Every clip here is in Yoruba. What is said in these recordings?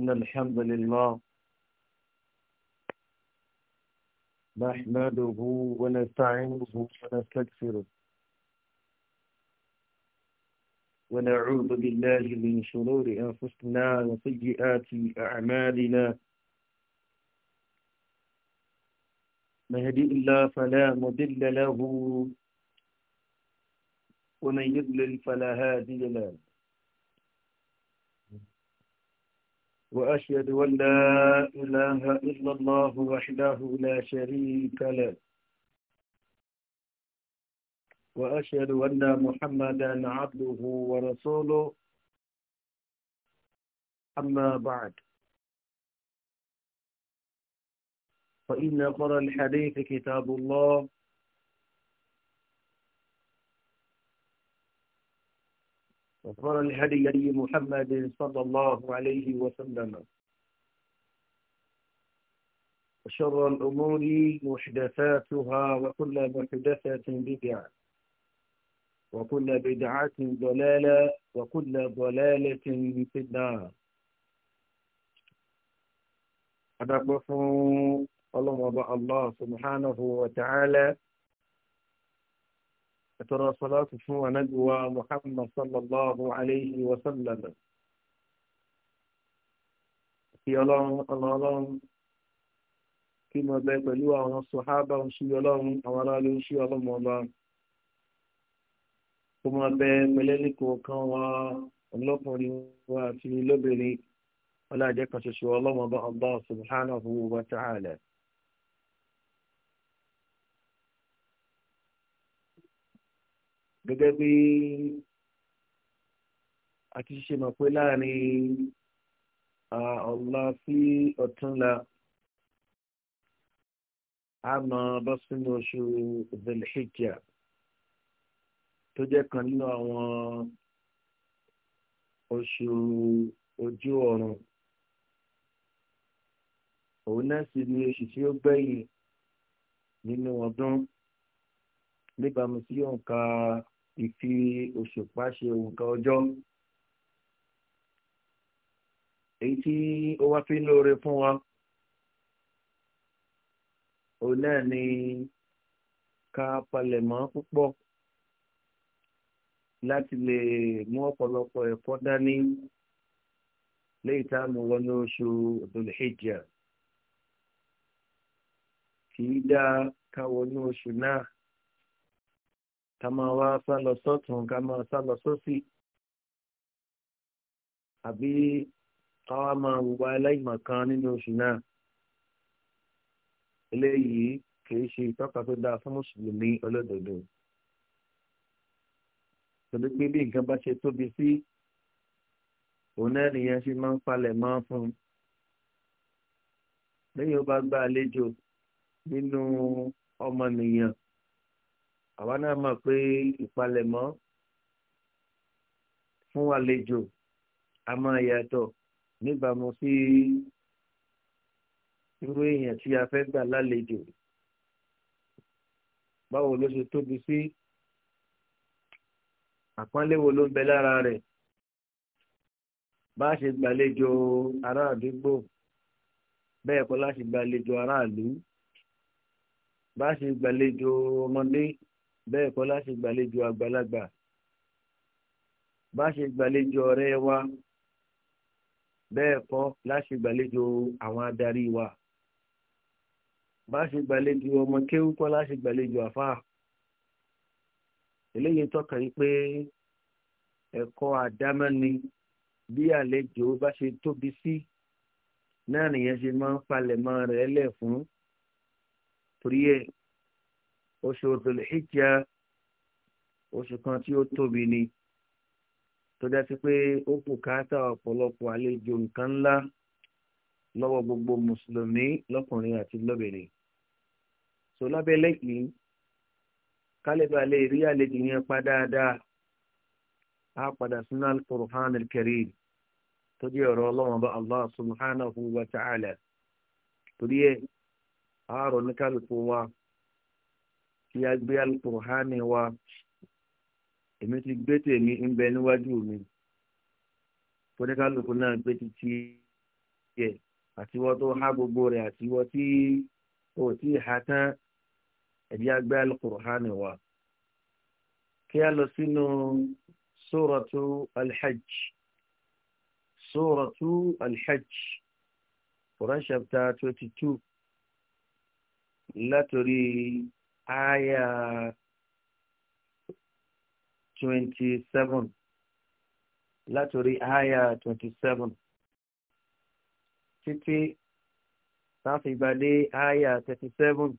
إن الحمد لله نحمده ونستعينه ونستغفره ونعوذ بالله من شرور أنفسنا وسيئات أعمالنا من يهد الله فلا مضل له ومن يضلل فلا هادي له وأشهد أن لا إله إلا الله وحده لا شريك له وأشهد أن محمدا عبده ورسوله أما بعد فإن قرى الحديث كتاب الله وصار الهدي محمد صلى الله عليه وسلم وشر الأمور محدثاتها وكل محدثة بدعة وكل بدعة ضلالة وكل ضلالة في النار أدعوكم الله الله سبحانه وتعالى ẹ̀tọ́rọ sọláàtù fún anábíwá muhammad sallallahu alayhi wa sallam kí ọlọ́run ọlọ́run kí mo bẹ pẹ̀lú àwọn sọ̀hábà ń ṣí ọlọ́run àwọn aráàlú ń ṣí ọlọ́run ọba kó máa bẹ pẹlẹ́lí kọ̀ọ̀kan wa ọlọ́kùnrin wa àti lóbìnrin ọlá àjẹkànṣoṣo ọlọ́run ọba allah subhanahu wa ta'ala. gẹ́gẹ́ bí a ti ṣe mọ̀ pé láàrin ọ̀la sí ọ̀túnla a mọ̀ bọ́ sínú oṣù zelhijjá tó jẹ́ kan nínú àwọn oṣù ojú ọ̀run òun náà sì ni oṣù tí ó gbẹ̀yìn nínú ọdún níbàámu sí òǹkà ìfi òṣùpá ṣe nǹkan ọjọ́ èyí tí ó wá fi lóore fún wa òun náà ni ká palẹ̀mọ́ púpọ̀ láti lè mú ọ̀pọ̀lọpọ̀ ẹ̀kọ́ dání léyìí tá a mú wọnú oṣù dhul kì í dá ká wọnú oṣù náà ká máa wá sá lọ sọ́tún ká máa sá lọ sósì àbí káwá máa wùwá aláìmọ̀ kan nínú oṣù náà eléyìí kìí ṣe ìtọ́ka tó dáa fún mùsùlùmí olódodo torí pé bí nǹkan bá ṣe tóbi sí òun náà nìyẹn ṣe máa ń palẹ̀ mọ́ fún un lẹ́yìn ó bá gba àlejò nínú ọmọnìyàn àwa náà mọ̀ pé ìpalẹ̀mọ́ fún àlejò a máa yàtọ̀ níbàámu sí irú èèyàn tí a fẹ́ gbà lálejò báwo ló ṣe tóbi sí àpọ́nlé wo ló ń bẹ lára rẹ̀ bá a ṣe gbàlejò ará àdúgbò bẹ́ẹ̀ kọ́ láti gbàlejò aráàlú bá a ṣe gbàlejò ọmọdé bẹ́ẹ̀ kọ́ la ṣe gbàlejò àgbàlagbà bá ṣe gbàlejò ọ̀rẹ́ wa bẹ́ẹ̀ kọ́ la ṣe gbàlejò àwọn adarí wa bá ṣe gbàlejò ọmọ kéwú kọ́ la ṣe gbàlejò àfáà eléyìí tọ́ka yìí pé ẹ̀kọ́ àdámẹ́ni bí àlejò bá ṣe tóbi sí náà nìyẹn ṣe máa ń palẹ̀mọ́ rẹ̀ lẹ̀ fún torí oṣù tòlìhìjà oṣù kan tí ó tóbi ni tó dásí pé ó kù káàtà ọ̀pọ̀lọpọ̀ àlejò nǹkan ńlá lọ́wọ́ gbogbo mùsùlùmí lọ́kùnrin àti lóbìnrin so lábẹ́lẹ́ yìí kálíbà lè rí àlejò yẹn pa dáadáa á padà sínú al-Qur'an al tó jẹ́ ọ̀rọ̀ ọlọ́run bá Allah subhanahu wa ta'ala torí ẹ̀ àárọ̀ ní kálukú wa kí a gbé alukur'ani wa èmi ti gbé tèmi ń bẹ níwájú mi fọdẹ́kálùkù náà gbé títí yẹ àtiwọ́ tó há gbogbo rẹ̀ àtiwọ́ tí ò tí ì há tán ẹ̀dí agbé alukur'ani wa kí a lọ sínú sóràtú alhajj sóràtú alhajj Quran chapter twenty two látòrí aya twenty seven látòrí aya twenty seven títí sáfìgbàdé aya thirty seven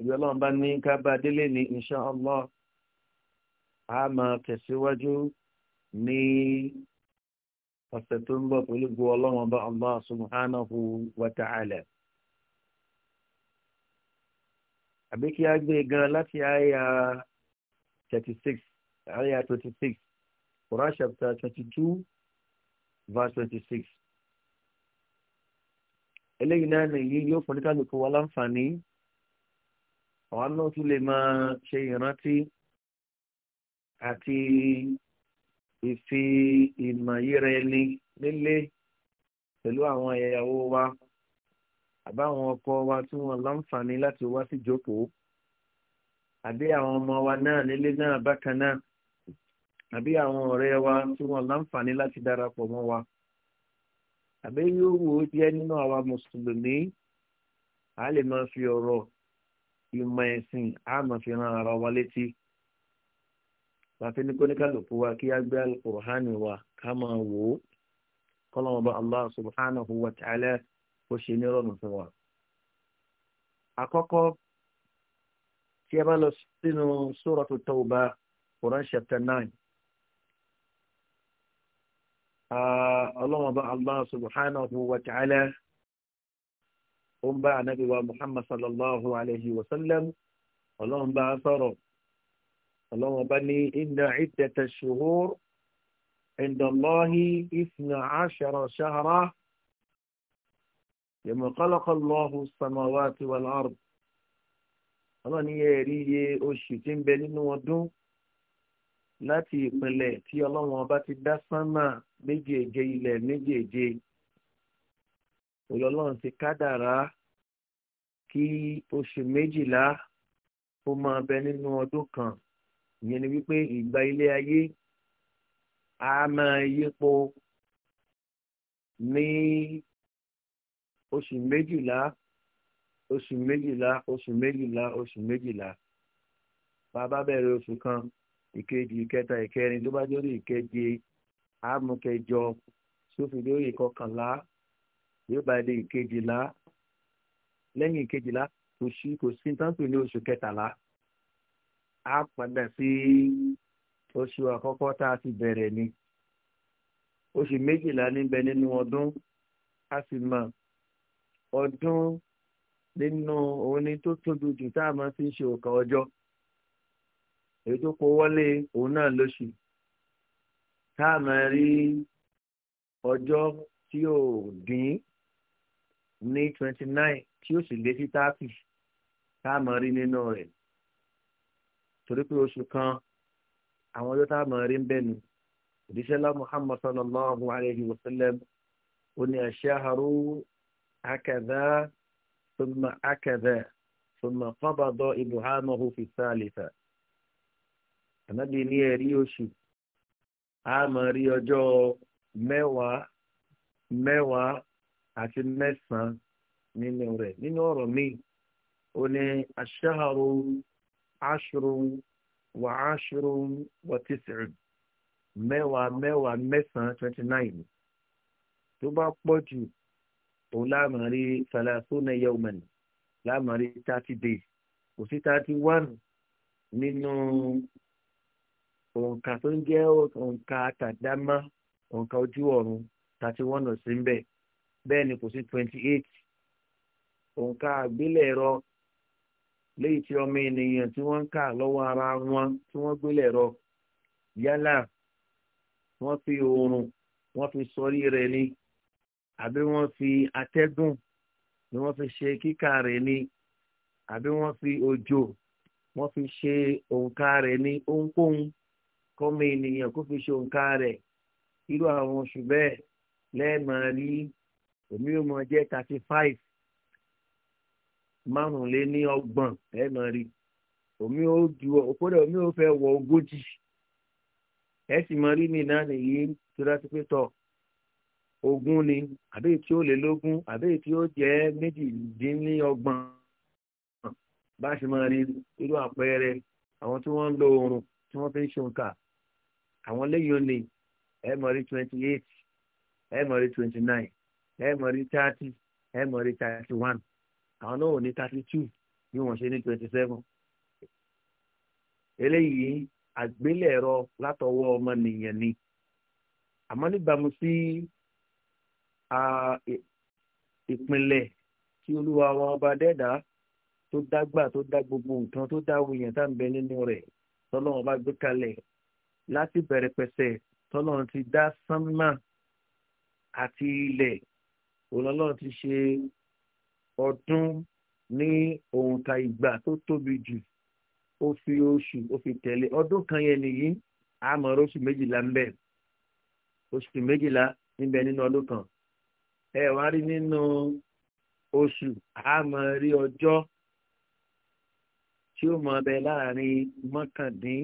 ìgbẹ́ ọlọ́run bá ní ká bá délé ní insha Allah a máa tẹ̀síwájú ní ọ̀sẹ̀ tó ń bọ̀ pẹ̀lú gbọ́ ọlọ́run bá Allah subhanahu wa ta'ala. àbí kí a gbé gan láti àyà thirty six àyà twenty six Quran chapter twenty two verse twenty six eléyìí náà nìyí yóò fún oníkálukú wa láǹfààní àwọn náà tún lè máa ṣe ìrántí àti ìfi ìmọ̀ yíra ẹni nílé pẹ̀lú àwọn ìyàwó wa àbáwọn ọkọ wa tí wọn láǹfààní láti wá sí ìjókòó àbí àwọn ọmọ wa náà nílé náà bákan náà àbí àwọn ọ̀rẹ́ wa tí wọn láǹfààní láti darapọ̀ mọ́ wa àbí yóò wò ó jẹ́ nínú àwa mùsùlùmí a lè máa fi ọ̀rọ̀ ìmọ̀ ẹ̀sìn a máa fi ran ara wa létí láti ní kóníkàlùkù wa kí á gbé wa ká máa wò ó kọ́lọ́mọba allah subhanahu wa ta'ala ó ṣe ní ọlọ́run fún wa. àkọ́kọ́ tí ẹ bá lọ sínú Suratu Tawba Quran chapter nine ọlọ́run bá Allah subhanahu wa ta'ala ó ń bá ànábì wa Muhammad sallallahu alayhi wa sallam ọlọ́run bá sọ̀rọ̀ ọlọ́run ní inna iddatash shuhur inda Allahi isna ashara shahra yẹmọ kọlọkọ lọhùn sàmọwá ti wà lọrùn ọlọ́run ní ẹ̀rí iye oṣù tí ń bẹ nínú ọdún láti ìpínlẹ̀ tí ọlọ́run ọba ti dá sánmà méjèèje ilẹ̀ méjèèje ọlọ́run ti kádàrá kí oṣù méjìlá ó máa bẹ nínú ọdún kan ìyẹn ni wípé ìgbà ilé ayé a máa yípo ní oṣù méjìlá oṣù méjìlá oṣù méjìlá oṣù méjìlá bàbá bẹ̀rẹ̀ oṣù kan ìkejì ìkẹta ìkẹrin tó bá jẹ́ orí ìkeje àmúkẹjọ sófin lórí ìkọkànlá yóò bá dé ìkejìlá lẹ́yìn ìkejìlá kò sí kò sí táǹpì ní oṣù kẹtàlá á padà sí oṣù àkọ́kọ́ tá a ti bẹ̀rẹ̀ ni oṣù méjìlá níbẹ̀ nínú ọdún a sì mọ̀ ọdún nínú òun ni tó tóbi jù tá a máa fi ń ṣe òkà ọjọ́ èyí tó kó wọlé òun náà lóṣù tá a máa rí ọjọ́ tí ò dín ní twenty nine tí ó sì lé sí thirty tá a máa rí nínú rẹ̀ torí pé oṣù kan àwọn ọjọ́ tá a máa rí ń bẹ̀ ni òdìṣẹ́lá Muhammad sallallahu alayhi wa sallam ó ní aṣáharu هكذا ثم هكذا ثم قبض إبهامه في الثالثة النبي نيريوشي àmọ́ rí ọjọ́ mẹ́wàá mẹ́wàá àti mẹ́sàn-án nínú rẹ̀ nínú ọ̀rọ̀ míì ó ní aṣáharu òun láàmú rí salasuna yawman láàmú rí thirty days kò sí thirty one nínú òǹkà tó ń jẹ́ òǹkà tàdámá òǹkà ojú ọ̀run thirty one ò sí ń bẹ̀ bẹ́ẹ̀ ni kò sí twenty eight òǹkà àgbélẹ̀rọ léyìí tí ọmọ ènìyàn tí wọ́n ń kà lọ́wọ́ ara wọn tí wọ́n gbélẹ̀rọ yálà wọ́n fi oorun wọ́n fi sọrí rẹ̀ ni àbí wọ́n fi atẹ́gùn ni wọ́n fi ṣe kíkà rẹ̀ ni àbí wọ́n fi òjò wọ́n fi ṣe òǹkà rẹ̀ ní ohunkóhun kọ́mọ ènìyàn kó fi ṣe òǹkà rẹ̀ irú àwọn oṣù bẹ́ẹ̀ lẹ́ẹ̀mọ̀ọ́ rí èmi ò mọ̀ jẹ́ thirty five márùnléní ọgbọ̀n lẹ́ẹ̀mọ̀ọ́ rí omi ó ju òkúrẹ omi ó fẹ́ wọ ogójì ẹ sì mọ rí mi náà nìyí tó dá sí pé tọ̀ ogún ni àbí tí ó lé lógún àbí tí ó jẹ́ méjìdínlọ́gbọ̀n bá a ṣe máa rí irú àpẹẹrẹ àwọn tí wọ́n ń lo oorun tí wọ́n fi ń ṣe àwọn lẹ́yìn ni ẹ mọ̀ rí twenty eight ẹ mọ̀ rí twenty nine ẹ mọ̀ rí thirty ẹ mọ̀ rí thirty one àwọn náà ò ní thirty two bí wọ́n ṣe ní twenty seven eléyìí àgbélẹ̀rọ látọwọ́ ọmọnìyàn ni àmọ́ níbàámu sí ìpínlẹ̀ tí olúwa wọn ọba dẹ́dà tó dágbà tó dá gbogbo nǹkan tó dá wìyàn tá ń bẹ nínú rẹ̀ tọ́lọ́run bá gbé kalẹ̀ láti bẹ̀rẹ̀ pẹ̀sẹ̀ tọ́lọ́run ti dá sánmà àti ilẹ̀ ọlọ́run ti ṣe ọdún ní òǹkà ìgbà tó tóbi jù ó fi oṣù ó fi tẹ̀lé ọdún kan yẹn nìyí àmọ́ oṣù méjìlá ń bẹ oṣù méjìlá ń bẹ nínú ọdún kan ẹ wá rí nínú oṣù a máa rí ọjọ́ tí ó máa bẹ láàrin mọ́kàndín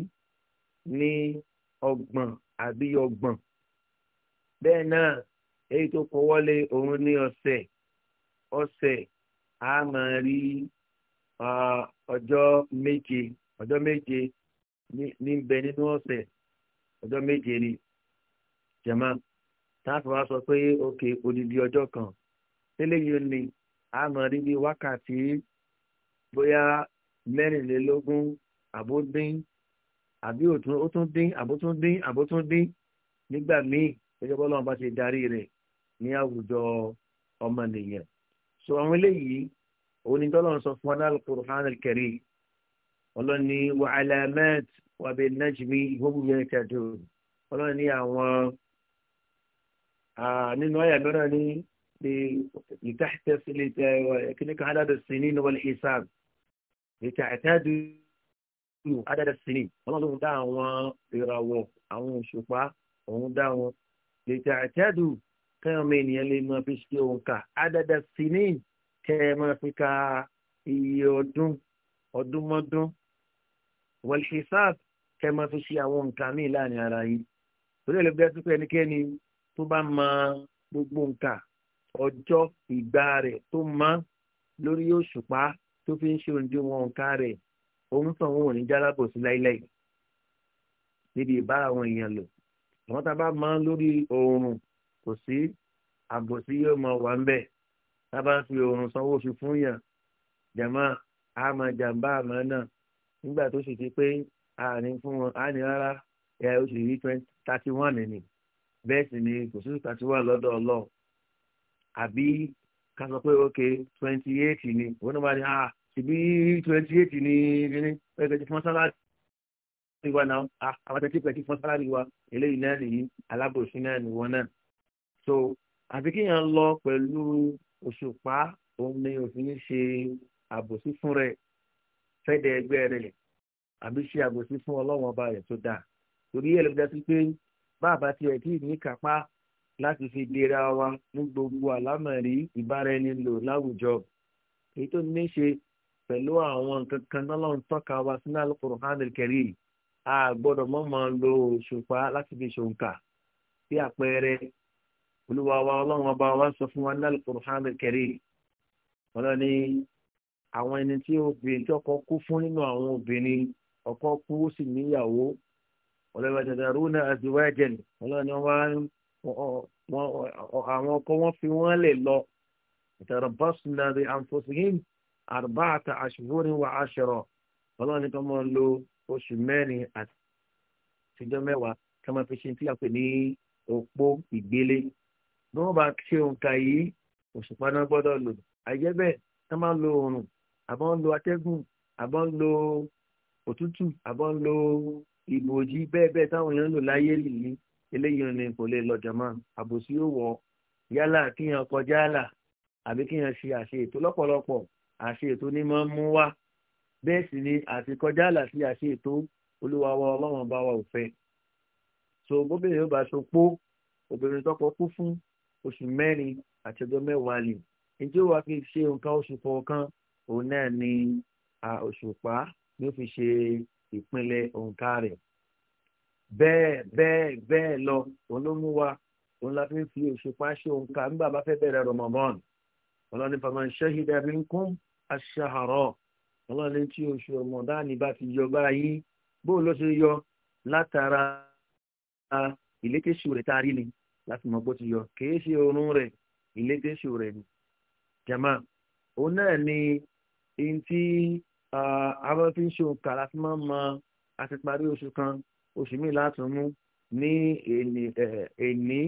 ní ọgbọ̀n àbí ọgbọ̀n bẹ́ẹ̀ náà èyí tó kọ òun ní ọ̀sẹ̀ ọ̀sẹ̀ a ọjọ́ méje ọjọ́ méje táàfin wa sọ pé òkè odidi ọjọ́ kan eléyìí ó ní àmọ́ rí bí wákàtí bóyá mẹ́rìnlélógún àbódín àbí ó tún dín àbótún dín àbótún dín nígbà míì gẹ́gẹ́ bọ́lá wọn bá ṣe darí rẹ̀ ní àwùjọ ọmọnìyàn so àwọn eléyìí onítọ́lọ́run sọ fún anáàlú kùrùhánì kẹrì ọlọ́ni wàhálà mẹ́t wàbẹ̀ nájìmí ìhóhùn yẹn kẹdùn ọlọ́ni àwọn nínú àyà mìíràn ní pé ìtàṣẹ́sílẹ̀ kíníkà aládọ̀sìnì wal hisab ìtàṣẹ́dù adádọ̀sìnì ọlọ́run dá àwọn ìràwọ̀ àwọn òṣùpá òun dá wọn ìtàṣẹ́dù kẹ́hìn mi ènìyàn lè máa fi ṣe òǹkà adádọ̀sìnì kẹ́hìn máa fi ka iye ọdún ọdúnmọ́dún wal hisab kẹ́hìn máa fi ṣe àwọn nǹkan míì láàrin ara yìí torí ẹ̀ lè bẹ́ẹ̀ tó pé ẹnikẹ́ni tó bá mọ gbogbo nǹkan ọjọ́ ìgbà rẹ̀ tó mọ lórí òṣùpá tó fi ń ṣe òǹdíwọ̀n nǹkan rẹ̀ òun tàn wọn ò ní jálábòsí láíláí níbi ìbára àwọn èèyàn lò àwọn tá a bá mọ lórí oòrùn kò sí àbòsí yóò mọ wà ń bẹ tá a bá fi oòrùn sanwó fi fún yàn jàmọ àmọ jàmbá àmọ náà nígbà tó sì ti pé àárín fún wọn á ní rárá ẹ oṣù yìí twenty thirty one nìyí bẹ́ẹ̀ sì ni kò sí ìta tí wà lọ́dọ̀ ọlọ́run àbí ká sọ pé ok twenty eight ni òun náà bá ní ah ṣèbí twenty eight ni kíní ẹgbẹ́ ti fún sálárì wa náà ah àwọn tẹ́tí pẹ̀tí fún sálárì wa eléyìí náà nìyí alábòsí náà nìwọ náà so àbí kéèyàn lọ pẹ̀lú òṣùpá òun ni òfin ṣe àbòsí fún rẹ̀ fẹ́dẹ̀ ẹgbẹ́ rẹ̀ àbí ṣe àbòsí fún ọlọ́wọ́n ọba rẹ̀ tó dáa torí ẹ̀ ló dá sí pé bàbá tiẹ̀ tí ì ní kápá láti fi dira wa ní gbogbo àlámọ̀rí ìbáraẹnilò láwùjọ èyí tó ní ṣe pẹ̀lú àwọn nǹkan kan lọ́lọ́run tọ́ka wa sínú Al-Qur'an al-Karim a gbọ́dọ̀ mọ́ máa lo òṣùpá láti fi ṣòǹkà bí àpẹẹrẹ olúwa wa ọlọ́run ọba wa sọ fún wa ní Al-Qur'an al-Karim ọlọ́ni àwọn ẹni tí obìnrin tí ọkọ kú fún nínú àwọn obìnrin ọkọ kú ó sì níyàwó ọlọ́wọ́ tẹ̀sán rúnà àdìwájẹ̀ ni ọlọ́ni àwọn ọkọ wọn fi wọ́n lè lọ ìtàrọ̀bọ́sùnà rẹ̀ àǹfọ̀sìn àrùbáàtà àṣùwòrin wà áṣọrọ̀ ọlọ́ni tó máa lo oṣù mẹ́rin àtijọ́ mẹ́wàá kí wọ́n fi ṣe tí a pè ní òpó ìgbélé bí wọ́n bá ṣe òǹkà yìí òṣùpá náà gbọ́dọ̀ lò àyẹ́bẹ̀ tá máa ń lo oòrùn àbọ̀ ń lo atẹ́gùn àbọ̀ ń lo òtútù àbọ̀ ń lo ìbòjì bẹ́ẹ̀ bẹ́ẹ̀ táwọn èèyàn ń lò láyé nìyí eléyìí ni kò lè lọ jọmọ́ àbòsí ó wọ̀ yálà kíyàn kọjá àlà àbí kíyàn ṣe àṣe ètò lọ́pọ̀lọpọ̀ àṣe ètò ní máa ń mú wá bẹ́ẹ̀ sì ni àti kọjá àlà sí àṣe ètò olúwa wa ọlọ́run bá wa ò fẹ́ so bóbìnrin yóò bá so pó obìnrin tọkọ kú fún oṣù mẹ́rin àti ọjọ́ mẹ́wàá lè njẹ́ wàá fi ṣe nǹkan oṣù kọ̀ọ̀kan òun náà ni òṣùpá ló fi ṣe ìpínlẹ̀ òǹkà rẹ̀ bẹ́ẹ̀ bẹ́ẹ̀ bẹ́ẹ̀ lọ òun ló mú wa òun la fi ń fi òṣùpá ṣe òǹkà nígbà bá fẹ́ bẹ̀rẹ̀ Ramadan ọlọ́ni faman shahida minkum ash-shahra ọlọ́ni tí oṣù Ramadan bá ti yọ báyìí bóun ló ṣe yọ látara ìlékèṣù rẹ̀ tá a rí ni láti mọ̀ bó ti yọ kìí ṣe oorun rẹ̀ ìlékèṣù rẹ̀ ni jama òun náà ni ihun àwọn fi ń ṣe òǹkà láti máa mọ àti parí oṣù kan oṣù míì látún mú ní èní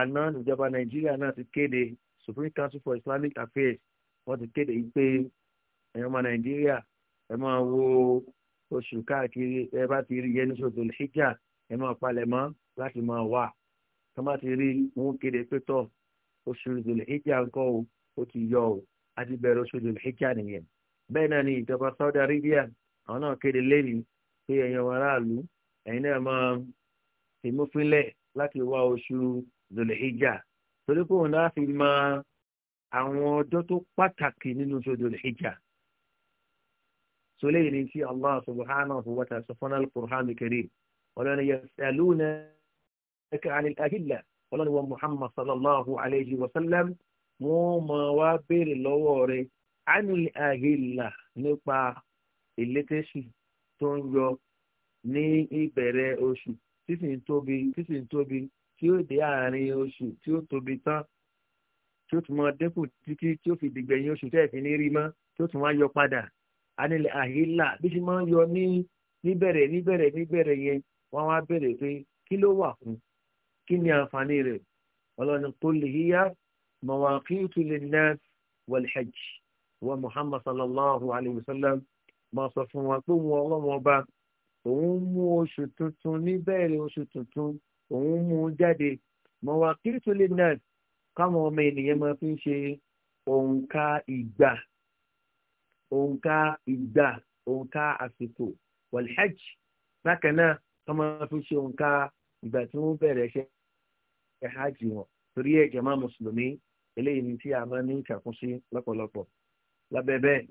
àná ìjọba nàìjíríà náà ti kéde supreme council for islamic affairs wọ́n ti kéde yìí pé ẹ̀yin ọmọ nàìjíríà ẹ máa wo oṣù káàkiri ẹ bá ti rí yẹn ní oṣù tòlíṣíjà ẹ máa palẹ̀ mọ́ láti máa wà tó bá ti rí wọn kéde pé tọ̀ oṣù tòlíṣíjà ńkọ́ o ó ti yọ o a bẹ̀rẹ̀ oṣù tòlíṣíjà nìyẹn bẹ́ẹ̀ náà ni ìjọba Saudi Arabia àwọn náà kéde lẹ́yìn pé ẹ̀yin aráàlú ẹ̀yin náà máa tèmófínlẹ̀ láti wá oṣù Dhul-Hijjah torí pé òun náà fi máa àwọn ọjọ́ tó pàtàkì nínú oṣù Dhul-Hijjah sọlẹ́yìn ni tí Allah subhanahu wa ta'ala sọ fún al-Qur'an al-Karim ọlọ́ni 'anil ahilla ọlọ́ni wa Muhammad sallallahu alayhi wa sallam wọ́n máa wá béèrè lọ́wọ́ rẹ̀ ánì àhìlà nípa ìlétẹ́sì tó ń yọ ní ìbẹ̀rẹ̀ oṣù tí sì ń tóbi tí sì ń tóbi tí ó dé àárín oṣù tí ó tóbi tán tí ó tún mọ dínkù títí tí ó fi dìgbẹ̀yìn oṣù tẹ́ẹ̀ fi ní rí mọ́ tí ó tún wá yọ padà ánì àhìlà bí ṣe máa ń yọ ní níbẹ̀rẹ̀ níbẹ̀rẹ̀ níbẹ̀rẹ̀ yẹn wọ́n wá bèrè pé kí ló wà fún kí ni àǹfààní rẹ̀ ọlọ́run kò lè yíyá mọ̀wàkí tún lè ná wal hajj wọ́n muhammad sallallahu alayhi wa sallam máa sọ fún wa pé wọn ọlọ́wọ́n ọba òun mú oṣù tuntun níbẹ̀rẹ̀ oṣù tuntun òun mú un jáde mọ̀ wá kírítólì náà káwọn ọmọ ènìyàn máa fi ń ṣe òǹkà ìgbà òǹkà ìgbà òǹkà àsìkò wàlhajj bákan náà wọn máa fi ṣe òǹkà ìgbà tí wọn bẹ̀rẹ̀ ṣe ẹ̀hájì wọn torí ẹ̀jẹ̀ máa mùsùlùmí eléyìí ni tí a máa ní ìkàkùn sí lọ́pọ̀lọpọ̀ lábẹ́ bẹ́ẹ̀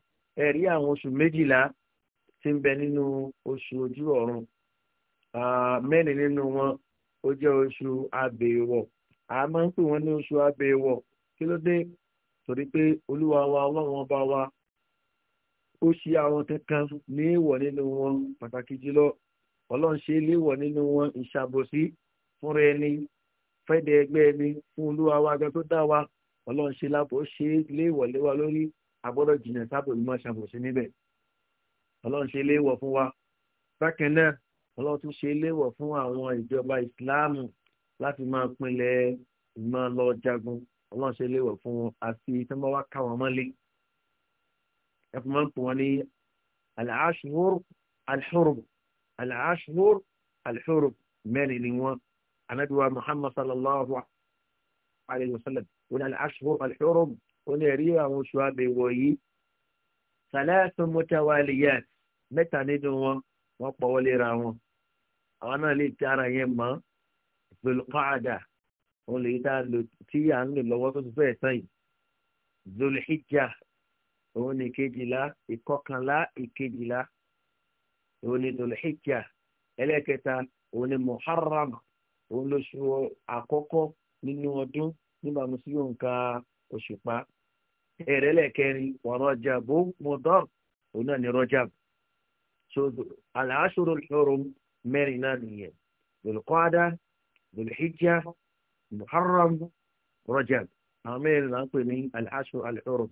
ẹ rí àwọn oṣù méjìlá tí ń bẹ nínú oṣù ojú ọ̀run mẹ́rin nínú wọn ó jẹ́ oṣù abèèwọ̀ a máa ń pè wọ́n ní oṣù abèèwọ̀ kí ló dé torí pé olúwa wa ọlọ́run ọba wa ó ṣe àwọn kankan ní èèwọ̀ nínú wọn pàtàkì jùlọ ọlọ́run ṣe léèwọ̀ nínú wọn ìṣàbòsí fúnra ẹni fẹ́dẹ̀ ẹni fún olúwa wa gan tó dá wa ọlọ́run ṣe lápò ṣe léèwọ̀ léwa lórí agbọ́dọ̀ jìnnà sábò ìmọ̀ ṣàbòsí níbẹ̀ ọlọ́run ṣe léèwọ̀ fún wa bákan náà ọlọ́run tún ṣe léèwọ̀ fún àwọn ìjọba ìsìláàmù láti máa pinlẹ̀ ìmọ̀ lọ jagun ọlọ́run ṣe léèwọ̀ fún wọn àti tí wọ́n wá ká wọn mọ́lé ẹ fún wọn pè wọn ní al-ashhur al-hurum al ni wọ́n anabiwa muhammad sallallahu alayhi wa sallam wọn ni al-ashhur ó ní ẹ̀rí àwọn oṣù abẹ̀wọ̀ yìí sàlẹ́sùn mọ́tàwálìyàn mẹ́ta nínú wọn wọ́n pọ̀ wọlé ra wọn àwọn náà lè ti ara yẹn mọ́ zulqaada òun lè dá lò tí à ń lò lọ́wọ́ tó ti fẹ́ sàn yìí zulhijja òun ní kejìlá ìkọkànlá ìkejìlá òun ní zulhijja ẹlẹ́kẹta òun ní muharram òun lóṣù àkọ́kọ́ nínú ọdún nígbà mùsùlùmí nǹkan òṣùpá ẹ̀rẹ́lẹ̀kẹrin wọ́n rọjà bó mọ́tọ́ òun náà ni rọjà so al-ashurul hurum mẹ́rin náà nìyẹn lòlùkọ́dá lòlùhíjà muharram rọjà àwọn mẹ́rin là ń pè ní al-ashur al-hurum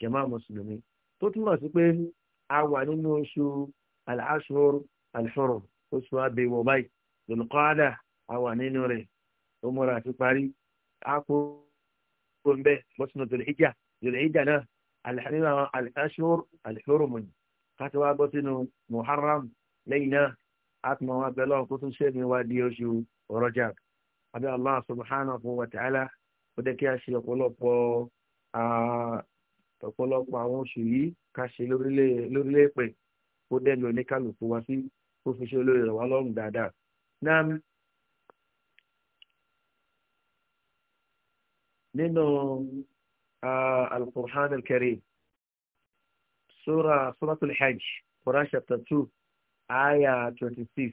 jama mùsùlùmí tó túmọ̀ sí pé a wà nínú oṣù al-ashur al oṣù abẹ́wò báyìí lòlùkọ́dá a wà nínú rẹ̀ ó múra àti parí a kó ń bẹ́ bọ́sùn náà ìrẹ̀ẹ́jà náà alìhàríra alìhàṣúr alìhóròmùn káti wá bọ́ sínú muharram lẹ́yìn náà a ti mọ̀ wọn bẹ̀lọ́ kó tún ṣe ní wá di oṣù rọ́jà abẹ́ allah subhanahu wa ta'ala ó dé kí a ṣe ọ̀pọ̀lọpọ̀ ọ̀pọ̀lọpọ̀ àwọn oṣù yìí ká ṣe lórílẹ̀ pẹ̀ ó dẹ́nu oníkàlùkù wá sí ó fi ṣe olórí rẹ̀ wá lọ́rùn dáadáa. Nam nínú آه، القرآن الكريم سورة سورة الحج قرآن chapter 2 آية 26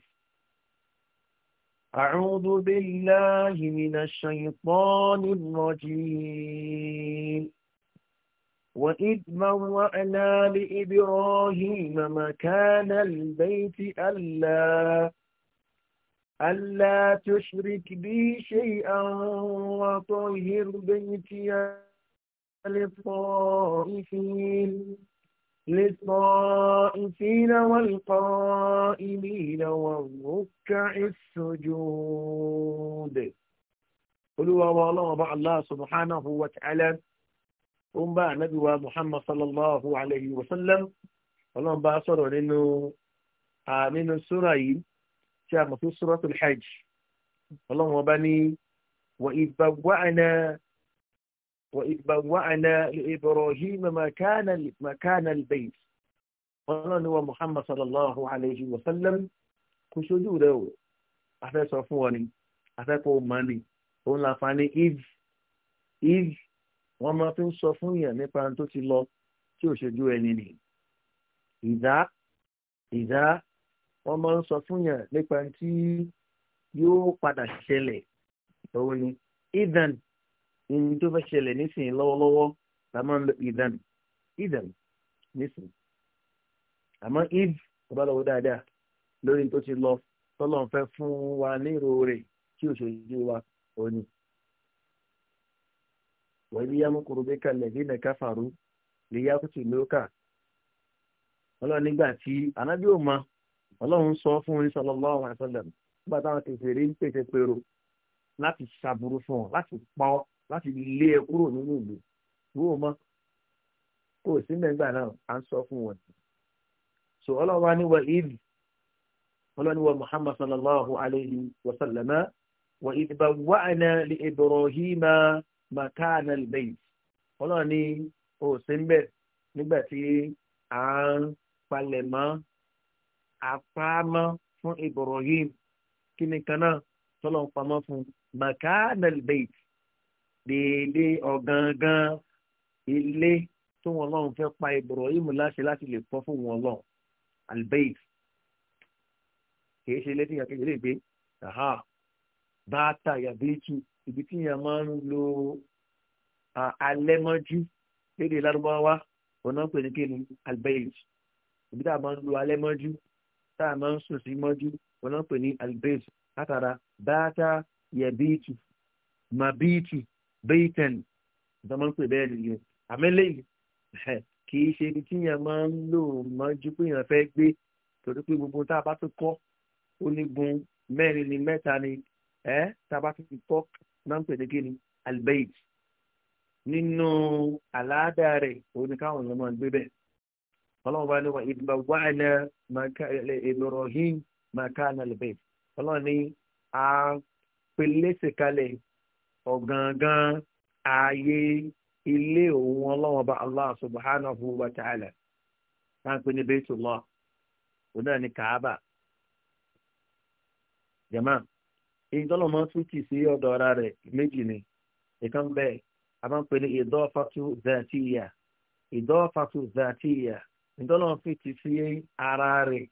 أعوذ بالله من الشيطان الرجيم وإذ بوأنا لإبراهيم مكان البيت ألا ألا تشرك بي شيئا وطهر بيتي للطائفين للطائفين والقائمين والركع السجود olúwa wa ọlọ́run ọba allah subhanahu wa ta'ala ó ń bá ànábì wa muhammad sallallahu alayhi wa sallam ọlọ́run bá sọ̀rọ̀ nínú nínú súra yìí tí a mọ̀ sí súratul hajj ọlọ́run ọba ní wa idh bawwa'na وإذ بوأنا لإبراهيم مكان مكان البيت قال هو محمد صلى الله عليه وسلم كسجو له أحد صفواني أحد قوماني قلنا فاني إذ إذ وما في صفوية نفان تسلو tí ò ṣojú ẹni nì ìdá ìdá wọn máa ń sọ fún yàn nípa tí ní tó fẹ́ ṣẹlẹ̀ nísìnyí lọ́wọ́lọ́wọ́ la máa ń lo ìdán ìdán nísìnyí àmọ́ if bàbá lọ́wọ́ dáadáa lórí tó ti lọ tọ́lọ́ fẹ́ fún wa ní ìròrè kí òṣèlú wa ò ní. wọ́n ní yámúkúrú bí kalẹ̀ bí nàka fàrú lè yá kùtù lóka ọlọ́run nígbà tí anábì ò mọ ọlọ́run sọ fún un sallallahu alaihi wasallam nígbà táwọn kẹfẹ́ ń pèsè pèrò láti ṣàbùrú fún ọ láti pa ọ́ láti lé ẹ e kúrò nínú ìlú kúrò mọ́ kò sí mẹ́gbà náà à ń sọ fún wọn. so ọlọ́wà ní wa ìlú ọlọ́ni wa muhammad sallallahu alayhi wa sallama wa ìdìbà wàhánà li ibrahima makana albayt ọlọ́ni ò sí ń bẹ̀ nígbà tí à ń palẹ̀mọ́ àpamọ́ fún ibrahim kí ni kan náà tọ́lọ́ ń pamọ́ fún makana albayt déédé ọ̀gángán ilé tó wọn lọ́run fẹ́ pa Ibrahim láṣẹ láti lè pọ́ fún wọn lọ albeit kìí ṣe ilé tí yàn kékeré gbé bàtà yàbẹ́tù ibi tí yàn máa ń lo alẹ́mọ́jú lédè lárúbáwá ọ̀nà pè ní kíni albeit ibi tá a máa ń lo alẹ́mọ́jú tá a máa ń sùn sí mọ́jú ọ̀nà pè albeit látara bàtà yàbẹ́tù màbẹ́tù bẹ́ẹ̀tẹ̀n tó máa ń pè bẹ́ẹ̀ nìyẹn àmẹ́lẹ́yìn kì í ṣe ibi tí yẹn máa ń lò máa ju pé yẹn fẹ́ gbé torí pé gbogbo tá a bá tún kọ́ ó ní gun mẹ́rin ni mẹ́ta ni ẹ́ tá a bá tún kọ́ máa ń pè ní kí ni albeit nínú àlàáda rẹ̀ òun ni káwọn èèyàn máa ń gbé bẹ́ẹ̀ ọlọ́run bá ní wa ìdìbò wà ní ìlọrọ̀hìn màkà nàlẹ́bẹ̀ẹ́ ọlọ́run ní a pèlè ṣèkalẹ̀ ọ̀gangan ayé ilé òun ọlọ́wọ́n bá allah subhanahu wa ta'ala tá à ń pè òun náà ní kaaba jama èyí tó lọ́mọ sí ọ̀dọ̀ ara rẹ̀ méjì ni ìkan a ma ní ìdọ́fàtú zàtìyà ìdọ́fàtú zàtìyà ìdọ́lọ́mọ sí ara rẹ̀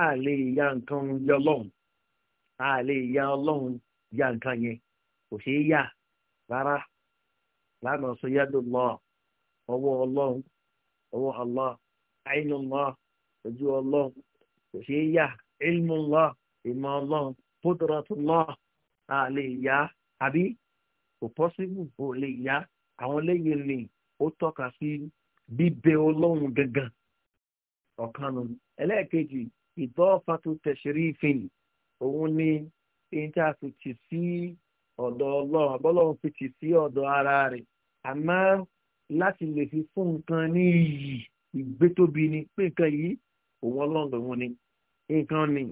a lè ya nǹkan yọ lọ́hùn tá lè ya ọlọ́hùn ya kò ṣeé yà rárá lánàá sọ yádùn lọ ọwọ́ ọlọ́run ọwọ́ Allah àìnú lọ ojú ọlọ́run kò ṣeé yà ilmu lọ ìmọ̀ ọlọ́run pótòrọ̀tù lọ a lè yá àbí kò pọ́sibú kò lè yá àwọn lẹ́yìn lè ó tọ́ka sí bíbẹ ọlọ́run gangan ọ̀kan nù ẹlẹ́ẹ̀kejì ìdọ́fàtú tẹ̀sírí ìfìyìn òun ni èyí tí a fi tì sí ọ̀dọ̀ ọlọ́run abọ́lọ́run fi tì sí ọ̀dọ̀ ara rẹ̀ àmọ́ láti lè fi fún nǹkan ní iyì ni pé nǹkan yìí òun ọlọ́run ni nǹkan ni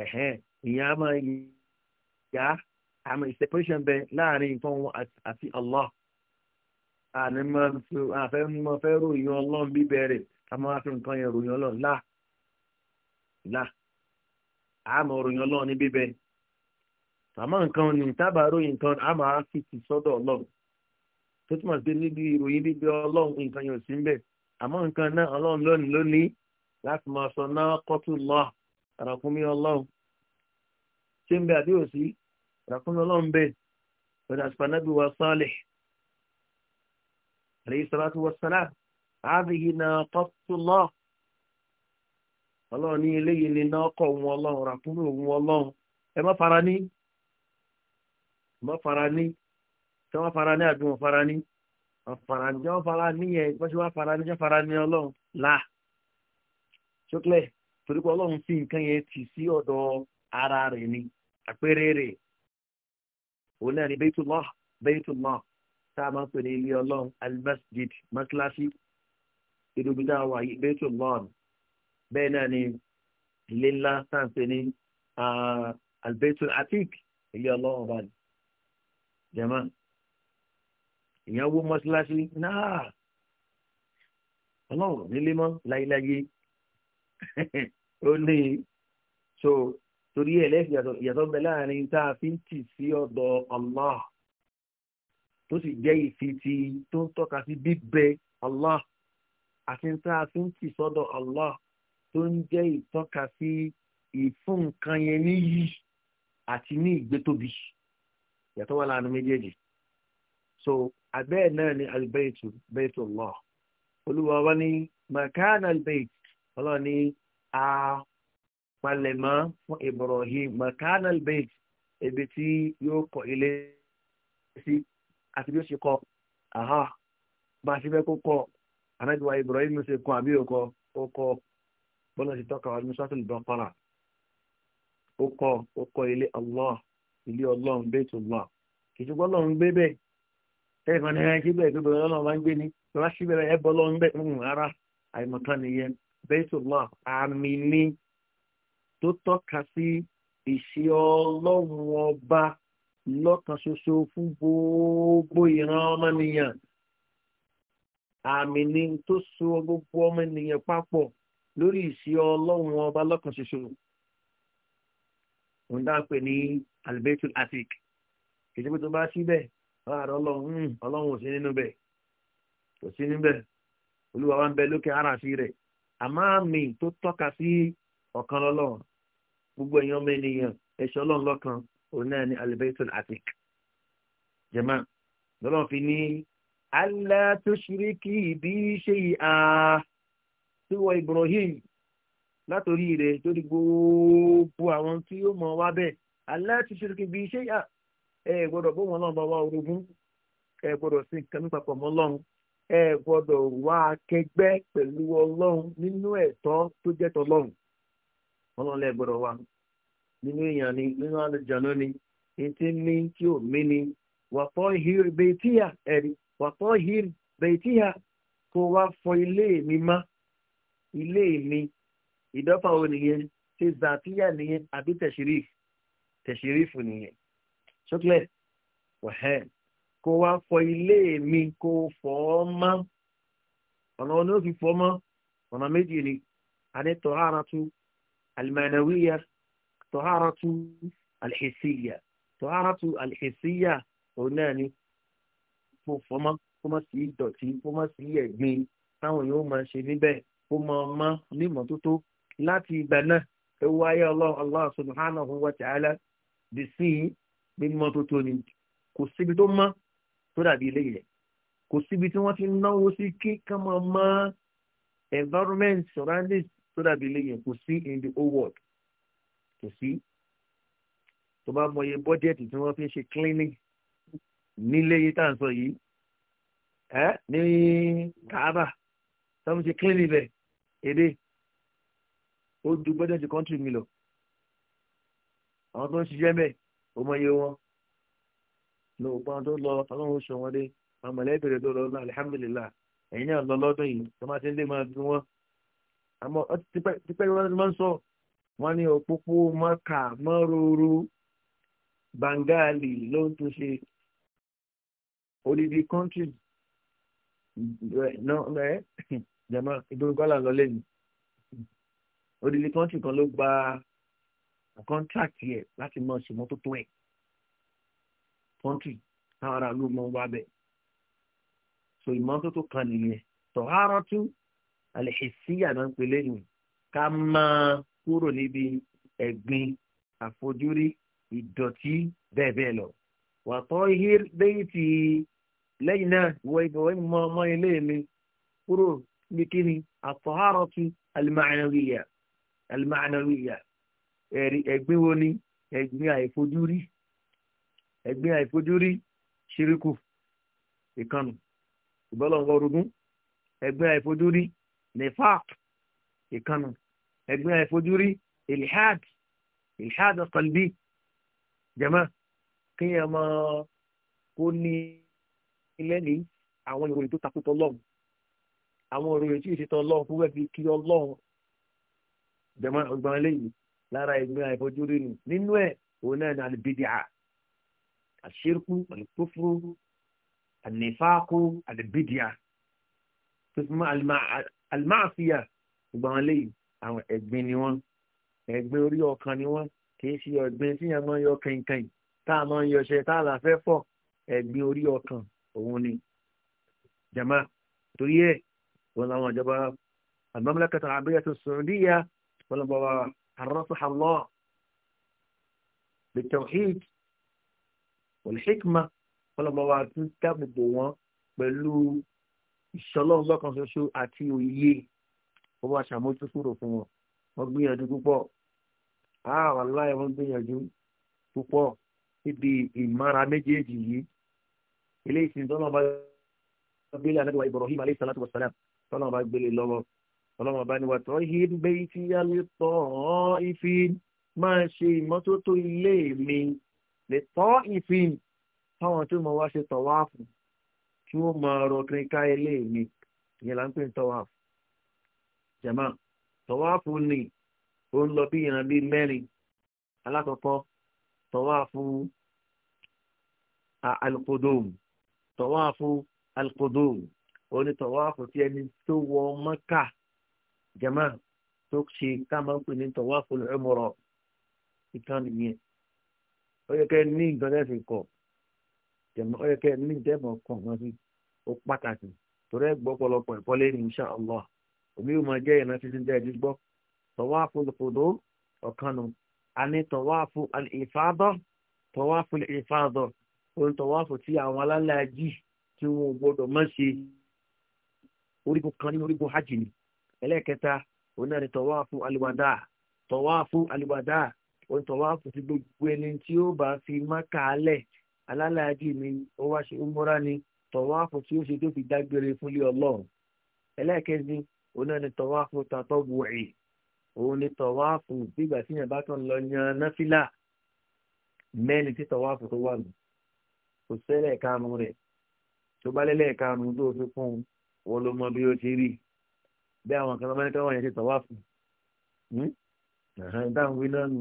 ìyẹn a máa àmọ́ separation bẹ láàrin nǹkan wọn àti àní fẹ́ ròyìn ọlọ́run àmọ́ àfi nǹkan yẹn ròyìn àmọ́ nǹkan ní tábàárò nǹkan a máa fi ti sọ́dọ̀ ọlọ́run tó túmọ̀ sí níbi ìròyìn bíbí ọlọ́run nǹkan yóò sí níbẹ̀ àmọ́ nǹkan náà ọlọ́run lónìí lónìí láti máa sọ náà kọ́tù lọ àràkúnmí ọlọ́run ṣé ń bẹ àbí òsì àràkúnmí ọlọ́run bẹ ọ̀dà sùpànàbí wa sọ́ọ̀lẹ̀ àbíyí náà kọ́tù lọ ọlọ́run ní eléyìí ní náà kọ̀ wọn wọ́n fara ní tí wọ́n fara ní àbí wọ́n fara ní wọ́n fara ní wọ́n fara ní yẹn bó ṣe wá fara ní jẹ́ fara ní ọlọ́run là ṣókèlè torí pé ọlọ́run fi nǹkan yẹn tì sí ọ̀dọ̀ ara rẹ̀ ni àpẹẹrẹ rẹ̀ òun náà ni Baytullah Baytullah tá a máa ń pè ní ilé ọlọ́run al-masjid ìdúgbìdá wa Baytullah bẹ́ẹ̀ náà ni ilé ńlá tá à ń pè ní ah, al-Baytul ilé ọlọ́run báyìí jẹ̀mọ́ èèyàn wó mọ́ṣáláṣí náà ọlọ́run nílé mọ́ láyéláyé ó ní so torí ẹ̀ lẹ́sìn ìyàtọ̀ bẹ láàrin tá a fi ń tì sí ọ̀dọ̀ Allah tó sì jẹ́ ìfiti tó ń tọ́ka sí bíbẹ Allah àti tá a fi ń tì sọ́dọ̀ Allah tó ń jẹ́ ìtọ́ka sí ìfún nǹkan yẹn níyì àti ní ìgbétóbi yàtọ̀ wà láàánú méjèèjì so abẹ́ẹ̀ náà ni albeitu beitu Allah olúwa wa ní makana albeit Allah ní a palẹ̀mọ́ fún Ibrahim makana albeit ibi tí yóò kọ́ ilé sí àti bí ó ṣe kọ́ aha bá a ṣe fẹ́ kó kọ́ anájúwa Ibrahim ṣe kọ́ àbí òkọ́ òkọ́ bọ́lá ti tọ́ka wa ní sọ́tún ìbọn kọ́ra ó ilé Allah. ilé ọlọ́run bẹ́ẹ̀ tó lọ́n kìtùkọ́ ebe gbé bẹ́ẹ̀ tẹ́lẹ̀ kan ní ẹ síbẹ̀ tó bẹ̀rẹ̀ ọlọ́run ń gbé bọ́ bẹ́ẹ̀ ń ara nìyẹn bẹ́ẹ̀ tó àmì ni tó tọ́ka sí ìṣe ọlọ́run ọba lọ́kan fún gbogbo ìran ọmọnìyàn àmì ni tó so gbogbo ọmọnìyàn papọ̀ lórí ìṣe ọlọ́run ọba albeitul atik kìí pé tó bá síbẹ̀ ọ̀rọ̀ ọlọ́run hmm, ọlọ́run ò sí nínú bẹ̀ kò sí níbẹ̀ olúwa wa ń bẹ lókè aráàsí rẹ̀ àmọ́ àmì tó tọ́ka sí ọ̀kan lọ́lọ́run gbogbo èèyàn ọmọ ènìyàn ẹ̀ṣọ́ ọlọ́run lọ́kan òun náà ni albeitul atik jẹ̀mọ́ lọ́lọ́run fi ní allah tó ṣeré kí ibi ṣe ìhà tí wọ́n Ibrahim látòrí rẹ̀ lórí gbogbo àwọn tí ó mọ̀ wá bẹ́ẹ̀ aláàtúnṣerúkì bíi iṣẹ́ yà ẹ bó wọn lọ́nà si orogún ẹ sí nǹkan nípa pọ̀ mọ́ ọlọ́run ẹ wá akẹgbẹ́ pẹ̀lú ọlọ́run nínú ẹ̀tọ́ tó jẹ́ nínú èèyàn ni nínú àlùjànnú ni etí ní tí ni wàtọ́ tẹ̀sírífù nìyẹn ṣókìlẹ̀ wọ̀hẹ́ kó wá fọ ilé mi kó fọ ọ́ mọ́ ọ̀nà ọ̀nà ó fi fọ mọ́ ọ̀nà méjì ni àní tọ̀háratu alimanawiya tọ̀háratu alhisiya tọ̀háratu alhisiya òun náà ni kó fọ mọ́ kó má sí ìdọ̀tí kó má sí ẹ̀gbin táwọn yóò máa ṣe níbẹ̀ kó mọ ọmọ nímọ́tótó láti ibẹ̀ náà ewu ayé Allah Allah subhanahu wa ta'ala dì sí mímọ́ tó tó ni kò síbi tó mọ́ tó dàbí ilé yẹn kò síbi tí wọ́n ti náwó sí kí ká máa mọ́ environment surroundings tó dàbí ilé yẹn kò sí in the whole world kò sí tó bá mọye bọ́jẹ̀tì tí wọ́n fi ń ṣe cleaning nílé yìí tá à ń sọ yìí ẹ ní kaaba tó ń ṣe cleaning bẹ̀ èdè ó ju bọ́jẹ̀tì country mi lọ àwọn tó ń ṣiṣẹ́ mẹ́ o mọ iye wọn ní òpó àwọn tó lọ ọlọ́run oṣù wọn dé àwọn mọ̀lẹ́bìrì tó lọ lọ alihamudulila ẹ̀yin náà lọ lọ́dún yìí tó máa ti ń lé máa dún wọn àmọ́ tipẹ́ wọn ti máa ń sọ wọn ní òpópó mọ́kà mọ́rúurú bangali ló ń tún ṣe odidi country jẹ̀mọ́ ìdúrókọ́là lọ lẹ́yìn odidi country kan ló gba kọ́ńtrákì ẹ̀ láti máa ṣe mọ́tótó ẹ̀ kọ́ńtì táwọn ará ló so ìmọ́tótó kan nìyẹn tọ̀hárọ̀ tún àlẹ́ṣẹ̀síyà náà ń ká máa kúrò níbi ẹ̀gbin àfojúrí ìdọ̀tí bẹ́ẹ̀ bẹ́ẹ̀ lọ. wà tọ́ ihe lẹ́yìn tí lẹ́yìn náà ìwọ mọ ọmọ ilé ẹ̀rí ẹ̀gbin wo ni ẹ̀gbin àìfojúrí ẹ̀gbin àìfojúrí ṣíríkù ìkànnù ìbọ́lọ̀ngọ́ orogún ẹ̀gbin àìfojúrí nefaq ìkànnù ẹ̀gbin àìfojúrí ilhad ilhad qalbi jama kéèyàn máa kó ní ilé ní àwọn ìròyìn tó takùtọ̀ ọlọ́run àwọn ìròyìn tí ìṣètò ọlọ́run fún wẹ́ẹ̀bì kí ọlọ́run jama ọgbọ̀n eléyìí lára ìgbẹ́ àìfojúrí nù nínú ẹ̀ òun náà ní alìbìdìà àṣírkù àlùkúfúrú ànífàákù àlìbìdìà tó fi mọ́ àlìmáàfíà gbogbo àwọn eléyìí àwọn ẹ̀gbin ni wọ́n ẹ̀gbin orí ọkàn ni wọ́n kìí ṣe ọ̀gbin tí yẹn máa ń yọ kẹ̀kẹ́ tá a máa ń yọṣẹ tá a là fẹ́ fọ̀ ẹ̀gbin orí ọkàn òun ni jama torí ẹ̀ wọn làwọn ìjọba al-Mamlakata Arabiyya Saudiya wọn lọ bá wa عرفها الله بالتوحيد والحكمة ولما وعدتم تابدوا pẹ̀lú ìṣọlọ́run lọ́kan ṣoṣo àti òye wọ́n bá ṣàmójú kúrò fún wọn wọ́n gbìyànjú púpọ̀ àwọn aláìwọ̀ wọ́n gbìyànjú púpọ̀ níbi ìmára méjèèjì yìí ilé ìsìn tọ́lọ́ bá gbélé ànábì wa Ibrahim alayhi salatu wa salam tọ́lọ́ bá gbélé lọ́wọ́ ọlọ́run ọba ni wàtọ́ yìí ń gbé tí yá lè tọ́ ọ́ ifi máa ṣe ìmọ́tótó ilé mi lè tọ́ ifi táwọn tó mọ wá ṣe tọ̀wáàfù tí wọ́n máa rọ kiri ká ilé mi ìyẹn là ń pè ní tọ̀wáàfù jẹ̀mọ́ tọ̀wáàfù ni ó ń lọ bí ìran bíi mẹ́rin alákọ̀ọ́kọ́ tọ̀wáàfù alkodom tọ̀wáàfù alkodom ó ní tọ̀wáàfù tí ẹni tó wọ mọ́kà jama tó ṣe ká máa ń pè ní tawaful umra ìtàn nìyẹn ó yẹ kẹ́ ní nǹkan lẹ́sìn kọ̀ jama ó yẹ kẹ́ ní ìdẹ́mọ̀ kàn wọ́n sí ó pàtàkì torí ẹ̀ gbọ́ pọ̀lọpọ̀ ìkọ́lé ní insha Allah omi ò máa jẹ́ ìrántí sí jẹ́ ìdígbọ́ tawaful qudu ọ̀kan nù àní tawafu al-ifada tawafu al-ifada ẹlẹ́ẹ̀kẹta òun náà ni tọ̀wáàfù aliwada tọ̀wáàfù aliwada òun tọ̀wáàfù ti gbogbo ẹni tí ó bá fi Mákà lẹ̀ alálàájì mi ó wá ṣe umura ni tọ̀wáàfù tí ó ṣe tó fi dágbére fúnlé ọlọ́run ẹlẹ́ẹ̀kẹrin òun náà ni tọ̀wáàfù tàtọ́ wùrì òun ni tọ̀wáàfù bígbà tí yẹn bá tán lọ yan náfìlà mẹ́rin tí tọ̀wáàfù tó wà nù kò sẹ́lẹ̀ karùn rẹ̀ tó bá lẹ́lẹ̀ karùn tó fi kún un ló mọ bí ó ti rí bí àwọn kan bá ní káwọn yẹn ṣe tọ̀wá fún dáhùn wí náà nù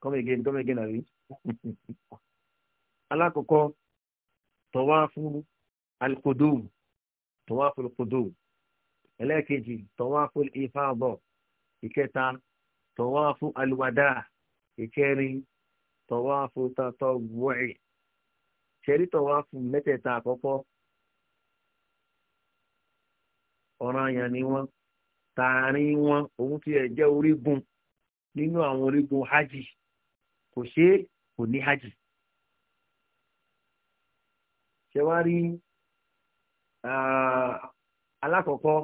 come again come again àbí. alákọ̀ọ́kọ́ tọ̀wá fún alikodum tọ̀wá fún alikodum ẹlẹ́ẹ̀kejì tọ̀wá fún ifáàbọ̀ ìkẹta tọ̀wá fún aliwada ìkẹrin tọ̀wá fún tatọ̀ wọ̀ẹ̀ ṣẹ̀rí tọ̀wá fún mẹ́tẹ̀ẹ̀ta àkọ́kọ́. ọ̀ranyàn ni wọn tààrin wọn òun ti ẹ̀ jẹ́ orígun nínú àwọn orígun hajj kò ṣe é kò ní hajj. ṣé rí alákọ̀ọ́kọ́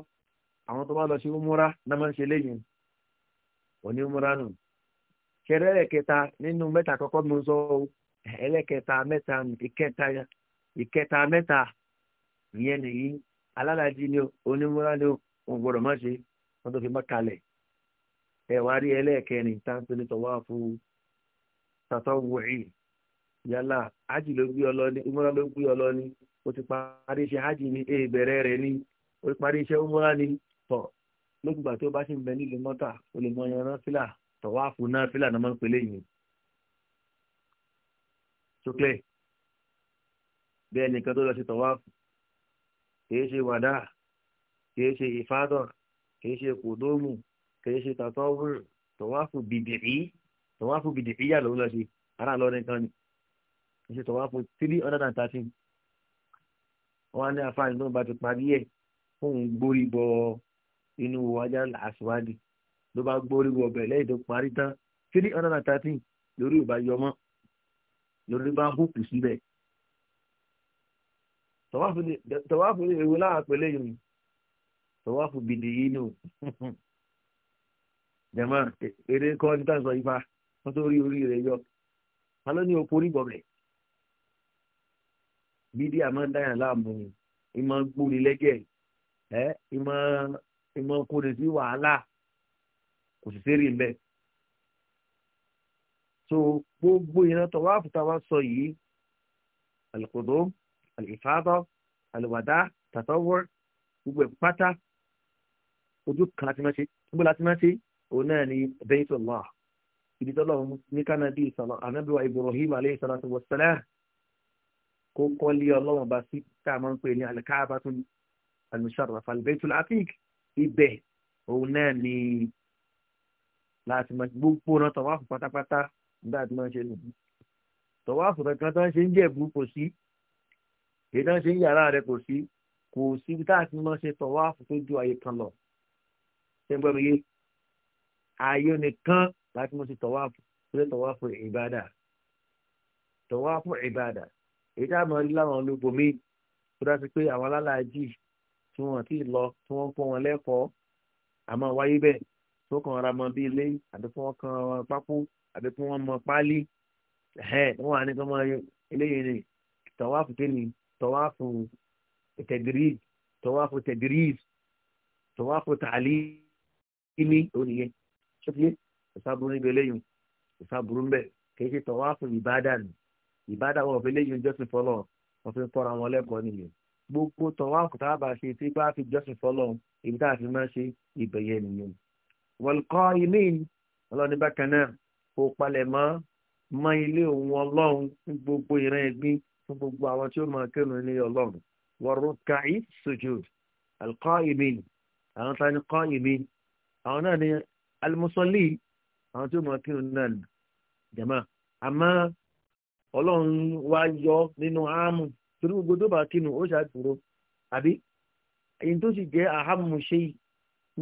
àwọn tó bá lọ sí umura náà máa ń ṣe lẹ́yìn òní umura nù. ṣẹlẹ̀ ẹlẹ́kẹta nínú alálàájì ni ji ni wọn gbọ́dọ̀ má ṣe wọn tó fi má kalẹ̀ ẹ wá rí ẹlẹ́ẹ̀kẹrin tá à ń pè ní tọwọ́ fún tatawu'i yálà ájì ló gbé ọlọ́ni umra ló gbé ọlọ́ni ti parí iṣẹ́ hajj ni, èè e bẹ̀rẹ̀ rẹ̀ ni ó ti parí iṣẹ́ umra ni tọ̀ lókùgbà tó bá ṣì ń bẹ nílùú mọ́tà ó lè mọ yan náfìlà tọ̀wáàfù náfìlà náà máa ń pèlè yìí. sókè kìí ṣe wàdà kìí ṣe ìfádọ̀ kìí ṣe kòdómù kìí ṣe tàtọ́wùrù tọ̀wáfù bìdìrí tọ̀wáfù bìdìrí yà lóun lọ sí ara lọ́rin kan ni kìí ṣe tọ̀wáfù three hundred and thirteen wọn á ní afáàní tó ń bá ti parí ẹ̀ fóun gbórí bọ inú wájà àṣìwádìí ló bá gbórí wọ bẹ̀ lẹ́yìn tó parí tán three lórí ìbá yọmọ lórí bá hùkù síbẹ̀ tọ̀wáfù ní ewu láwọn àpẹẹlẹ yìí tọ̀wáfù bìdì yìí nù jẹ̀mọ́ eré kọ́ ní tàǹsọ̀ ifá wọ́n tó rí orí rẹ̀ yọ alọ́ ní oko orí bọ̀bẹ̀ bídí àmọ́ dáyàn láàmú ìmọ̀ gbóni lẹ́gẹ̀ ẹ́ ìmọ̀ ìmọ̀ kóni sí wàhálà kò sì sérì ń bẹ̀ so gbogbo ìran tọ̀wáfù táwa sọ yìí àlùkò àlìfáàbọ̀ àlùwàdá tàtọ́wọ́ gbogbo ẹ̀ pátá ojú kan láti máa ṣe gbogbo láti máa ṣe òun náà ni Baytullah ibi tọ́lọ̀ ní kánádì ìsọ̀lọ̀ ànábìwá Ibrahim alayhi salatu wa salam kó kọ́lé ọlọ́run bá sí tá a máa ń pè ní al-Ka'batun al-musharrafa al ibẹ̀ òun náà ni láti máa gbogbo náà tọ̀wáfù pátápátá nígbà tí ṣe nù tọ̀wáfù kankan tó ń ṣe ń jẹ̀bú kò sí èyí tán ṣe ń yàrá rẹ kò sí kò sí ibi tá a ti máa ṣe tọ̀wáàfù tó ju àyè kan lọ ṣé ń gbọ́ mi yé ààyè nìkan láti máa ṣe tọ̀wáàfù tó ṣe tọ̀wáàfù ìbàdà tọ̀wáàfù ìbàdà èyí tá a máa rí láwọn olóko mi tó dá sí pé àwọn alálàájì tí wọn ti lọ tí wọn kọ́ wọn lẹ́kọ̀ọ́ àmọ́ wáyé bẹ́ẹ̀ tó kàn ra mọ bí ilé àbí fún wọn kan pákó àbí fún wọn mọ páálí ẹ wọn wà kí wọn eléyìí ni tọ̀wáàfù tẹ́lẹ̀ tọ́wáfù tẹ̀dírìd tọ́wáfù tẹ̀dírìd tọ́wáfù tàlímì oníyẹn ṣókè ìsàbùrù níbi eléyìí ìsàbùrù ń bẹ kì í ṣe tọ́wáfù ìbádàn ìbádàn wọn ò fi léyìn jọ́sìn fọlọ́ wọn fi ń kọ́ra wọn lẹ́kọ̀ọ́ nìyẹn gbogbo tọ́wáfù tá a bá ṣe tí bá fi jọ́sìn fọlọ́ ibi tá a fi máa ṣe ìbẹ̀yẹ nìyẹn wọ̀lùkọ́ ilé ọlọ́ni bákan náà kó palẹ̀ mọ́ mọ́ ilé òun ọlọ́run ní gbogbo ìran ẹ̀gbin fún gbogbo àwọn tí ó máa kírun ní ọlọ́run warruka'i sujud alqa'imin àwọn tani qa'imin àwọn náà ni almusalli àwọn tí ó máa kírun náà jama àmọ́ ọlọ́run wá yọ nínú áàmù torí gbogbo tó bá kírun ó ṣàdúró àbí èyí tó sì jẹ́ àhámù ṣe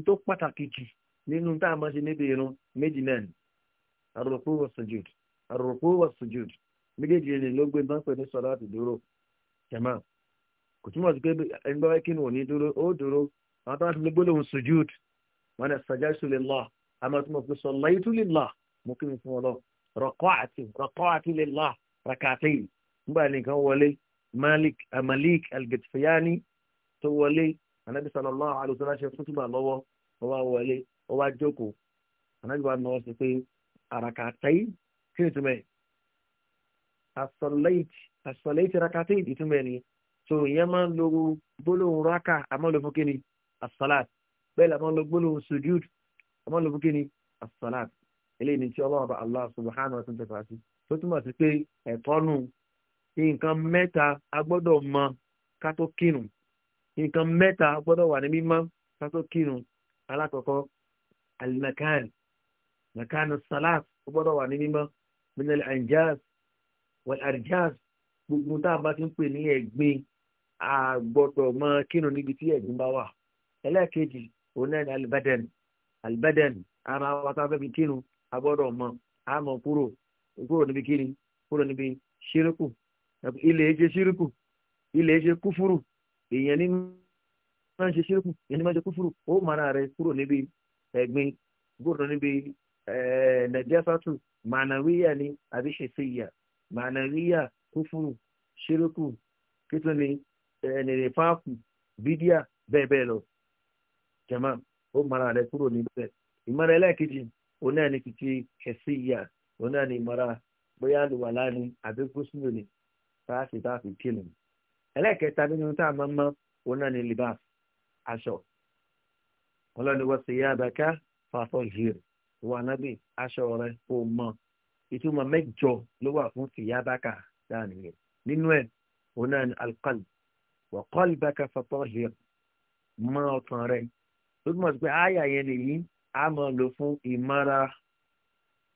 tó pàtàkì jù nínú tá máa ṣe níbi irun méjì náà ni arruku wa sujud arruku wa sujud méjèèjì rẹ̀ ló gbé bá ń pè ní sọlá àti dúró jẹ̀mọ́ kò túmọ̀ sí pé ẹni bá wáyé kí ni òní dúró ó dúró àwọn tó bá ti lè gbólóhùn sujud wọn ni sajjadtu lillah àmọ́ tí mo fi sallaytu lillah mo kí mi fún ọlọ́ raqa'ati raqa'ati lillah rak'atayn nígbà nìkan wọlé malik amalik algetfiyani tó wọlé anabi sallallahu alaihi wasallam ṣe fútùbà lọ́wọ́ ó wá wọlé ó wá jókòó anabi wa nọ sí pé rak'atayn kí ni túmọ̀ yìí asọ̀lẹ́ìtì asọ̀lẹ́ìtì rakate ìtumọ̀ ẹni so ìyẹn máa ń lo gbólóhùn raka àmọ́ ló fún kíni asọ̀láàt bẹ́ẹ̀ la máa ń lo gbólóhùn sujud àmọ́ ló fún kíni asọ̀láàt eléyìí ni tí ọlọ́run bá allah subhanahu wa ta'ala fàásì tó túmọ̀ sí pé ẹ̀kọ́ nù nǹkan mẹ́ta a gbọ́dọ̀ mọ ká tó nǹkan mẹ́ta a gbọ́dọ̀ wà ní mímọ́ ká tó alákọ̀ọ́kọ́ alimakan makan salat ó gbọ́dọ̀ wà ní mímọ́ minal anjas wọ́n àríjáàz gbogbo tá a bá ti ń pè ní ẹ̀gbin a gbọ́dọ̀ mọ kírun níbi tí ẹ̀gbin bá wà ẹlẹ́ẹ̀kejì òun náà ní alibẹ́dẹ̀nì alibẹ́dẹ̀nì ara wa tá a fẹ́ fi kírun a gbọ́dọ̀ mọ a mọ kúrò kúrò níbi kíni kúrò níbi ṣírùkù ilé ẹ̀jẹ̀ ṣírùkù ilé ẹ̀jẹ̀ kúfúrù èèyàn ní máa ń ṣe ṣírùkù èèyàn ní máa ń ṣe kúfúrù ó mara rẹ kúrò níbi ẹ̀gbin kúrò níbi nàìjíríà fàtù mànàwíyà ni àbí ṣèṣe ìyà mànàríyà kúfùrù ṣírùkù kìtùnì ẹnìrìn fáàkù bídíà bẹ́ẹ̀ bẹ́ẹ̀ lọ jama ó mara rẹ kúrò níbẹ̀ ìmọ̀ra ẹlẹ́ẹ̀kejì òun náà ní títí kẹsí ìyá òun náà ní ìmọ̀ra bóyá àlùwàlá ni àbí gúúsùlù ni fáàfì fáàfì kìlùn ẹlẹ́ẹ̀kẹta nínú tá a máa ń mọ òun náà ní libas aṣọ ọlọ́ni wọ́n ṣe yá abẹ́ká fàfọ́ yìí wà nábì aṣọ rẹ kò mọ́ ìtumọ̀ mẹ́jọ ló wà fún tìyábàkà dáàni yẹn nínú ẹ̀ òun náà ni alqalb wa qalbaka fatahhir mọ́ ọkàn rẹ̀ ó túmọ̀ sí pé àyà yẹn nìyí a máa lò fún ìmọ́ra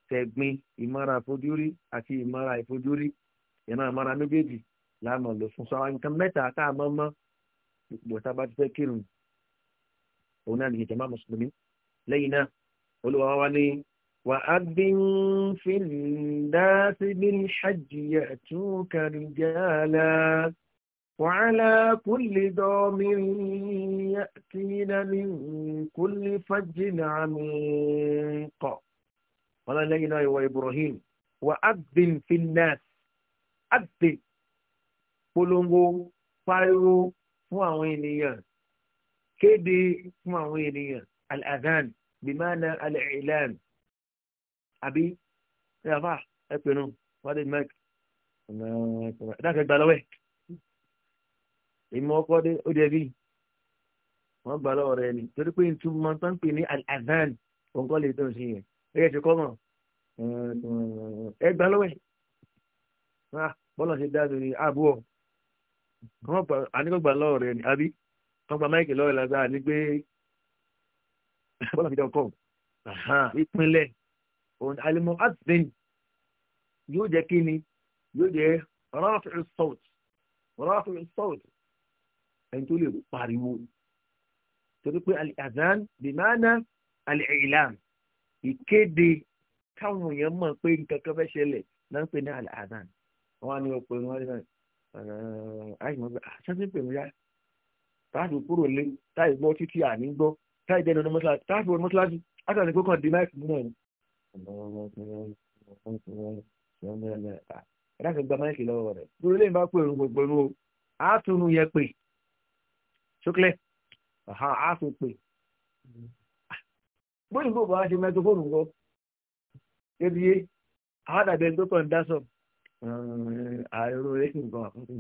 tẹ̀gbin ìmọ́ra ìfojúrí àti ìmọ́ra ìfojúrí ìran ìmọ́ra méjèèjì la máa lò fún sọ nǹkan mẹ́ta tá a máa mọ́ ipò tá a bá ti fẹ́ kírun òun nìyẹn jẹ́ máa mùsùlùmí lẹ́yìn وأذن في الناس بالحج يأتوك رجالا وعلى كل ضامر يأتين من كل فج عميق قال لينا وإبراهيم وأذن في الناس أذن polongo فايرو fún àwọn الأذان بمعنى الإعلان àbí ẹ àfà ẹ pè náà wádé mike dákẹ́ gbà lọ́wọ́ ẹ̀ èmi ọkọ dé ó dẹbi wọn gbà lọ́wọ́ rẹ ni torí pé ìtumọ̀ tó ń pè ní al-adhan òǹkọ́ lè tó ń sìn yẹn ẹ yẹ ti kọ́ mọ̀ ẹ gbà lọ́wọ́ ẹ̀ bọ́lá ṣe dá lórí ààbò ọ̀ àníkọ́gbà lọ́wọ́ rẹ ni àbí wọ́n gba máìkì lọ́wọ́ ìlàgbà ní pé bọ́lá fi dá ọkọ̀ ìpínlẹ̀ òun alimọ advin yóò jẹ́ kí ni yóò jẹ́ rafi'u sawt rafi'u sawt ẹni tó lè pariwo torí pé al-adhan bimana al-i'lam ìkéde káwọn èèyàn mọ̀ pé nǹkan kan fẹ́ ṣẹlẹ̀ náà ń pè ní al-adhan wọn á ní ọ̀pọ̀ ìwọ́n ní àìmọ̀ pé àṣẹ́sìn ah, pè mí yá táàbù kúrò lé táì gbọ́ títí àní gbọ́ táì dẹnu ọdún mọ́ṣáláṣí táàbù ọdún mọ́ṣáláṣí látàrí kókàn dì máìkì mú ẹ̀dá kan gba máìkì lọ́wọ́ rẹ̀ gbogbo lẹ́yìn bá pè é gbogbo ẹ̀rọ àtúnú yẹ pé ṣókèlè àtún pè bóyá ìgbò bá ṣe mẹtọfóònù kọ ebi yé àádàbẹ̀ tó kàn dá sọ àìrò rẹ̀ nǹkan àkọ́kọ́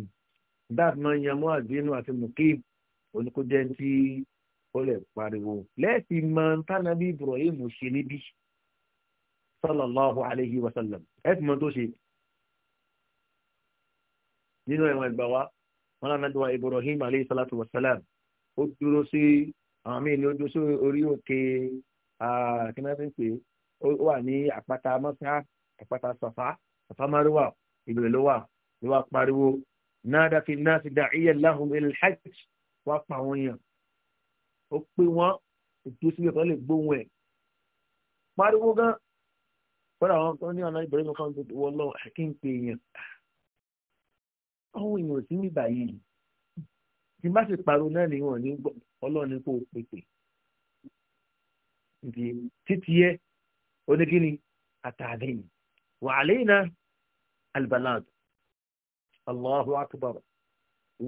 dat máa ń yan mọ́ àdínú àti mùkíb oníkójẹ́ tí ó lè pariwo lẹ́ẹ̀sì máa ń tánàbí Ibrahim ṣe níbí sallallahu alayhi wa sallam ẹ̀fùmọ́ tó ṣe nínú ẹ̀wọ̀n ìgbà wa wọn náà nàdúrà ibrahim alayhi salatu wa salam ó dúró sí àwọn míì ní ó dúró sí orí òkè kí náà fi ń pè ó wà ní àpáta mọ́sá àpáta sàfá sàfá márùwà ìbẹ̀rẹ̀ ló wà ló wà pariwo náà fi náà ti da'iyan lahum ila al-hajj wá pa àwọn èèyàn ó pé wọn ètò síbi ọ̀kan lè gbóhùn ẹ̀ pariwo gan-an. kódà àwọn kan ní ọ̀nà ìbẹ̀rẹ̀ kan tó wọ́n lọ kí n pe èèyàn àwọn èèyàn sí níbà yìí tí bá sì pariwo náà ni wọn ní ọlọ́run títí yẹ onígíní allahu akbar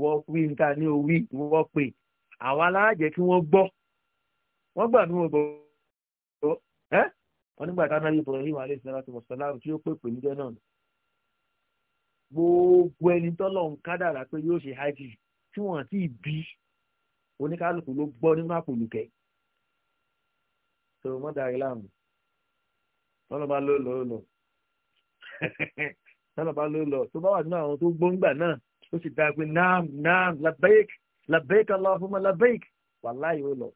wọ́n wí níta ní orí wọ́n pè àwọn aláàjẹ kí wọ́n gbọ́ wọ́n gbà ní wọn nígbà táwọn Ibrahim alayhi salatu wassalam tí ó pèpè níjọ́ náà gbogbo ẹni tọ́lọ̀ ń kádàrà pé yóò ṣe hajj tí wọ́n ti bí oníkálukú ló gbọ́ nínú àpòlùkẹ́ tó mọ́ darí láàmú tọ́lọ̀ ló lọ lọ tọ́lọ̀ ló lọ tó bá wà nínú àwọn tó gbóngbà náà ó sì dáa pé naam naam labaik labaik Allahumma labaik wàláyé ó lọ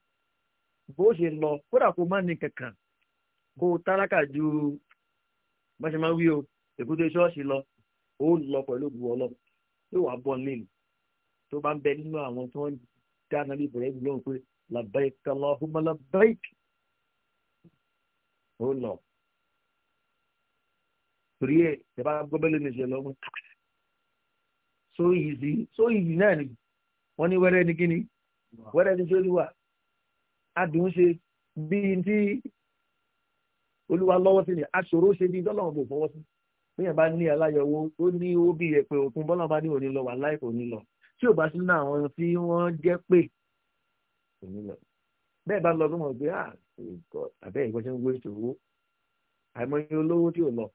bó ṣe lọ kódà kó má ní kankan kó o tálákà ju bá ṣe máa wí o èkúté ṣọ́ọ̀ṣì lọ ó lọ pẹ̀lú ògùn ọlọ́run tó wàá bọ̀ nílùú tó bá ń bẹ nínú àwọn tó ń dáná bí ìbẹ̀rẹ̀ ìlú òun pé labaik allahumma labaik ó lọ torí ẹ ẹ bá gbọ́bẹ́lẹ́ ní ìṣẹ̀lẹ̀ ọmọ so easy so easy náà ni wọ́n ní wẹ́rẹ́ ni kíni wẹ́rẹ́ ni sórí wà adùn ṣe bíi ti olúwa lọ́wọ́ sí ni aṣòro ṣe bí dọ́là bò fọwọ́ sí bíyàn bá ní aláyọwó ó ní ó bí ẹ̀pẹ̀ òkun bọ́lá bá ní òní lọ wà láì òní lọ tí ò bá sí náà àwọn tí wọ́n jẹ́ pé òní lọ bẹ́ẹ̀ bá lọ lọ́mọ pé ah, àbẹ́ ìgbọ́n ṣe ń gbé ìṣòro àìmọye olówó tí ò lọ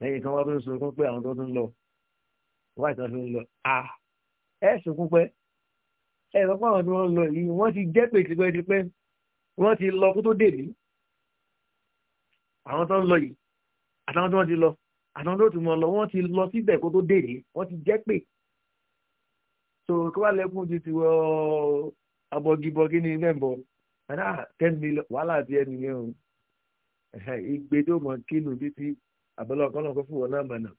lẹ́yìn kan wá tó ń sunkún pé àwọn tó tún lọ wá ìtàn fi ń lọ à ẹ sunkún pé ẹ sọ fún àwọn tí wọ́n lọ yìí wọ́n ti jẹ́ pé tipẹ́tipẹ́ wọ́n ti lọ kó tó dè àwọn tó ń lọ yìí àtàwọn tó wọ́n ti lọ àtàwọn tó tún mọ lọ wọ́n ti lọ síbẹ̀ kó tó dèrè wọ́n ti jẹ́ pé so kí wàá lẹ́kùn ti ti wọ abọ́gibọ́ kí ni bẹ́ẹ̀ bọ̀ ẹ̀dá ten million wàhálà ti ẹni yẹn o ìgbé tó mọ kínú títí àbẹ̀lẹ̀ ọ̀kan náà kó fún wọn náà mọ̀nà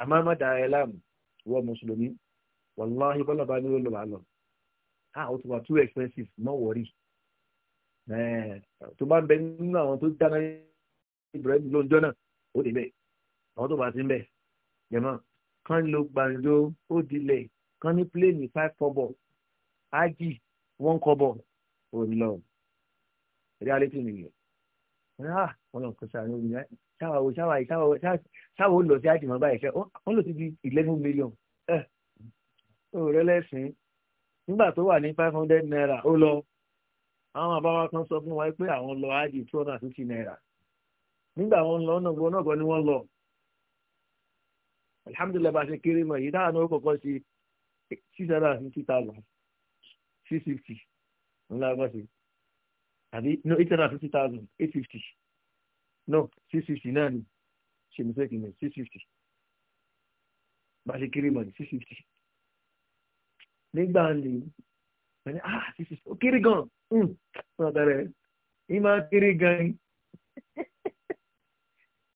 àmọ́ má da ẹ láàmú wọ mùsùlùmí wàláhi bọ́lá bá ní olùwà lọ ah o ti wà too expensive mọ́ wọ̀rí tó bá ń bẹ nínú àwọn tó dáná Ibrahim ló ń jọ́nà ó dé bẹ́ẹ̀ àwọn tó bá ti ń bẹ̀ jẹ̀mọ́ kán ló gbàǹjo ó dilẹ̀ kán ní pílẹ̀nì five kọ́bọ̀ ájì one kọ́bọ̀ ò ní lọ reality nìyẹn ah, wọn lọ kọsà ní omi ṣáwa o ṣáwa yìí ṣáwa o lọ sí àjùmọ̀ báyìí ṣe wọn lọ sí di eleven million ẹ ò rẹ lẹ́sìn nígbà tó wà ní five hundred naira ó lọ àwọn àbáwá kan sọ fún wa pé àwọn lọ ájì two hundred and fifty naira nígbà wọn lọ ọ̀nà gbọ́n náà kọ́ ni wọ́n lọ alihamudulilayi bá a ṣe kéré mọ̀ yìí dáhà ní ó kọ̀kọ́ sí six hundred and fifty thousand six fifty ńlá bá ṣe àbí no eight hundred and fifty thousand eight fifty no six fifty náà ni ṣe mi sẹ́kì mi six fifty bá a ṣe kéré mọ̀ ní six fifty nígbà lè ah six fifty ó kéré gan-an fún hmm, ọ̀tá ìmọ̀ kéré gan-an.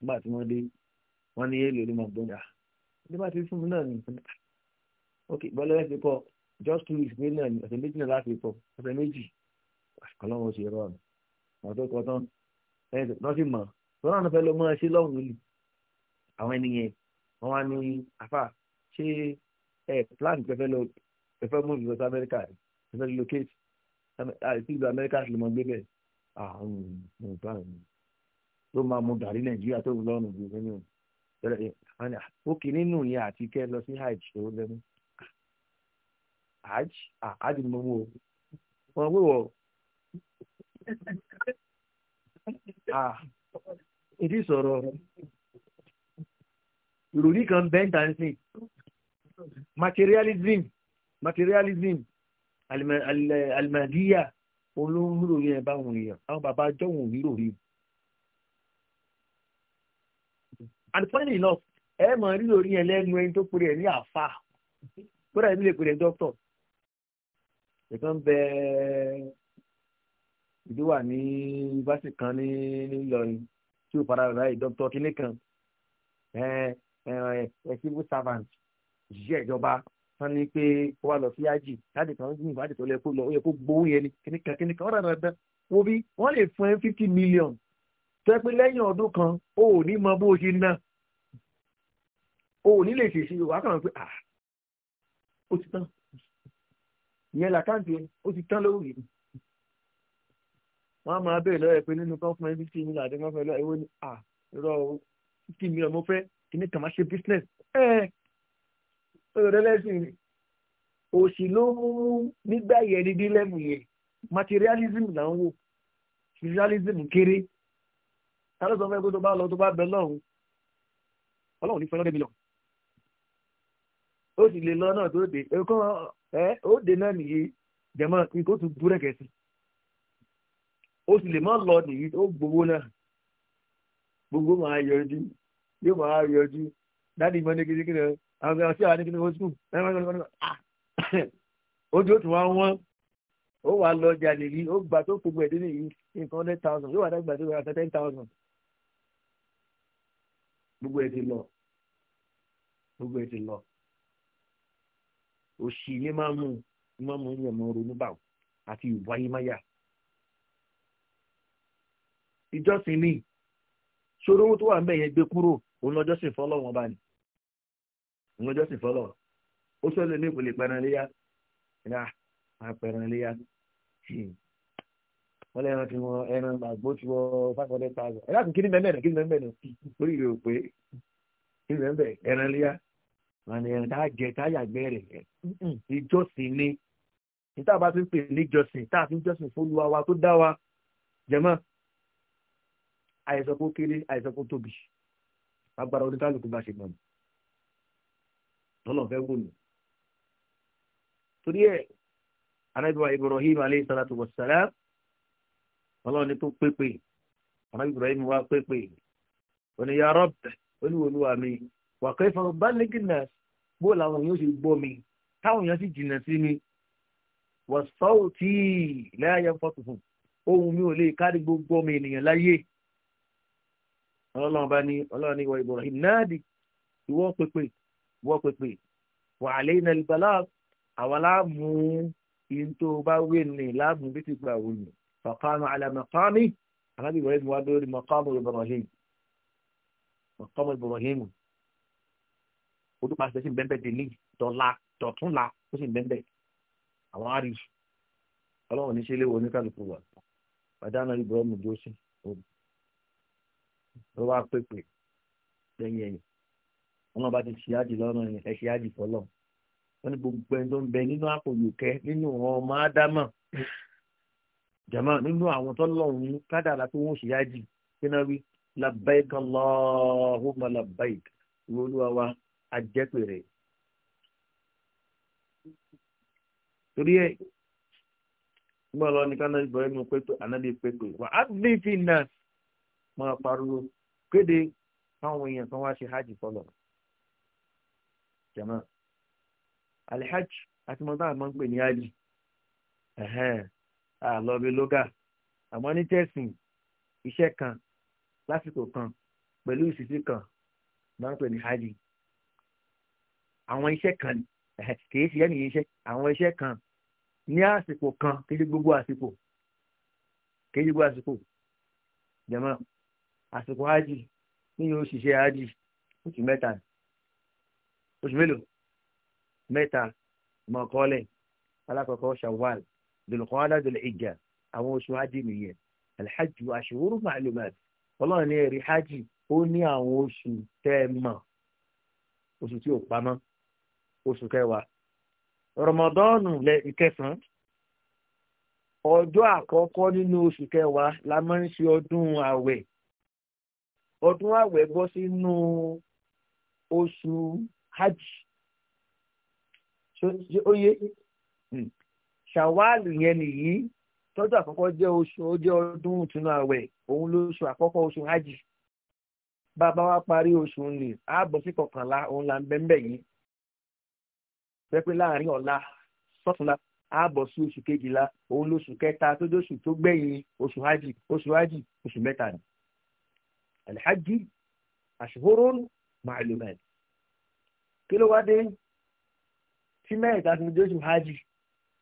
nígbà tí wọ́n dé wọ́n ní èlò ló máa gbọ́dọ̀ ní bá ti fún mi náà ní ah, ok bọ́lá ẹ̀ fi kọ́ just two weeks nílẹ̀ ní ọ̀sẹ̀ méjì náà láti kọ́ ọ̀sẹ̀ méjì ọlọ́run ó ṣe rọ̀ ọ́nà àwọn tó kọ́ tán ẹ̀ lọ́ sí mọ̀ tọ́lá náà fẹ́ lọ mọ́ ẹ ṣe lọ́hùn nílùú àwọn ènìyàn wọ́n wá ní àfà ṣé ẹ plan pẹ́fẹ́ lọ pẹ́fẹ́ mú ìlú sí amẹ́ríkà pẹ́fẹ́ locate àti ìlú amẹ́ríkà sì lè mọ gbé bẹ́ẹ̀ ah plan mi ló máa mu gàrí nàìjíríà tó ń lọ́rùn jù nínú ìrẹ̀lẹ̀ àná òkè nínú yẹn àti kẹ́ lọ sí hajj tó lẹ́nu ah, hajj ah, hajj ni mo mú o wọn wé wọ ah, ìdí sọ̀rọ̀ ìròrí kan bẹ́ńtà ń sìn materialism materialism alimadiya olóńgbò yẹn báwọn èèyàn àwọn bàbá jọ̀wọ̀n nírò rí i. and funny enough ẹ mọ̀ rí lórí yẹn lẹ́nu ẹni tó pèrè ẹ̀ ní àfa kódà ẹ̀mí lè pèrè dókítọ̀ ìkan bẹ ìdí wà ní yunifásitì kan ní Ìlọrin tí ó fara rà dókítọ̀ kínní kan ẹ ẹ ẹ civil servant yíṣẹ́ ìjọba wọ́n ní pé kó wá lọ sí ájì láti kan ní ìbádìí tó lẹ kó lọ ó yẹ kó gbowó yẹn ní kínní kan kínní kan ọ̀rọ̀ rẹ̀ bẹ́ẹ̀ wo bí wọ́n lè fún ẹ fifty million tó pé lẹ́yìn ọdún kan o ò ní mọ bó o ṣe ná o ò ní lè ṣèṣe wàá kàn án pé ah ó ti tán ìyẹn làkáǹtì ó ti tán lórí mi wọ́n á máa bẹ̀rẹ̀ lọ́yẹ̀ pé nínú kọ́fúnmẹ́ fifty million àti kọ́fúnmẹ́ lọ́yẹ̀ owó ni à rọ fifty million mo fẹ́ kìíní kàn máa ṣe business ẹ̀ ọ̀rọ̀ lẹ́sìn ni òṣì ló mú nígbà yẹn dídí lẹ́mù yẹn materialism là wo. materialism kéré ta ló sọ fún ẹ pé tó bá lọ tó bá bẹ lọ́hùn ọlọ́run ní fún ẹlọ́dẹ mílíọ̀nù ó sì lè lọ náà tó dé ẹ̀kọ́ ẹ ó dé náà nìyí jẹ̀mọ́ nǹkan tó búrẹ́kẹ̀ sí ó sì lè má lọ nìyí ó gbowó náà gbogbo máa yọjú yóò máa yọjú dáàdi ìmọ̀ ní kíkí náà àwọn ọ̀sẹ̀ àwọn kíkí ní oṣù ah! ojú òtún wa wọ́n ó wà lọ jà nìyí ó gbà tó gbogbo ẹ̀dín nìyí nǹkan hundred thousand yóò wà dá gbà tó gbà ten thousand. gbogbo eti lọ gbogbo ẹ lọ òṣì ní máa mú ní máa mú yàn máa ronú báwò àti ìwà yín máa yà ìjọsìn ni ṣòro owó tó wà gbé kúrò òun bá ní òun ó sọ wọ́n lẹ́ran ti wọn ẹran àgbo ti wọ five hundred thousand ẹ̀rọ àti kíni bẹ́ẹ̀ náà kíni bẹ́ẹ̀ náà orí rẹ̀ ò pé kíni bẹ́ẹ̀ ẹran léyà wọn ẹran tá a jẹ tá a yàgbẹ́ rẹ̀ ìjọsìn ni níta bá ti ń pè níjọsìn tá a fi ń jọsìn fún Olúwa wa tó dá wa jẹ̀mọ́ àìsàn kó kéré àìsàn kó tóbi agbára oníkálukú bá ṣe mọ̀nà lọ́lọ́fẹ́ wò ní. torí ẹ̀ anábìwá Ibrahim aleyhi salatu wa salam ọlọ́run ní tó pépè àmọ́ Ibrahim wá pépè oníyà rọ́bẹ̀ olúwolúwa mi wà kẹ́ fún bálẹ́gìnà bó làwọn yóò ṣe gbọ́ mi táwọn èèyàn sì jìnnà sí mi wà sọ́ọ̀ tí lẹ́yà fọ́tò fún ohun mi ò lè kárí gbogbo ọmọ ènìyàn láyé ọlọ́run bá ní ọlọ́run ní ìwọ Ibrahim náà di ìwọ pépè ìwọ pépè wà á lé iná àwọn aláàmú ìyẹn tó bá wé ní láàmú bí ti gbà wò فقام على مقامه النبي إبراهيم وقال مقام إبراهيم مقام إبراهيم ó tó pàṣẹ sí bẹ́ẹ̀ délé dọ́là dọ̀túnla ó sì bẹ́ẹ̀ àwọn àrí ọlọ́run ní sílé oníkàlùkù wà pàdánù Ibrahim Joseph ló wá pépè lẹ́yìn ẹ̀yìn wọn bá ti ṣíájì lọ́nà ẹ̀ ṣíájì fọlọ́ wọn ni gbogbo ẹni tó ń bẹ nínú àpò yòókẹ́ nínú ọmọ ádámà jama nínú àwọn tó lọ́run mú kádàrà tó wọ́n ṣìyá jì kí náà wí labbaik allahumma labbaik olúwa wa ajẹ́pẹ̀rẹ̀ torí ẹ gbọ́ lọ ní kánáà ìbọn ẹnu pépè ànábì pépè wà á bí fi nà máa pariwo kéde fáwọn èèyàn kan wá ṣe hajj fọlọ jama alhaj àti mọ́tà máa ń pè ní hajj àlọ́bí lóga àmọ́ ní tẹ̀sìn iṣẹ́ kan lásìkò kan pẹ̀lú ìṣísí kan máa ń pè ní hajj àwọn iṣẹ́ kan kìí ṣe ẹnìyẹn iṣẹ́ àwọn iṣẹ́ kan ní àsìkò kan kìí ṣe gbogbo àsìkò kìí ṣe gbogbo àsìkò jẹ̀mọ́ àsìkò hajj nínú òṣìṣẹ́ hajj oṣù mẹ́ta oṣù mélòó mẹ́ta mọ̀ọ́kọ́lẹ̀ alákọ̀ọ́kọ́ shawal dùlùkọ́lá dùlùhijja àwọn oṣù hajj nìyẹn alhaji aṣòwòrò màlúmàt ọlọ́run ní ẹ̀rí hajj ó ní àwọn oṣù tẹ́ ẹ mọ̀ oṣù tí ò pamọ́ oṣù kẹwàá rọmọdọ́ọ̀nù lẹ ìkẹsàn-án ọjọ́ àkọ́kọ́ nínú oṣù kẹwàá la máa ń ṣe ọdún àwẹ̀ ọdún àwẹ̀ bọ́ sínú oṣù hajj oye ṣàwáàlì yẹn nìyí tọ́jú àkọ́kọ́ jẹ́ oṣù ó jẹ́ ọdún ìtúnú àwẹ̀ òun lóṣù àkọ́kọ́ oṣù hajj bàbá wa parí oṣù nì ààbọ̀ sí kọkànlá òun là ń bẹ́ ń bẹ̀ yìí pẹ́pẹ́ láàrin ọ̀la sọ́túnla ààbọ̀ sí oṣù kejìlá òun lóṣù kẹta tó dóṣù tó gbẹ̀yìn oṣù hajj oṣù hajj oṣù mẹ́ta ni alhaji ashhurun ma'lumat kí ló wá dé tí mẹ́ẹ̀ta tó dóṣù hajj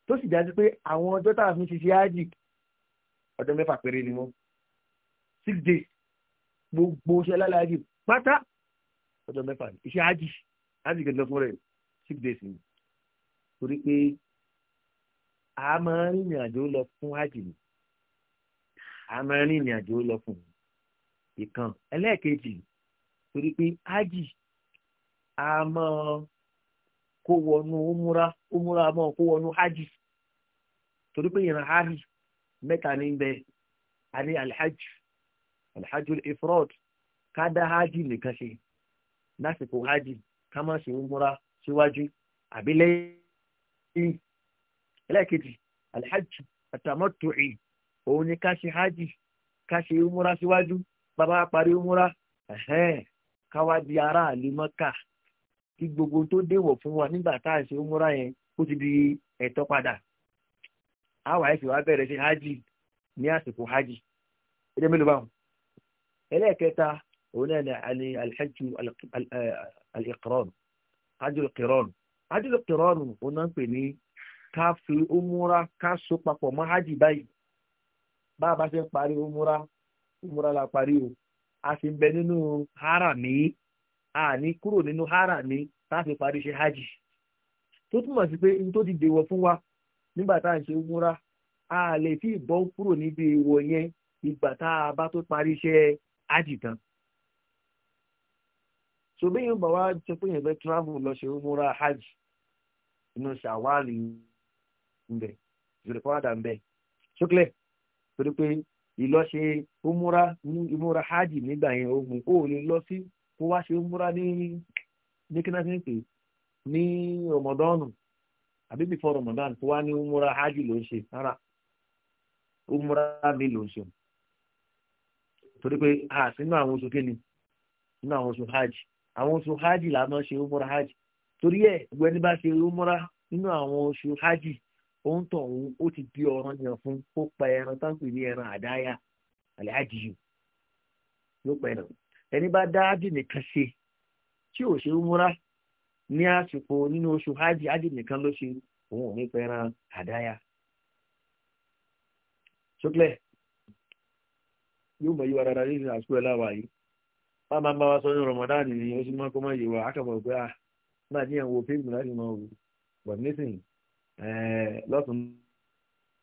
tó sì dájú pé àwọn ọjọ́ tá a fi ń ṣiṣẹ́ ájì ọjọ́ mẹ́fà péré ni wọ́n six days gbogbo iṣẹ́ lálàájì pátá ọjọ́ mẹ́fà ni iṣẹ́ ájì ájì gẹ́gẹ́ fún rẹ̀ six days ni torí pé a máa ń rìnrìn àjò lọ fún ájì ni a máa ń rìnrìn àjò lọ fún ìkan ẹlẹ́ẹ̀kejì torí pé ájì a máa kó wọnú umura umura a máa kó wọnú ájì torí pé ìran hajj mẹ́ta ní bẹ a ní alhajj alhajj ifrod ká dá hajj nìkan ṣe lásìkò hajj ká má ṣe ń múra síwájú àbí lẹ́yìn ẹlẹ́ẹ̀kejì alhajj àtàmọ́tòì òun ni ká ṣe hajj ká ṣe ń múra síwájú bàbá parí múra ká wá di aráàlú mọ́kà kí gbogbo tó déwọ̀ fún wa nígbà tá à ṣe múra yẹn ó ti di ẹ̀tọ́ padà àwọn àìsàn wa bẹ̀rẹ̀ sí hajj ní àsìkò hajj ilé mélòó báwọn. ẹlẹ́ẹ̀kẹta òun náà ni alhajj alikiran hajj alikiran hajj alikiran òun náà ń pè ní ká fi umura ká so papọ̀ mọ́ hajj báyìí bá a bá ṣe ń parí umura umura la parí o a sì ń bẹ nínú harami a ní kúrò nínú harami tá a fi parí ṣe hajj tó túmọ̀ sí pé n tó ti dèwọ̀ fún wa nígbà tá à ń ṣe wúra a lè fi ìbọn kúrò níbi ìwọ yẹn ìgbà tá a bá tó parí iṣẹ́ àjìtàn. ṣùgbọ́n yóò bá wa sọ pé yẹn fẹ́ travel lọ ṣe wúra hajj inú ṣàwálì ń bẹ̀ zùrẹ̀kọ́dà ń bẹ̀ ṣókèlè torí pé ìlọ́ṣe umura ní umura hajj nígbà yẹn ogun ó lè lọ sí kó wá ṣe umura ní ní kí náà ti ń pè ní ọmọdọ́nù àbí before Ramadan tó wá ní umura hajj ló ń ṣe rárá umura mi ló ń ṣe torí pé a sínú àwọn oṣù kéni nínú àwọn oṣù hajj àwọn oṣù hajj là máa ṣe umura hajj torí ẹ gbẹni bá ṣe umura nínú àwọn oṣù hajj òun tó òun ó ti di ọ̀ràn yẹn fún kó pa ẹran táǹpì ní ẹran àdáyà àlẹ́hàjì yìí yóò pa ẹni bá dá nìkan ṣe tí ò ṣe umura ní àsìkò nínú oṣù hajj hajj nìkan ló ṣe òun ò ní pẹran àdáyà ṣókè yóò mọ̀ yíwa dáadáa nínú àsìkò ẹ̀ láwàá yìí wọ́n máa ń bá wa sọ ní Ramadan nìyí oṣù mọ́ kó mọ́ yìí wà á kà mọ̀ pé à náà ní àwọn òfin ìgbìmọ̀ láti mọ̀ wò but nísìnyí eh, lọ́tún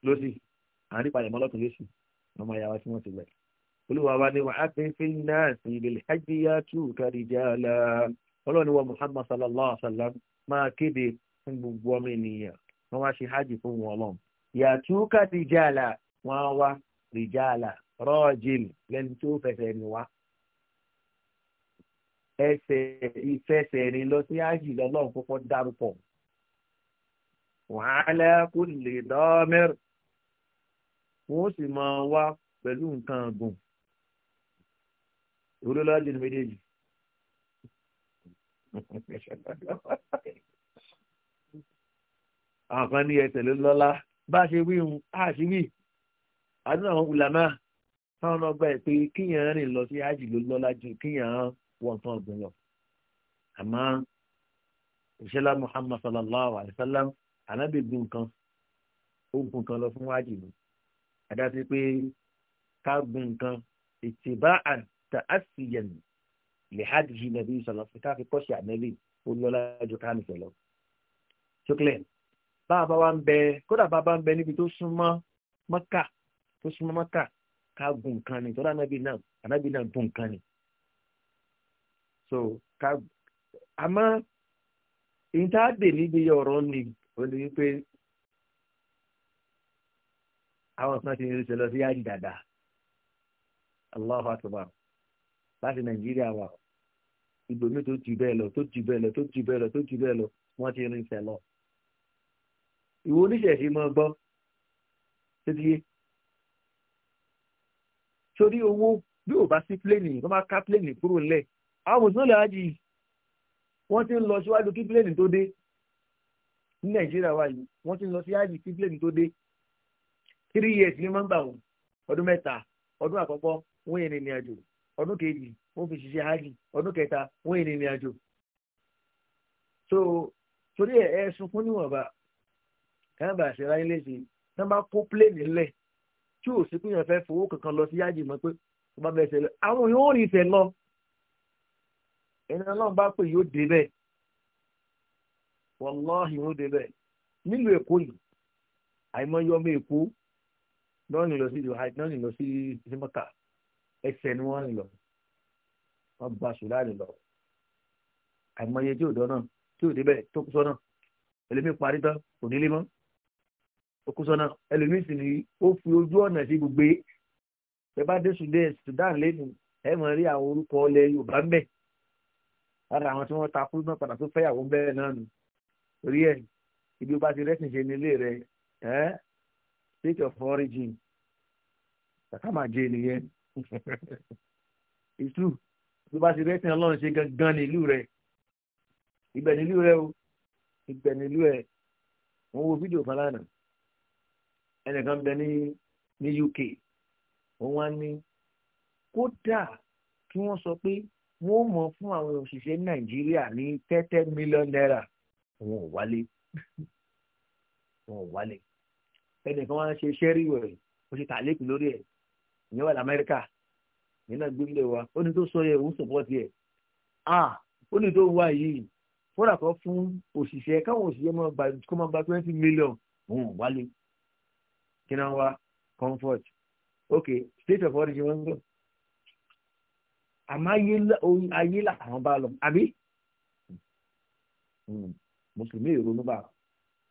lọ́sì àárín palẹ̀mọ́ lọ́tún lọ́sì ọmọ ìyá wa tí wọ́n ti gbẹ̀ olúwa wa ni wà á fi fi náà sí ilé hajj yá tù kárí jàlá ọlọ́run wa muhammad sallallahu alaihi wa sallam máa kéde fún gbogbo ọmọ ènìyàn wọ́n wá ṣe hajj fún wọn ọlọ́run yàtúkà rìjàlá wọ́n wá rìjàlá rọ́ọ̀jìn lẹ́nu tó fẹsẹ̀ ní wá ẹsẹ̀ ìfẹsẹ̀rin lọ sí hajj lọ́lọ́run kọ́kọ́ dárúkọ wàhálà kò lè dọ́mẹ́rù wọ́n sì máa wá pẹ̀lú nǹkan ọ̀gùn olólọ́jìn méjèèjì àwọn kan ní ẹsẹ̀ ló lọ́lá bá a ṣe wí hun a ṣe wí àdúrà àwọn ulama táwọn náà gbà pé kíyàn rìn lọ sí hajj ló lọ́lá ju kíyàn wọ nǹkan ọ̀gbìn lọ àmọ́ ìṣẹ́lá muhammad sallallahu alayhi wa sallam anábìgbìn kan ó kan lọ fún hajj mi àdáṣe pé ká gun kan ìtìbá àtàásìyẹ̀nì lihadi yìí nàbí sọlọ pé ká fi kọ́sì ànẹ́lì olóla ju ká nìfẹ́ lọ. tókìlẹ̀ bá a bá wa ń bẹ kódà bá a bá ń bẹ níbi tó súnmọ́ mọ́kà tó súnmọ́ mọ́kà ká gun nǹkan ni tọ́lá anábì náà anábì náà gun nǹkan ni. so ká àmọ́ ìtaàdè níbi ọ̀rọ̀ ni olè wípé àwọn kan ti ń ṣe lọ sí yáàdì dáadáa. Allahu akbar láti nàìjíríà wà ibòmí tó jù bẹ́ẹ̀ lọ tó jù bẹ́ẹ̀ lọ tó jù bẹ́ẹ̀ lọ tó jù bẹ́ẹ̀ lọ wọ́n ti rin ìfẹ́ lọ. ìwọ oníṣẹ̀ṣe máa gbọ́ títí sórí owó bí ò bá sí pléènì wọ́n máa ká pléènì kúrò ńlẹ̀ àwọn mùsùlùmí lè ájì wọ́n ti ń lọ síwájú kí pléènì tó dé ní nàìjíríà wà yìí wọ́n ti ń lọ sí ájì kí pléènì tó dé three years ni wọ́n ń gbà wọ́n ọdún mẹ́ta ọdún àkọ́kọ́ wọ́n yẹn ní ìrìn àjò ọdún kejì wọ́n fi ṣiṣẹ́ hajj ọdún kẹta wọ́n ìrìn ìrìn àjò so torí ẹ ẹ sunkún níwọ̀nba káyọ̀bà àṣẹráyé léṣe tí wọ́n bá kó pléènì lẹ̀ tí ò sí pínyàn fẹ́ fowó kankan lọ sí hajj mọ́ pé wọ́n bá bẹ̀rẹ̀ sẹ́lẹ̀ àwọn yóò rìn ìfẹ́ lọ ẹni ọlọ́run bá pè yóò dé bẹ́ẹ̀ wọ́lọ́ọ̀hìn ó dé bẹ́ẹ̀ nílùú èkó yìí àìmọye ọmọ èkó náà nílò sí ìlú náà nílò sí ìsìnkà ẹsẹ̀ ni wọ́n rìn lọ wọ́n gba sùláàlì lọ àìmọye tí ò dọ́nà tí ò débẹ̀ tó kú sọ́nà ẹlòmíì parí tán kò nílé mọ́ ó kú sọ́nà ẹlòmíì sì ni ó fi ojú ọ̀nà sí gbogbo e. ẹ bá dé Sudan lẹ́nu ẹ mọ̀ rí àwọn orúkọ ilẹ̀ Yorùbá ń bẹ̀ lára àwọn tí wọ́n takú náà padà tó fẹ́yàwó bẹ́ẹ̀ náà nù orí ẹ̀ ibi ó bá ti rẹ́sìn ṣe nílé rẹ̀ ẹ́ state of origin kàkà máa jẹ nìyẹn ìtú tó bá ti rẹ́sìn ọlọ́run ṣe gangan nílùú rẹ̀ ibẹ̀ nílùú rẹ̀ o ibẹ̀ nílùú ẹ̀ wọ́n wo fídíò falana ẹnìkan bẹ ní ní UK wọ́n wá ní kódà kí wọ́n sọ pé wọ́n mọ̀ fún àwọn òṣìṣẹ́ Nàìjíríà ní tẹ́tẹ́ mílíọ̀nù náírà wọn ò wálé wọn ò wálé ẹnìkan wá ń ṣe ṣẹ́rí wẹ̀rẹ̀ ó ṣe tàlékù lórí ẹ̀ ìyẹn wà lamẹ́ríkà nínú gbélé wa ó ní tó sọ yẹ òun sọpọ́tì ẹ̀ ah ó ní tó wá yìí fúnra kan fún òṣìṣẹ́ káwọn òṣìṣẹ́ máa gba kó máa gba twenty million òun wálé kí náà wá comfort ok state of origin wọn ń gbọ́ àmọ́ ayé làwọn bá lọ àbí hmm. mùsùlùmí ìrònú bá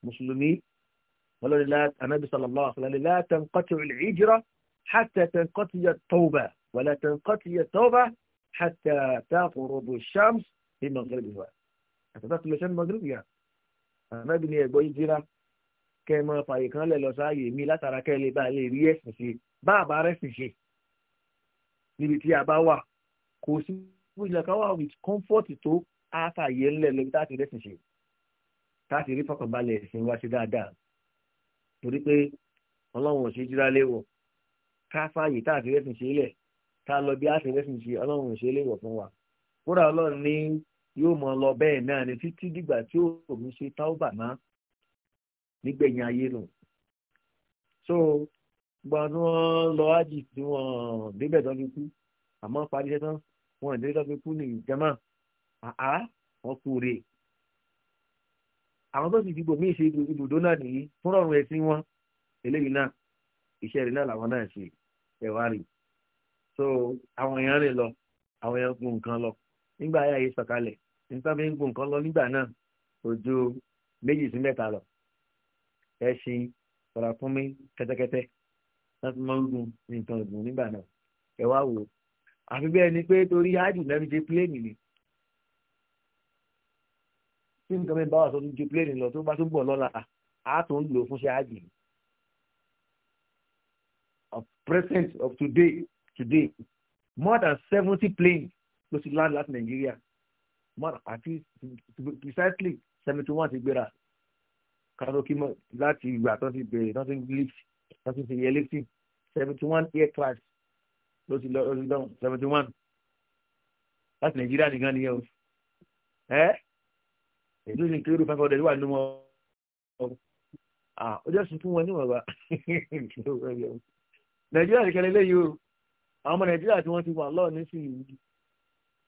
mùsùlùmí wọ́n lọ́ọ́ ní anábì sallallahu alaihi wa sallam la tanqatu al-hijra. حتى تنقطع التوبة ولا تنقطع التوبة حتى تغرب الشمس في مغربها حتى تطلع الشمس مغربها àmọ́ ibi ni ẹ̀gbọ́n yìí jíra kẹ́ ẹ mọ fààyè kan lẹ̀ lọ sáàyè mi látara kẹ́ ẹ lè bá a lè rí ẹ̀sìn ṣe bá a bá rẹ̀sìn ṣe níbi tí a bá wà kò sí ìlẹ̀ kan wà with comfort tó a fààyè ńlẹ̀ lórí tá a ti rẹ̀sìn ṣe tá a ti rí fọkànbalẹ̀ ẹ̀sìn wa ṣe dáadáa torí pé ọlọ́run ò ṣe jíra léwọ̀ ká fààyè tá àti rẹ́sìn ṣe lẹ̀ ká lọ bí àti rẹ́sìn ṣe ọlọ́run ìṣe lè wọ̀ fún wa kódà ọlọ́run ní yóò mọ lọ bẹ́ẹ̀ náà ni títí dìgbà tí òun ṣe táwọ́bà má nígbẹ̀yìn ayé nù. so gbọ́dọ̀ wọn lọ ájì tí wọ́n débẹ̀ tán fi kú àmọ́ parí iṣẹ́ tán wọn ò dé tán fi kú ní ìjàmá àá wọn kú rè àwọn tó sì dìbò míì ṣe ibùdó náà nìyí fúnrọ̀rùn ẹ̀sìn wọn eléyìí náà iṣẹ́ rẹ̀ náà làwọn náà ṣe ẹ̀wá rè so àwọn èèyàn rè lọ àwọn èèyàn gun nǹkan lọ nígbà ayé ayé sọ̀kalẹ̀ nígbà mi ń gun nǹkan lọ nígbà náà ojú méjì sí mẹ́ta lọ ẹṣin ọ̀rà fún mi kẹ́tẹ́kẹ́tẹ́ láti máa ń gun nǹkan ọ̀gbìn nígbà náà ẹ̀wá wò àfi bẹ́ẹ̀ ni pé torí áàdì náà fi ṣe pílẹ́ẹ̀nì ni tí nǹkan mi bá wà tó ń ju pílẹ́ẹ̀nì lọ tó bá tó bọ̀ lọ́la á tó ń lò fún ṣe áàdì ni present of today today more than seventy planes ló ti land láti Nigeria. more at least, precisely seventy one ti gbéra kanoki láti ìgbà tó ti bẹ̀rẹ̀ tó ti lift tó ti ṣe yẹlẹ́sì seventy one aircraft ló ti lọ ló ti dán seventy one láti nàìjíríà nìkan nìyẹn o ẹ èdè ìṣe kéré five hundred more. Ah, wọn ó jẹ́ sùn fún nàìjíríà nìkan lélẹ́yìí o àwọn ọmọ nàìjíríà tí wọ́n ti wà lọ́ọ̀ nísìnyí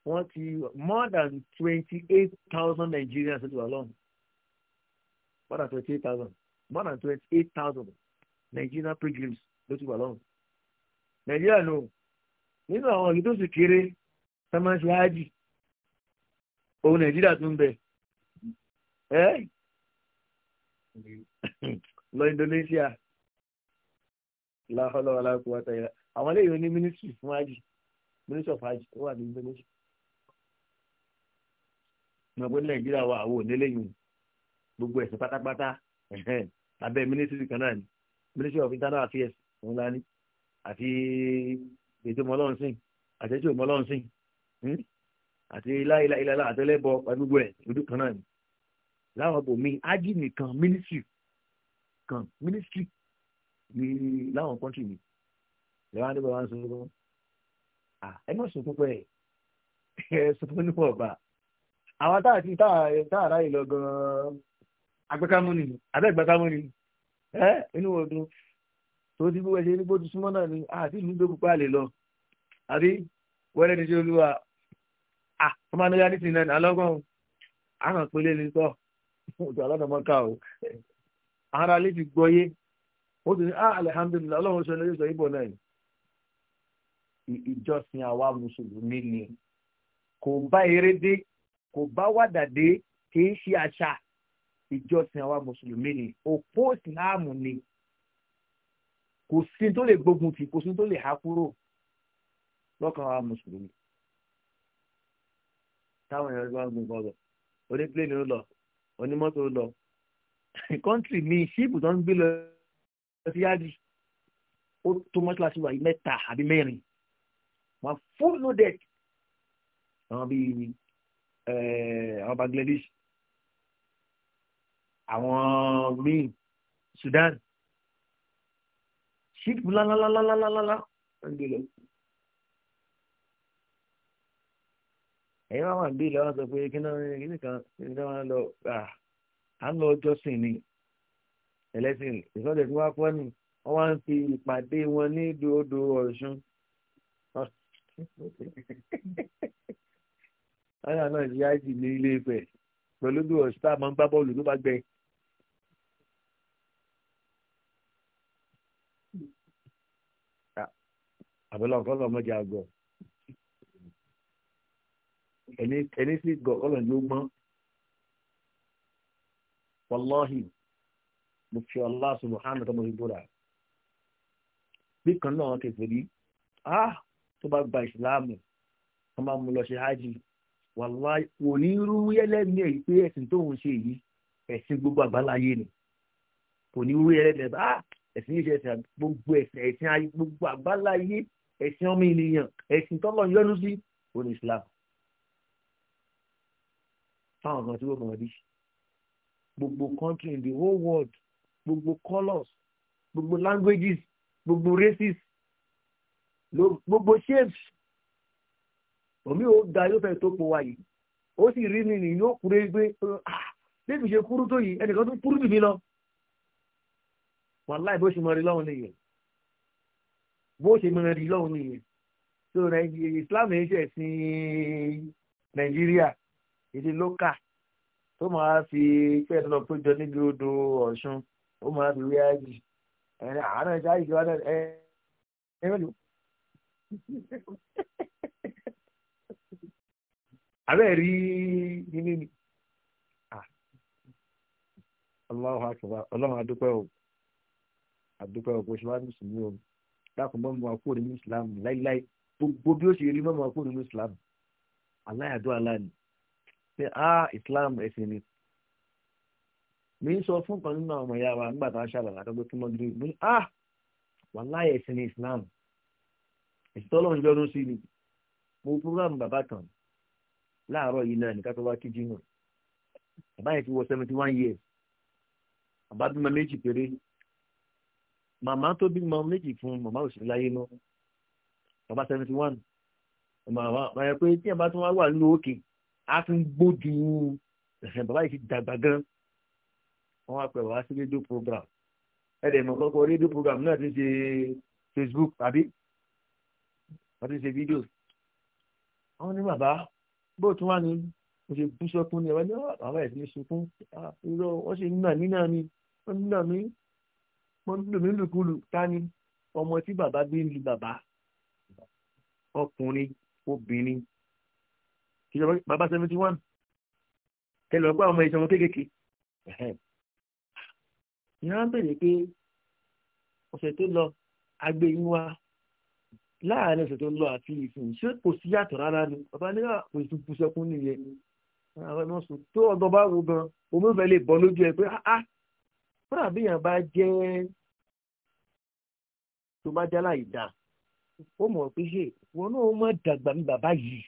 wọ́n ti more than twenty eight thousand nigerians ti wà lọ́ọ̀ more than twenty eight thousand more than twenty eight thousand nigerian pilgrims ló ti wà lọ́ọ̀ nàìjíríà nù nínú àwọn ìlú tó sì kéré sàmáṣí hájì òun nàìjíríà tún bẹ ẹ lọ indonesia láhọ́lọ́ aláàkúwàtà ìlà àwọn eléyìí ó ní mínísítì fún àjì mínísítì ọ̀f àjì ó wà ní indonesia mọ̀gbọ́n nàìjíríà wa àwọn òníléyìn gbogbo ẹ̀sìn pátápátá abẹ́ mínísítì kan náà ni ministry of internal affairs òun la ní àti ètò mọ́lọ́nsìn àti ètò mọ́lọ́nsìn àti iláìláìláìlá àtẹlẹ́bọ gbogbo ẹ̀ ojú kan náà ni láwọn bò mí ájì nìkan ministry kan ministry ní láwọn kọ́ńtì mi lẹ́wọ́n adébọ̀ wá ń sọ fún ẹ má sọ púpọ̀ ẹ sọ fún nípa ọba. àwọn táà ti táàrà yìí lọ gan-an ni abẹ́ ẹ inú ọdún tó ti gbogbo ẹ̀ṣẹ̀ nígbó ti súnmọ́ náà ni àti ìlú gbé lọ àbí ní ṣe olúwa ọmọ ní ti alọ́gbọ́n àwọn sọ alọ́dọ̀mọ́ká o àwọn ó ti ní ah alihamdulilayi ọlọ́run ṣe lórí ìgbà ìbò náà ìjọsìn àwa mùsùlùmí ni kò bá eré dé kò bá wàdà dé kì ṣe àṣà ìjọsìn àwa mùsùlùmí ni òpó ìsìláàmù ni kò sí tó lè gbógun tì kò sí tó lè há kúrò lọ́kàn àwa mùsùlùmí táwọn èèyàn bá ń gun kan lọ onípléènì ló lọ onímọ́tò ló lọ kọ́ńtì mi ṣíìpù tó ń gbé lọ ẹtì yáàdì ó tó mọ́ṣáláṣí wa yìí mẹ́ta àbí mẹ́rin wọn full loaded àwọn bíi eh, àwọn Bangladesh àwọn míì Sudan sheep lálálálálálálá ń gbé lọ. ẹ̀yin wá wà ń bí ìlọ́wọ́ sọ pé kí náà kí nìkan kí lọ à ń lọ jọ́sìn ni ẹlẹ́sìn ìsọdẹ tí wọn kọ ni wọn wá ń fi ìpàdé wọn ní dòdò Ọ̀ṣun ọyà náà ṣe àìsí ní ilé Ifẹ̀ pẹ̀lú bí Ọ̀ṣun tá a máa ń gbá bọ́ọ̀lù tó bá gbẹ. àbẹ̀lẹ̀ ọ̀kọ́ lọ́mọdé àgọ́ ẹni sí gọ̀ ọlọ́run ló gbọ́n wọlọ́hìn mo fi Allah subhanahu tó mo fi búra bí kan náà wọn kẹfẹ rí ah tó bá gba ìsìláàmù wọn máa mú lọ ṣe hajj wàláhì onírú yẹlẹmí èyí pé ẹsìn tó ń ṣe yìí ẹsìn gbogbo àgbáláyé ni onírú yẹlẹmí ẹ bá ẹsìn ah, yìí ṣe ẹsìn gbogbo ẹsìn ẹsìn gbogbo àgbáláyé ẹ̀sìn ọmọ ènìyàn ẹ̀sìn tọ́lọ̀ yọ́nú sí òní islam fáwọn kan tí wọ́n kàn rí gbogbo country in the whole world gbogbo colors, gbogbo languages gbogbo races gbogbo shapes omi ò ga yóò fẹ́ tó po wa yìí ó sì rí mi nìyí yóò kúrò gbé lébi ah, ṣe kúrú tó yìí ẹnìkan tó kúrú bìbí lọ wàláì bó ṣe mọ rí lọ́hùn nìyẹn bó ṣe mọ rí lọ́hùn nìyẹn so Islam ẹ̀ ṣe sin Nàìjíríà èdè lókà tó máa fi fẹ́ẹ́ lọ péjọ níbi odò Ọ̀ṣun ó máa fi wíyá jù ẹni àánú ẹja yìí wá náà ẹ ẹ mẹlú. abẹ́ rí nínú ni ah. Allahu akbar ọlọ́run adúpẹ́ o adúpẹ́ o kò ṣe wá mùsùlùmí o dákun mọ́ mọ́ àkóò nínú Islam láíláí gbogbo bí ó ṣe rí mọ́ mọ́ àkóò nínú Islam aláyàdó aláàní ṣe á Islam ẹ̀sìn ni mi ń sọ fún kan nínú àwọn ọmọ ìyá wa nígbà tá a ṣàlàyé àtọ́gbé kí wọ́n gírí mi ah wàláyé ẹ̀sìn ní Islam ìtọ́lọ́run yọnu sí ni mo program bàbá kan láàárọ̀ yìí náà nìkan tó wá kí jimoh bàbá yẹn ti wọ seventy one years bàbá bímọ méjì péré màmá tó bímọ méjì fún màmá òsì láyé náà bàbá seventy one màmá bàyẹ̀ pé tí ẹ̀ bá tún wá wà nínú òkè á tún gbójú bàbá yìí ti dàgbà gan wọ́n wá pẹ̀ wá sí rédíò program ẹ̀dẹ̀ mọ̀ kọ́kọ́ rédíò program náà ti ṣe Facebook àbí wọ́n ti ṣe fídíò àwọn ní bàbá bó tún wá ní mo ṣe bú sọkún ní ẹ̀rọ ah, ní bàbá ẹ̀ ti ní sunkún ah, irọ́ wọ́n ṣe nà mí náà ni wọ́n ń nà mí wọ́n ń lò mí lùkulù ta ni ọmọ tí bàbá bí ń lu bàbá ọkùnrin obìnrin kí bàbá seventy one kẹlẹ̀ ọgbà ọmọ ìṣọ̀mọ kéékèèké ìyá ń bèrè pé ọ̀sẹ̀ tó lọ agbé yín wá láàárín ọ̀sẹ̀ tó lọ àti ìsìn ṣé kò sí yàtọ̀ rárá ni bàbá nígbà kò sí kùsẹ̀kùn nìyẹn àwọn ẹ̀mọ́ sùn tó ọ̀dọ̀ bá wo gan omi fẹ́ lè bọ́ lójú ẹ pé áá ah, ah. fúnra bí yàn bá jẹ́ tó bá jálá ìdá ó mọ̀ pé ṣe wọn náà mọ̀ dàgbà ní bàbá yìí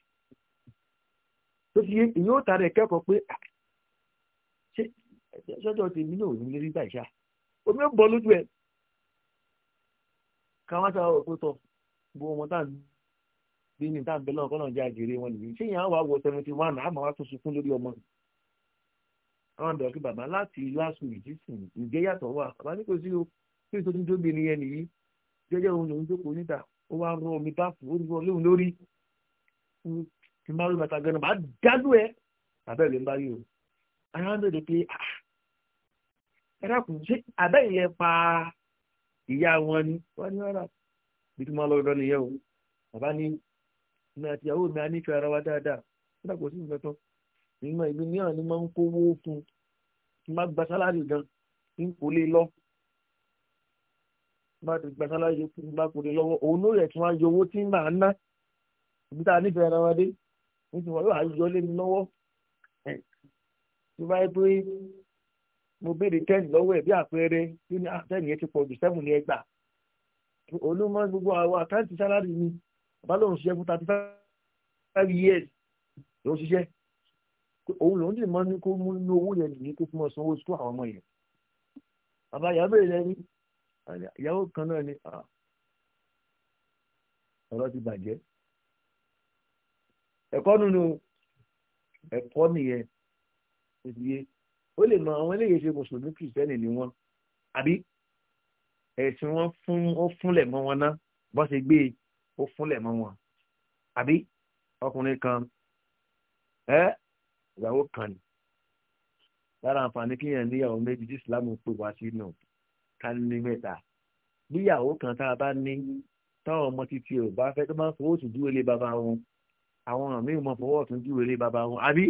tó fi èyí ó ta rẹ̀ kẹ́kọ̀ọ́ pé ah, ṣé sọ́jọ́ tèmi náà ò ní lérí bàjá omi ò bọ́ lójú ẹ̀ káwọn sábà wọ̀ pé tọ̀ bó wọn tá bí ní tá bẹ́ẹ̀ náà kọ́nà jẹ́ àjèrè wọn nìyí ṣé ìyá wa wọ seventy one àmọ́ wa tún sunkún lórí ọmọ àwọn àbẹ̀wò kí bàbá láti lásù ìjísìn ìgbéyàtọ̀ wà bàbá ní kò sí o kí n tó tún tóbi nìyẹn nìyí jẹ́jẹ́ òun lòun jókòó níta ó wá rọ omi báàfù ó rọ lóun lórí kí n bá rí bàtà gan-an bá dádú ẹ bàbá ẹ̀ ló ń bá rí o ara ń pé ah, ẹ̀dàkùn ṣé àbẹ́yìn yẹn pa ìyá wọn ni wọ́n ní ọ̀rọ̀ bí tí wọ́n lọ rọ nìyẹn o bàbá ní mi àti ìyàwó mi á nífẹ̀ẹ́ ara wa dáadáa nígbà kò sí nǹkan tán nínú ìlú mìíràn ni máa ń kówó fún un máa gba sálárì gan ń kò lè lọ máa gba sálárì fún un máa kò lè lọ́wọ́ òun ló yẹ kí wọ́n á yọ owó tí ń máa ná ibi tá a nífẹ̀ẹ́ ara wa dé nítorí wọn yóò àyọ lé mi lọ́wọ́ tí wọ́n bá yẹ pé mo béèrè ten lọ́wọ́ ẹ̀ bí àpẹẹrẹ tí ní ah, ten yẹn ti pọ̀ jù seven ní ẹgbàá olúmọ gbogbo àwọn àkáǹtì sálárì mi bàbá lòun ṣiṣẹ́ fún thirty five years lòun ṣiṣẹ́ òun lòun dì mọ́ ní kó mú ní owó yẹn nìyí kó fún ọ sanwó sukú àwọn ọmọ yẹn bàbá ìyàwó èrè ní ìyàwó kan náà ni ah, ọ̀rọ̀ ti bàjẹ́ ẹ̀kọ́ nínú ẹ̀kọ́ nìyẹn ó lè mọ àwọn eléyìí ṣe mùsùlùmí kìrìsìtẹ́nì ni wọ́n àbí ẹ̀sìn wọn fún ó fúnlẹ̀ mọ́ wọn ná bọ́n ṣe gbé e, ó fúnlẹ̀ mọ́ wọn àbí ọkùnrin kan ẹ ìyàwó kan ni lára àǹfààní kíyàn níyàwó méjì tí ìsìlámù pè wá sí nù ká ní mẹ́ta níyàwó kan tá a bá ní táwọn ọmọ títí ò bá fẹ́ tó máa ń fowó tún dúró lé bàbá wọn àwọn àmì ìmọ̀ fowó tún dúró lé bàbá wọn àbí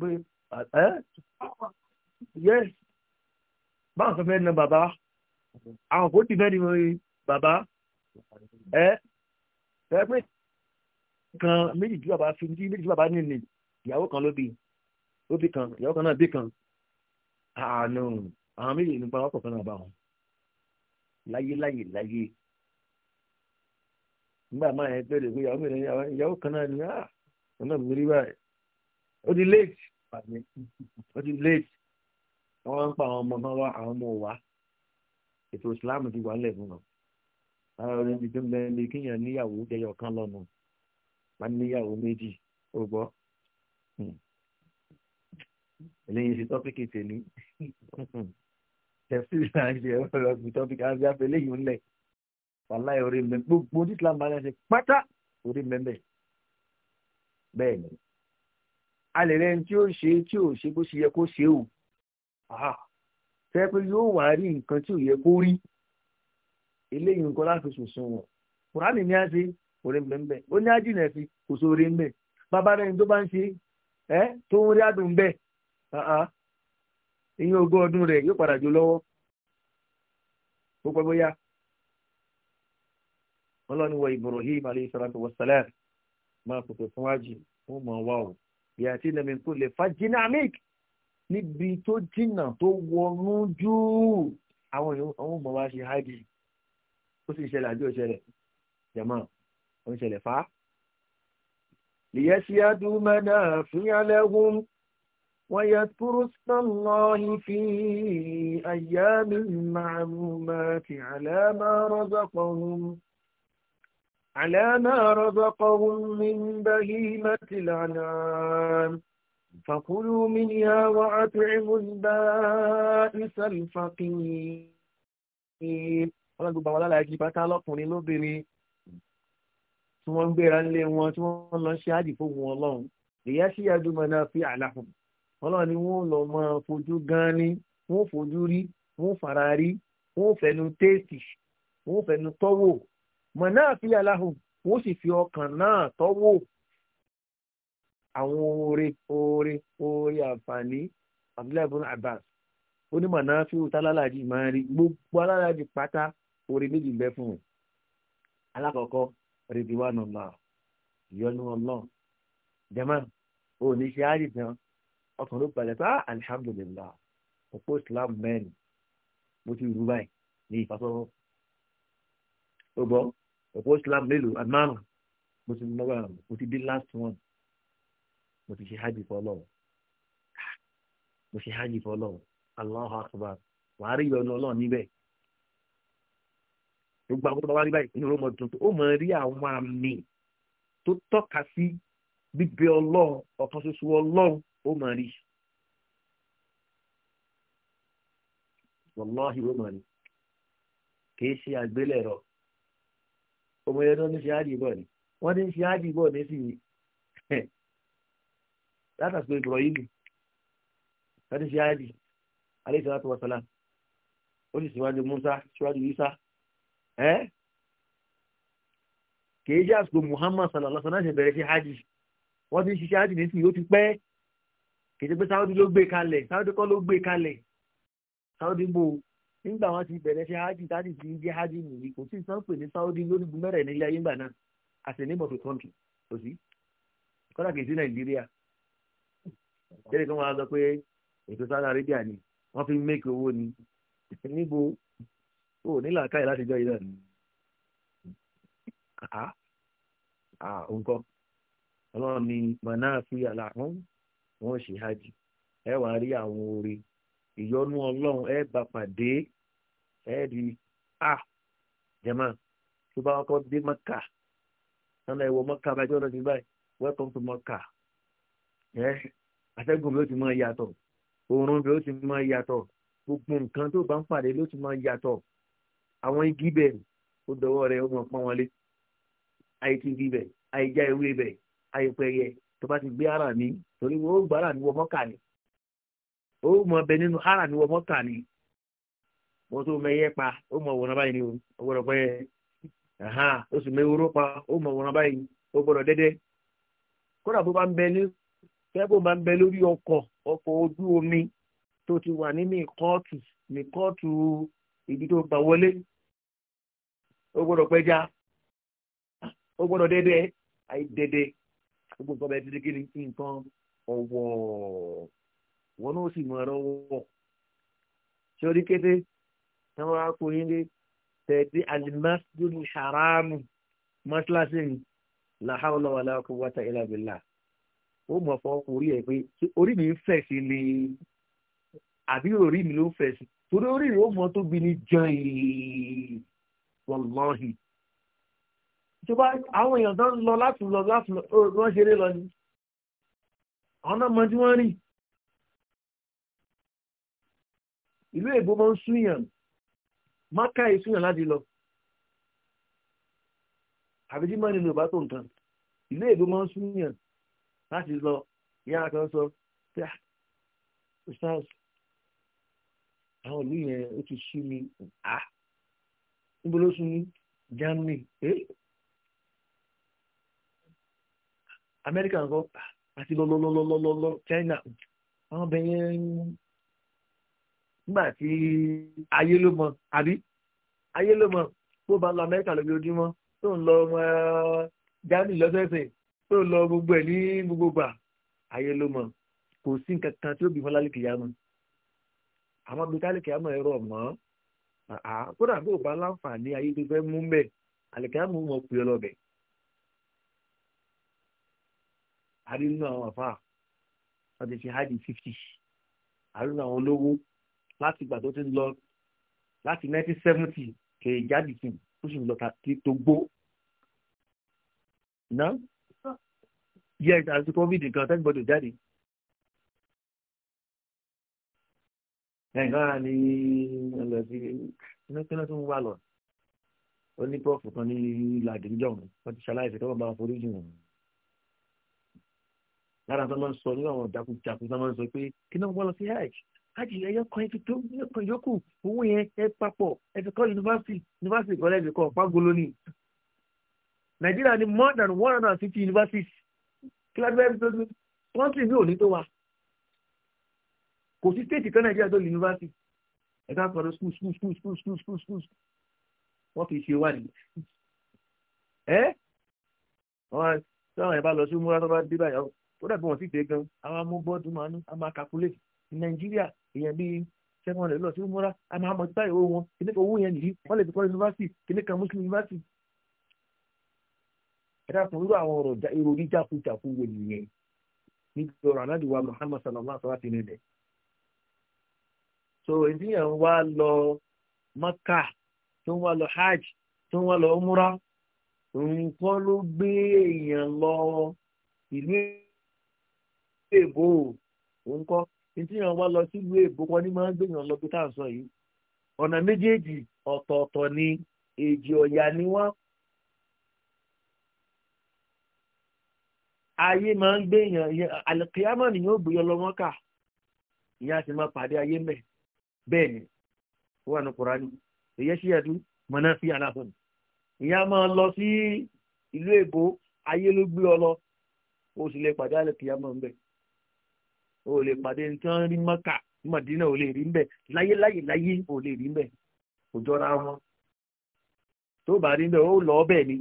pé ẹ́ yẹ́ báwọn kan fẹ́ na bàbá àwọn kò tí fẹ́ ni wọ́n bàbá ẹ́ fẹ́ pé kan méjì tí bàbá fi méjì tí bàbá nìyí ìyàwó kan ló bí ó bí kan ìyàwó kan náà bí kan àánú àwọn méjì nípa ọkọ̀ kan náà bá wọn láyé láyé láyé nígbà máa yẹn bẹ̀rẹ̀ pé ìyàwó mi ìyàwó kan náà ni ah ọ̀nà mi rí báyìí ó di late ó di late wọ́n ń pa àwọn ọmọ kan wá àwọn ọmọ wa ètò ìsìláàmù ti wà ń náà ara rẹ̀ níbi tó ń bẹ́ẹ̀ ni kíyàn níyàwó jẹyọ kan lọ́nà má níyàwó méjì ó gbọ́ hmm. eléyìí ṣe tọ́pìkì tèmi tẹ̀sí náà ṣe ẹ̀rọ ọ̀gbìn tọ́pìkì àti àfẹ́ eléyìí ń lẹ̀ wàláì orí mẹ́ gbogbo ní ìsìláàmù máa ń ṣe pátá orí mẹ́mẹ́ bẹ́ẹ̀ ni alẹ́ rẹ̀ tí ó ṣe tí ò ṣe bó ṣe yẹ kó ṣe o fẹ́ pé yóò wá rí nǹkan tí ò yẹ kó rí eléyìí nǹkan láti sùnsùn wọn kùránì ní àti òrè mbẹ́mbẹ́ ó ní àjìnà sí kò sóore mbẹ́ bàbá rẹ̀ tó bá ń ṣe ẹ́ tó ń rí àdùn bẹ́ẹ̀ ìyẹn ogún ọdún rẹ̀ yóò padà jó lọ́wọ́ ó pẹ́ bóyá ọlọ́ni wọ Ibrahim alayhi salatu wa salam máa pèpè fún wájú ó mọ̀ wá o yàtí nàmi kò lè fa dynamic níbi tó jìnnà tó wọnú jù àwọn àwọn ọmọ wa ṣe háìdì ó sì ṣẹlẹ̀ àjọ ìṣẹ̀lẹ̀ jẹmọ ó ń ṣẹlẹ̀ fa. lìyẹsí adúmọdà fúnyálẹhùn wọn yẹ turusanlọhi fi ayé mi màmú màtí àlẹ́ máa rọ́gbà pọ̀hún. على ما رزقهم من بهيمة الأنعام فكلوا منها وأطعموا البائس الفقير wọ́n gbogbo àwọn alálàájì bá tá lọ́kùnrin lóbìnrin tí wọ́n ń gbéra ńlé wọn tí wọ́n lọ ṣe àdì fóun ọlọ́run lèyá sí àdúmọ̀ náà fi àlàfùn ọlọ́run ni wọ́n lọ máa fojú gan ni wọ́n fojú rí wọ́n fara rí wọ́n fẹnu téèsì wọ́n fẹnu tọ́wò mọ̀nà àfihàn aláhùn wọ́n sì fi ọkàn náà tọ́wọ́ àwọn oore oore oore àǹfààní abdullahi bin abbas onímọ̀ náà fi wùtá lálàjì máa rí gbogbo alálàjì pátá oore méjì ń bẹ fún un alákọ̀ọ́kọ́ rìdíwánù náà ìyọnu ọlọ́ọ̀ jẹ́mọ́ òní ṣe áàrì tán ọkàn ló balẹ̀ pé ah, alhamdulillah òpó islam mẹ́rin mo ti rú báyìí ní ìfàsọ́wọ́ ọ̀pọ̀ islam mélòó àmàrùn mo ti nọ́wọ́ àrùn mo ti dé last one mo ti ṣe hajj fọlọ́wọ́ mo ṣe hajj fọlọ́wọ́ Allahu akbar wàá rí ìyọnu ọlọ́run níbẹ̀ gbogbo àwọn tó bá wá rí báyìí inú ló mọ tuntun ó mọ rí àwọn àmì tó tọ́ka sí bíbẹ ọlọ́run ọ̀kan ṣoṣo ọlọ́run ó mọ rí wàláhì ó mọ rí kì í ṣe àgbélẹ̀rọ ọmọ yẹn tó ní fi ájì bọ̀ ni wọ́n ti ń fi ájì bọ̀ ní sí látàkó ìgbọ̀ yìí nì wọ́n ti fi ájì alayhi salatu wa salam ó sì síwájú Musa síwájú Isa ẹ́ kìí jẹ́ àsìkò Muhammad sallallahu alaihi wasallam ṣe bẹ̀rẹ̀ sí ájì wọ́n ti ń ṣiṣẹ́ ájì ní sí ó ti pẹ́ kìí ṣe pé Sáwọ́dì ló gbé kalẹ̀ Sáwọ́dì kọ́ ló gbé kalẹ̀ Sáwọ́dì gbòó nígbà wọn ti bẹ̀rẹ̀ ṣe hajj tádì ti ń jẹ́ hajj nìyí kò sí sàn ní Saudi lórígun mẹ́rẹ̀ nílé ayé ńgbà náà àti níbọ̀ tó tọ́ǹtì kò sí kọ́dà kì í sí Nàìjíríà jẹ́rìí kan wọ́n sọ pé ètò Saudi Arabia ni wọ́n fi ń mẹ́kì owó ni níbo ò nílà káyọ̀ láti jọ ìlànà àá àá nǹkan ọlọ́run ni manáàfi àlàkùn wọ́n ṣe hajj ẹ wàá rí àwọn oore ìyọnu ọlọ́run ẹ bá pàdé ẹ̀ẹ́dì a jẹ̀mọ́ tó bá wọn kọ́ dé mọ́kà nana ìwọ mọ́kà báyìí tó lọ sí báyìí welcome to mọ́kà ẹ̀ atẹ́gùn bí ó ti máa yàtọ̀ oorun bí ó ti máa yàtọ̀ gbogbo nǹkan tó bá ń pàdé ló ti máa yàtọ̀ àwọn igi bẹ̀ ó dọwọ́ rẹ̀ ó mọ̀ pọ́n wọlé àìtí igi bẹ̀ àìjá ewé bẹ̀ àìpẹ̀yẹ tó bá ti gbé ara ní torí wọn ó gbára ní wọ́n mọ́kà ni ó mọ ọbẹ̀ nínú ara ní wọ́n mọ́kà ni wọ́n tó mẹ́yẹ pa ó mọ̀ wọ̀nà báyìí ni o ó gbọ́dọ̀ pẹ́ ó sì mẹ́wúrọ́ pa ó mọ̀ wọ̀nà báyìí ó gbọ́dọ̀ dẹ́dẹ́ kódà bó bá ń bẹ ní kẹ́bù máa ń bẹ lórí ọkọ̀ ọkọ̀ ojú omi tó ti wà nínú ìkọ́ọ̀tù ní kọ́ọ̀tù ìdí tó gbà wọlé ó gbọ́dọ̀ pẹ́já ó gbọ́dọ̀ dẹ́dẹ́ àìdẹ́dẹ́ gbogbo nǹkan bẹ́ẹ̀ ti di kí ni nǹkan ọ̀wọ̀ wọn náà sì mọ ẹ̀rọ wọ̀ ṣé orí kété wọ́n wá kó yín dé tẹ̀dí alimasdul haramu mọ́ṣáláṣí ni làhàwùlà wà láàkú wáta ìlàbílà ó mọ̀ fọ́ orí ẹ̀ pé orí mi ń fẹ̀ sí ni àbí orí mi ló ń fẹ̀ sí torí orí rẹ̀ ó mọ tó bi ní jọ̀ọ́ wọ̀lọ́hìn ìjọba àwọn èèyàn tó ń lọ láti lọ láti lọ wọ́n ṣeré lọ ni àwọn náà mọ tí wọ́n rí ìlú èbó máa ń súyàn máka ìsúná láti lọ àbí tí mọ́ni ló bá tó nǹkan ìlú èdè máa ń súnyàn láti lọ ìyá kan sọ pé ah, ustaz àwọn ìlú yẹn ó ti sú mi à ah, níbo ló sún ní Germany eh? Amẹ́ríkà nǹkan ah, àti lọ́lọ́lọ́lọ́lọ́lọ́ China àwọn bẹ̀yẹn nígbà tí ayé ló mọ àbí ayé ló mọ bó bá ń lọ amẹ́ríkà lójoojúmọ́ tó ń lọ ọmọ eh, germany lọ́sẹ̀ẹ̀sẹ̀ tó ń lọ gbogbo ẹ̀ ní gbogbo gbà ayé ló mọ kò sí nǹkan kan tí ó bí wọn lálẹ́ kìyà mọ́ àmọ́ bí kálíkì àmọ́ ẹ̀rọ mọ́ kódà bí òbá láǹfààní ayé tó fẹ́ mú mbẹ́ àlẹ́kẹ́ àmọ́ mọ̀ pé ọlọ́bẹ̀ àrí nínú àwọn àfà wọ́n ti fi hajj fifty àrí àwọn olówó láti ìgbà tó ti lọ láti 1970 kèé jáde sí ó sì ń lọ tó gbó. ná yes àti covid kan tẹ́sí gbọ́dọ̀ jáde. ẹ̀gbọ́n ni ọlọ́sí onípínlẹ̀ tó ń wà lọ ó ní pọ́ọ̀fù kan ní làdíjọ́ wọn ti ṣaláìsí tó wọn bá wọn forí jù wọn lára tó máa ń sọ nínú àwọn ìjákujàku tó máa ń sọ pé kí náà wọ́n lọ sí hajj káàdì ẹyọ kan ẹ fi tó ẹyọ kan yòókù owó yẹn ẹ papọ̀ ẹ fi kọ́ yunifásitì yunifásitì kọ́ lẹ́bi kọ́ fagolo ni nàìjíríà ní more than one hundred and fifty universities kí wọ́n ti bẹ́ẹ̀ tó tún country mi ò ní tó wa kò sí state kan nàìjíríà tó yunifásitì ẹ̀ka kọ̀ọ̀dọ̀ school school school school school school school wọ́n fi ṣe wà ní. ẹ́ wọ́n sọ̀rọ̀ ẹ̀ bá lọ sí múra tó bá dé báyọ̀ tó dàbí wọ́n sì dé gan àwọn amúbọ́dún máa ń a máa calculate nàìjíríà èèyàn bíi seven hundred lọ sí múra a máa mọ̀ táyà owó wọn kìnìkan owó yẹn nìyí wọ́n lè fi kọ́lé yunifásitì kìnìkan muslim yunifásitì. ẹ dákun irú àwọn ọ̀rọ̀ ìròyìn jákujàku wo nìyẹn níbi ọ̀rọ̀ anáàdìwà muhammad sallallahu alaihi wa sallam nílẹ̀. so ìdíyàn wa lọ maka tó ń wá lọ hajj tó ń wá lọ múra nǹkan ló gbé èèyàn lọ ìlú èbó nǹkan tí yàn wá lọ sílùú èbó wọn ní máa ń gbèyàn lọ bí tá à sọ yìí ọ̀nà méjèèjì ọ̀tọ̀ọ̀tọ̀ ni èjì ọ̀yà ni wọ́n. ayé máa ń gbèyàn àlùkìyámà nìyẹn ò gbéyàn lọ mọ́kà ìyá ni wà ní ìlú èbó ayé ló gbé ọ lọ o lè pàdé ní kí wọ́n rí mọ́kà mọ̀dínà ò lè rí mbẹ̀ láyé láyé láyé ò lè rí mbẹ̀ kò jọra wọn tó bá rí mbẹ̀ ó lọ ọbẹ̀ ni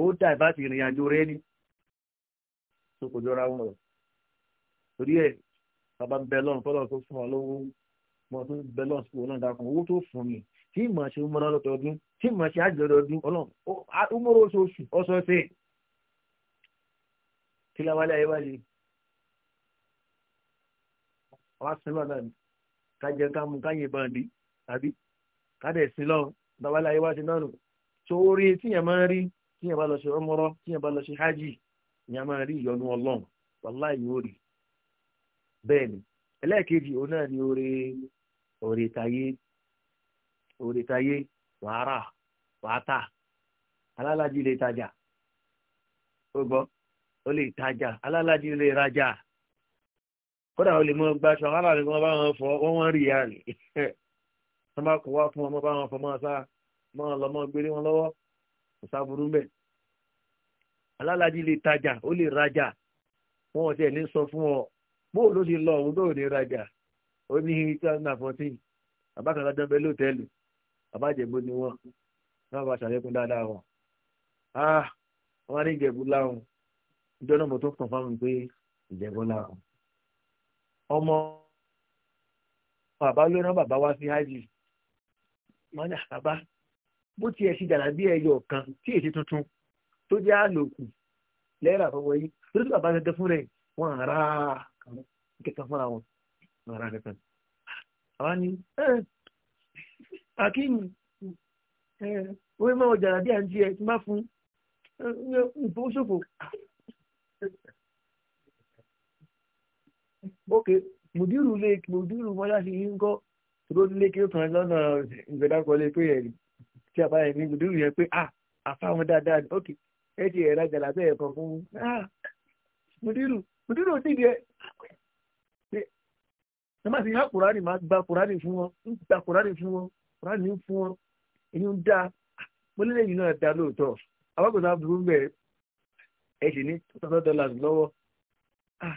ó dà bá ti rìn àjò rẹ ni tó kò jọra wọn o torí ẹ bàbá ń bẹ lọ́run fọlọ́ tó fún ọ lọ́wọ́ mo tún bẹ sí òun náà dákun owó tó fún mi tí mò ń ṣe ó mọ́ra lọ́dọọdún tí mò ń ṣe àjọ lọ́dọọdún ó mọ́ra oṣooṣù ọ̀sọ̀ọ̀sẹ̀ kí láwálé ayé wáyé wá sí lọ́nà ni ká jẹ ká mu ká yìnbọn dì tàbí ká dẹ̀ sí lọ́run dábàlá ayé wá sí náà nù tó orí tíyẹn máa ń rí tíyẹn bá lọ ṣe ọmọrọ tíyẹn bá lọ ṣe hajj ìyẹn máa rí ìyọnu ọlọ́run wàláì yóò rí bẹ́ẹ̀ ni ẹlẹ́ẹ̀kejì òun náà ni orí orí tayé orí tayé wàá lè tajà ó gbọ́ ó lè tajà alálàájì lè rajà kódà o lè mọ gbaṣọ ara rẹ wọn bá wọn fọ wọn wọn rí ìyá rẹ wọn bá kó wá fún wọn bá wọn fọ máa sá máa lọ máa gbélé wọn lọ́wọ́ kò sáburú mbẹ alálàájì lè tajà ó lè rajà wọn ò tiẹ̀ ní sọ fún ọ bóò ló ṣe lọ òun bóò ní rajà ó ní two thousand and fourteen àbákanlá dánbẹ lóòtẹ́ẹ̀lì àbájẹ̀gbó ni wọn náà bá ṣàlékún dáadáa wọn ah wọn á ní ìjẹ̀bú láwọn ìjọ náà mo tó kàn fáwọn pé ìjẹ̀bú láwọn ọmọ bàbá ló rán bàbá wá sí hajj wọn ní àbá bó tiẹ̀ ṣe dàrà bí ẹyọ kan tí èsì tuntun tó jẹ́ àlòkù lẹ́rà fọwọ́ yìí tó tó bàbá gẹ́gẹ́ fún rẹ̀ wọ́n ara kẹ̀kẹ́ fúnra wọn ara kẹ̀kẹ́. àwa ni akíní wọ́n máa wọ dàrà bí à ń jí ẹ tí má fún un ní ìfowósòfò ok mudiru lè mudiru mọ́ṣáṣí yìí ń kọ́ tó lé kí ó kàn lọ́nà ìgbẹ́dàkọ́ lé pé ẹ̀rí tí a bá yẹn ní mùdírù yẹn pé ah àfáwọn dáadáa ni ok ẹ ti ẹ̀rọ àjàlá bẹ́ẹ̀ kan fún ah mudiru, mudiru ò dìde ẹ ẹ má ti yá kùránì má gba kùránì fún wọn ń gba kùránì fún wọn kùránì ń fún wọn èyí ń dáa mo lé lẹ́yìn náà dáa lóòótọ́ àwọn kò burú bẹ́ẹ̀ ẹ sì ní two thousand dollars lọ́wọ́ ah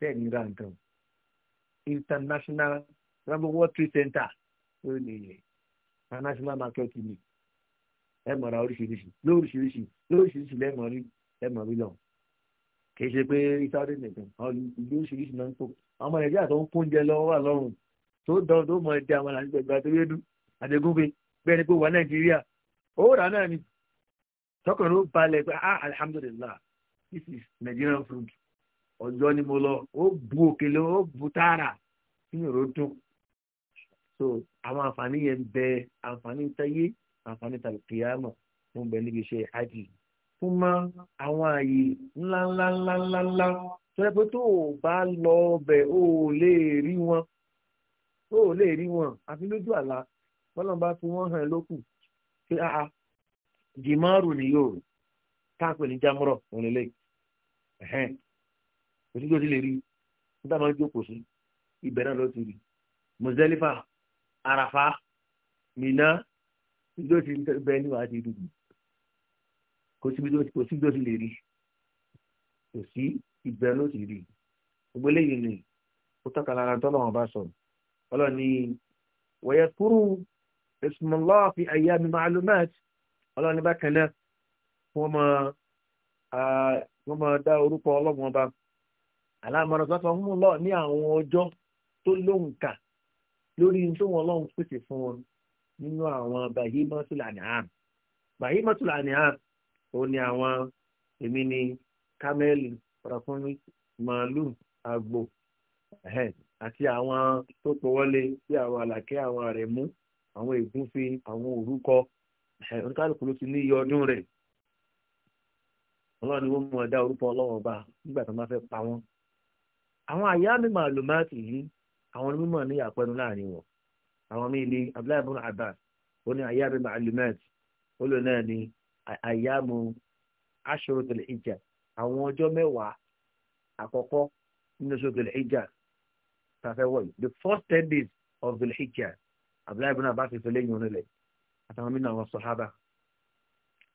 bẹ́ẹ̀ ní international rambo world trade center ó nìyẹn international market ni ẹ mọ̀ ra oríṣiríṣi lóríṣiríṣi lóríṣiríṣi lẹ́mọ̀ rí lẹ́mọ̀ rí lọ kìí ṣe pé saudi nìkan lóríṣiríṣi náà ń kó ọmọ nàìjíríà tó ń kó oúnjẹ lọ́wọ́ wà lọ́rùn tó dán tó mọ ẹdí àwọn àti gbẹgbẹ àti rédú àdégúnfe bẹ́ẹ̀ ni pé wà nàìjíríà owó rà náà ni tọkàn ló balẹ̀ pé ah alhamdulilah this is nigerian food ọjọ́ ni mo lọ ó bu òkèlè ó bu tààrà kí yòrò dùn so àwọn àǹfààní yẹn bẹ àǹfààní tayé àǹfààní tàlùkìyàmọ̀ tó ń bẹ níbi iṣẹ́ hajj fún mọ́ àwọn àyè ńláńláńláńláńlá tó yẹ pé tó o bá lọ ọbẹ̀ o ò lè rí wọn o ò lè rí wọn àfi lójú àlá bọ́lọ́n bá fi wọ́n hàn lókù pé a jìmọ́rù ni yóò ká ní jámọ́rọ̀ òun lè oníjó ti lè rí níta máa ń jókòó sí ibẹ̀ náà ló ti rí mùsẹ́lífà àràfà mìíná níjó ti bẹ ní wàá ti dùn kò síbi kò síbi tó ti lè rí kò sí ibẹ̀ ló ti rí gbogbo eléyìí ni ó tọ́ka lára tọ́lọ̀ wọn bá sọ ọlọ́ni wọ̀nyẹ kúrú ìsúnmọ́lá fi mi máa lo mẹ́ẹ̀tì ọlọ́ni bákan náà wọ́n máa dá orúkọ ọlọ́run ọba aláàmọ̀ràn tó fún un lọ ní àwọn ọjọ́ tó lóǹkà lórí tó wọn lọ́hùn pèsè fún wọn nínú àwọn bàyí mọ́tòlá ní àrùn bàyí mọ́tòlá ní àrùn ó ní àwọn èmi ní kámẹ́lì rọ̀fúnmi màálù àgbò àti àwọn tó pọ̀ wọlé bí àwọn àlàkẹ́ àwọn àrẹ̀mú àwọn ègúnfin àwọn òrúkọ oníkálukú ló ti ní iye ọdún rẹ̀ ọlọ́run ni wọ́n mú ọ̀dá orúkọ ọlọ́wọ́ bá nígbà tó máa fẹ́ pa wọ́n àwọn àyà mi máa lò máa tì yí àwọn onímọ̀ ní àpẹnu láàrin wọn àwọn mi ilé abdullahi ibn abbas ó ní àyà mi máa lò máa tì ó lò náà ní àyà mu aṣọ tẹlẹ ìjà àwọn ọjọ́ mẹ́wàá àkọ́kọ́ nínú oṣù tẹlẹ ìjà tàfẹ́ wọ̀nyí the first ten days of the hijab abdullahi ibn abbas fi lẹ́yìn onílẹ̀ àtàwọn mí náà wọn sàhábà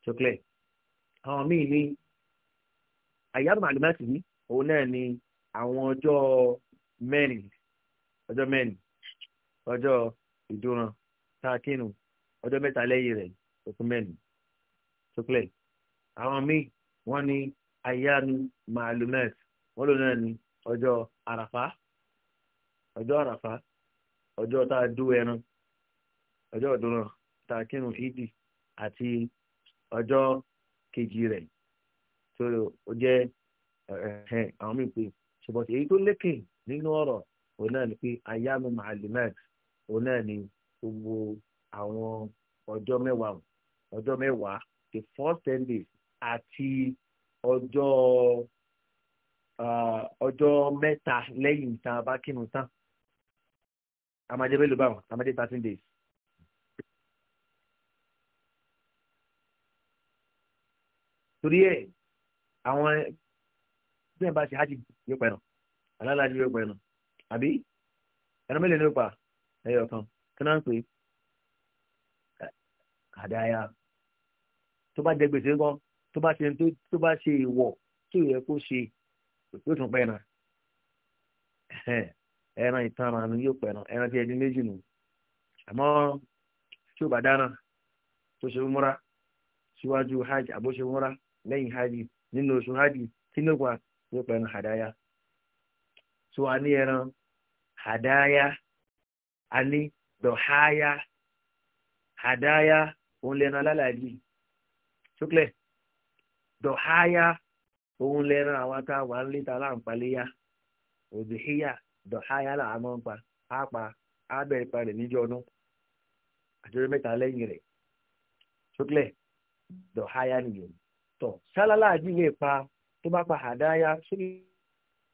chocolate àwọn mí ní àyà mi máa lò máa tì yí òun náà ní àwọn ọjọ́ mẹ́rin ọjọ́ mẹ́rin ọjọ́ ìdúran táàkínù ọjọ́ mẹ́ta lẹ́yìn rẹ̀ òkú mẹ́rin tókùlẹ̀ àwọn míì wọ́n ní ayánu maalumet wọ́n lò náà ní ọjọ́ àràfá ọjọ́ àràfá ọjọ́ tá a dú ẹran ọjọ́ ìdúran táàkínù ìdì àti ọjọ́ kejì rẹ̀ tó jẹ́ àwọn míì pé ṣùgbọ́n èyí tó lékè nínú ọ̀rọ̀ òun náà ni pé ayánu mahalimet òun náà ni gbogbo àwọn ọjọ́ mẹ́wàá ọjọ́ mẹ́wàá the first ten days àti ọjọ́ ọjọ́ mẹ́ta lẹ́yìn tá a bá kírun tán amadé bẹ́ẹ̀ ló bá wọn amadé thirteen days. torí ẹ àwọn tí ẹ̀ bá ṣe hajj yóò pa ẹ̀ràn alálàájì yóò pa ẹ̀ràn àbí ẹ̀ràn mélòó ni ó pa ẹ̀yọ̀ kan kí náà ń pè àdáyà tó bá jẹ gbèsè ńkọ́ tó bá ṣe tó bá ṣe ìwọ̀ tó yẹ kó ṣe yóò tún pa ẹ̀ràn ẹran ìtanràn ni yóò pẹ̀ràn ẹran tí ẹni méjì nù àmọ́ tí ó bá dáná tó ṣe múra síwájú hajj àbóṣe múra lẹ́yìn hajj nínú oṣù hajj tí nípa yóò pẹ̀lú hadaya so a ní ẹran hadaya a ní dọ̀háyà hadaya òun lẹ́nu alálàájì ṣókè dọ̀háyà òun lẹ́nu àwọn tá a wà ń létà láǹpaléyà òdìhíyà dọ̀háyà làwọn máa ń pa á pa á bẹ̀rẹ̀ pa rẹ̀ níjọ́ ọdún àjọyọ̀ mẹ́ta lẹ́yìn rẹ̀ ṣókè dọ̀háyà nìyẹn tọ̀ sálálàájì lè pa tó bá pa àdáyà tó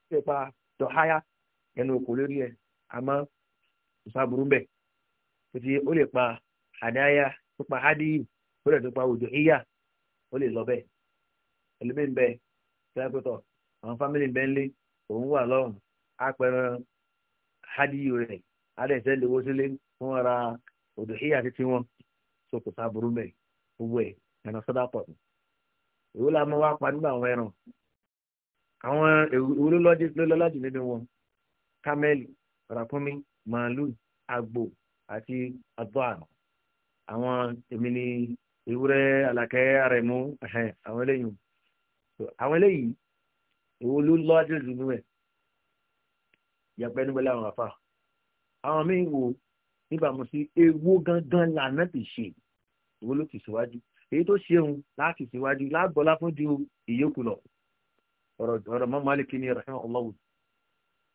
lè pa dọ̀háyà ẹnu kò lórí ẹ̀ àmọ́ ìfàbùrú bẹ̀ títí ó lè pa àdáyà tó pa hádìyì ó lè tó pa òjò híyà ó lè lọ bẹ́ẹ̀ ẹlẹ́mìn bẹ́ẹ̀ tẹ́lẹ̀pẹ́tọ̀ àwọn fámìlì òun wà lọ́rùn rẹ̀ lówó sílé fún ara òjò híyà títí wọn tó kò gbogbo ẹ̀ ẹ̀nà pọ̀ èwo la mọ wá pa nínú àwọn ẹran àwọn èwo ló lọ́lá jù nínú wọn kámẹ́lì ràkúnmí màálù àgbò àti àgbọ̀n àwọn èmi ni ewúrẹ́ àlàkẹ́ àrẹ̀mú àwọn eléyìí àwọn eléyìí èwo ló lọ́lá jù nínú ẹ̀ yàgbẹ́ níbo láwọn àfà àwọn míì wò níbàámu sí ewo gangan lànà ti ṣe èwo ló ti síwájú èyí tó ṣeun láti síwájú lágbọ́lá fún ju ìyókù lọ ọ̀rọ̀ mọ́ Málíkì ni rahman Allahu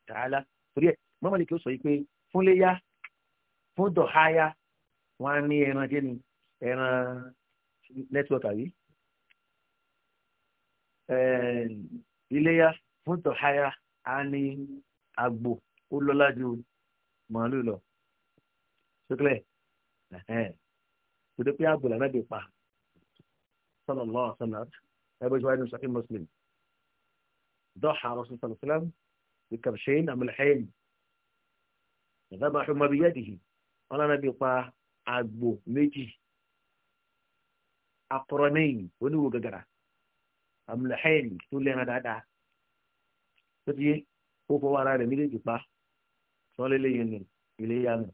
ta'ala torí ẹ̀ mọ́ Málíkì ó sọ yìí pé fún fún dọ̀háyà wọ́n á ní ẹran jẹ́ ni ẹran nẹ́tíwọ́kì àbí iléyà fún dọ̀háyà á ní agbo, ó lọ́lá ju màálù lọ ṣókèlè tó dé pé àgbò làná dé pa صلى الله عليه وسلم هاي بجوائد المسلمين مسلم ضحى رسول الله صلى الله عليه وسلم بكبشين أم الحين ذبح ما بيده ولا نبي قا عذبه ميتي أقرنين ونو جدرة أم الحين تقول لنا دادا تجي هو فوارا لميدي قا صلى الله عليه وسلم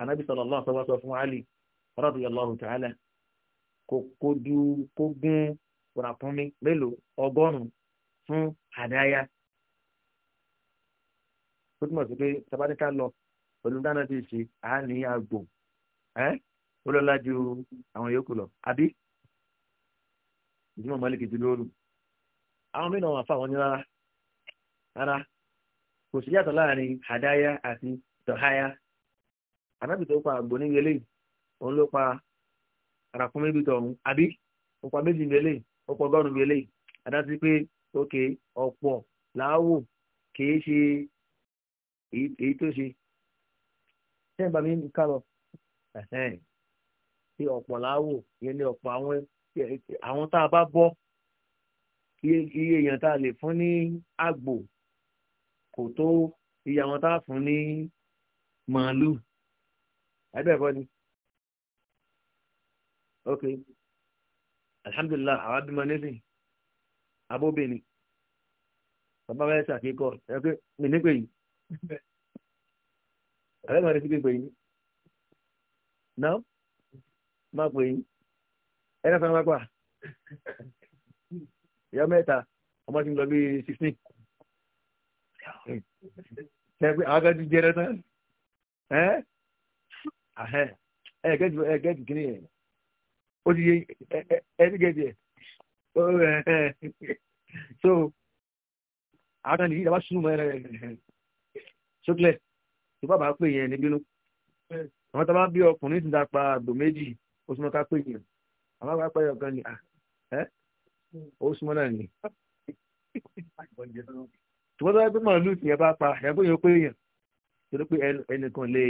النبي صلى الله عليه وسلم علي رضي الله تعالى kó kogun, kó melo, ràpọ́nmi mélòó ọgọ́rùn-ún fún àdáyá. ó túmọ̀ sí pé tabaníkà lọ pẹ̀lú dáná ti ṣe á ní àgbò ó lọ́la ju àwọn yòókù lọ àbí ìdúmọ̀ mọ́lẹ́kì ti lóòrùn. àwọn mìíràn wà fáwọn ní rárá rárá kò sí yàtọ̀ láàrin àdáyá àti tọ̀háyá. ànábì tó pa àgbò níyẹlé òun ló pa àràkún méjì tọ̀hún àbí ọ̀pọ̀ méjì gbélé ọ̀pọ̀ ọgọ́rùn-ún gbélé àdásí pé òkè ọ̀pọ̀ làáwò kìí ṣe èyí tó ṣe ṣé ìgbà mi ń ká lọ ṣe ọ̀pọ̀ làáwò yẹn ni ọ̀pọ̀ àwọn àwọn tá a bá bọ́ iye èèyàn tá a lè fún ní àgbò kò tó iye àwọn tá a fún ní màálù ẹgbẹ́ ẹ̀fọ́ ok alhamdulilah àwọn abimọ nísìn abóbìnrin bàbá bá yẹ ṣàkíkọ ẹ pé mi nípe yìí àbẹ́ màá ní síbi pè yín náà má pè yín ẹ náà fẹ́ràn pápá ìyá mẹ́ta ọmọ ti ń lọ bí sixteen ṣe pé àwọn kan ti jẹrẹ tán ẹ ẹ gẹ́gẹ́ kí ó ti yé ẹnigẹdì ẹ so àwọn nìyí ìjọba sùn mọ ẹ ṣókìlẹ tó bàbá pè yẹn ní bínú àwọn tó bá bí ọkùnrin ti dàpa àgbò méjì ó súnmọ́ ká pè yẹn àwọn àgbà pẹ ọkàn ni ẹ ó súnmọ́ náà ni tùmọ́ tó bá gbé màálù tìyẹ bá pa ẹ̀gbọ́n yẹn pé yẹn torí pé ẹnìkan lè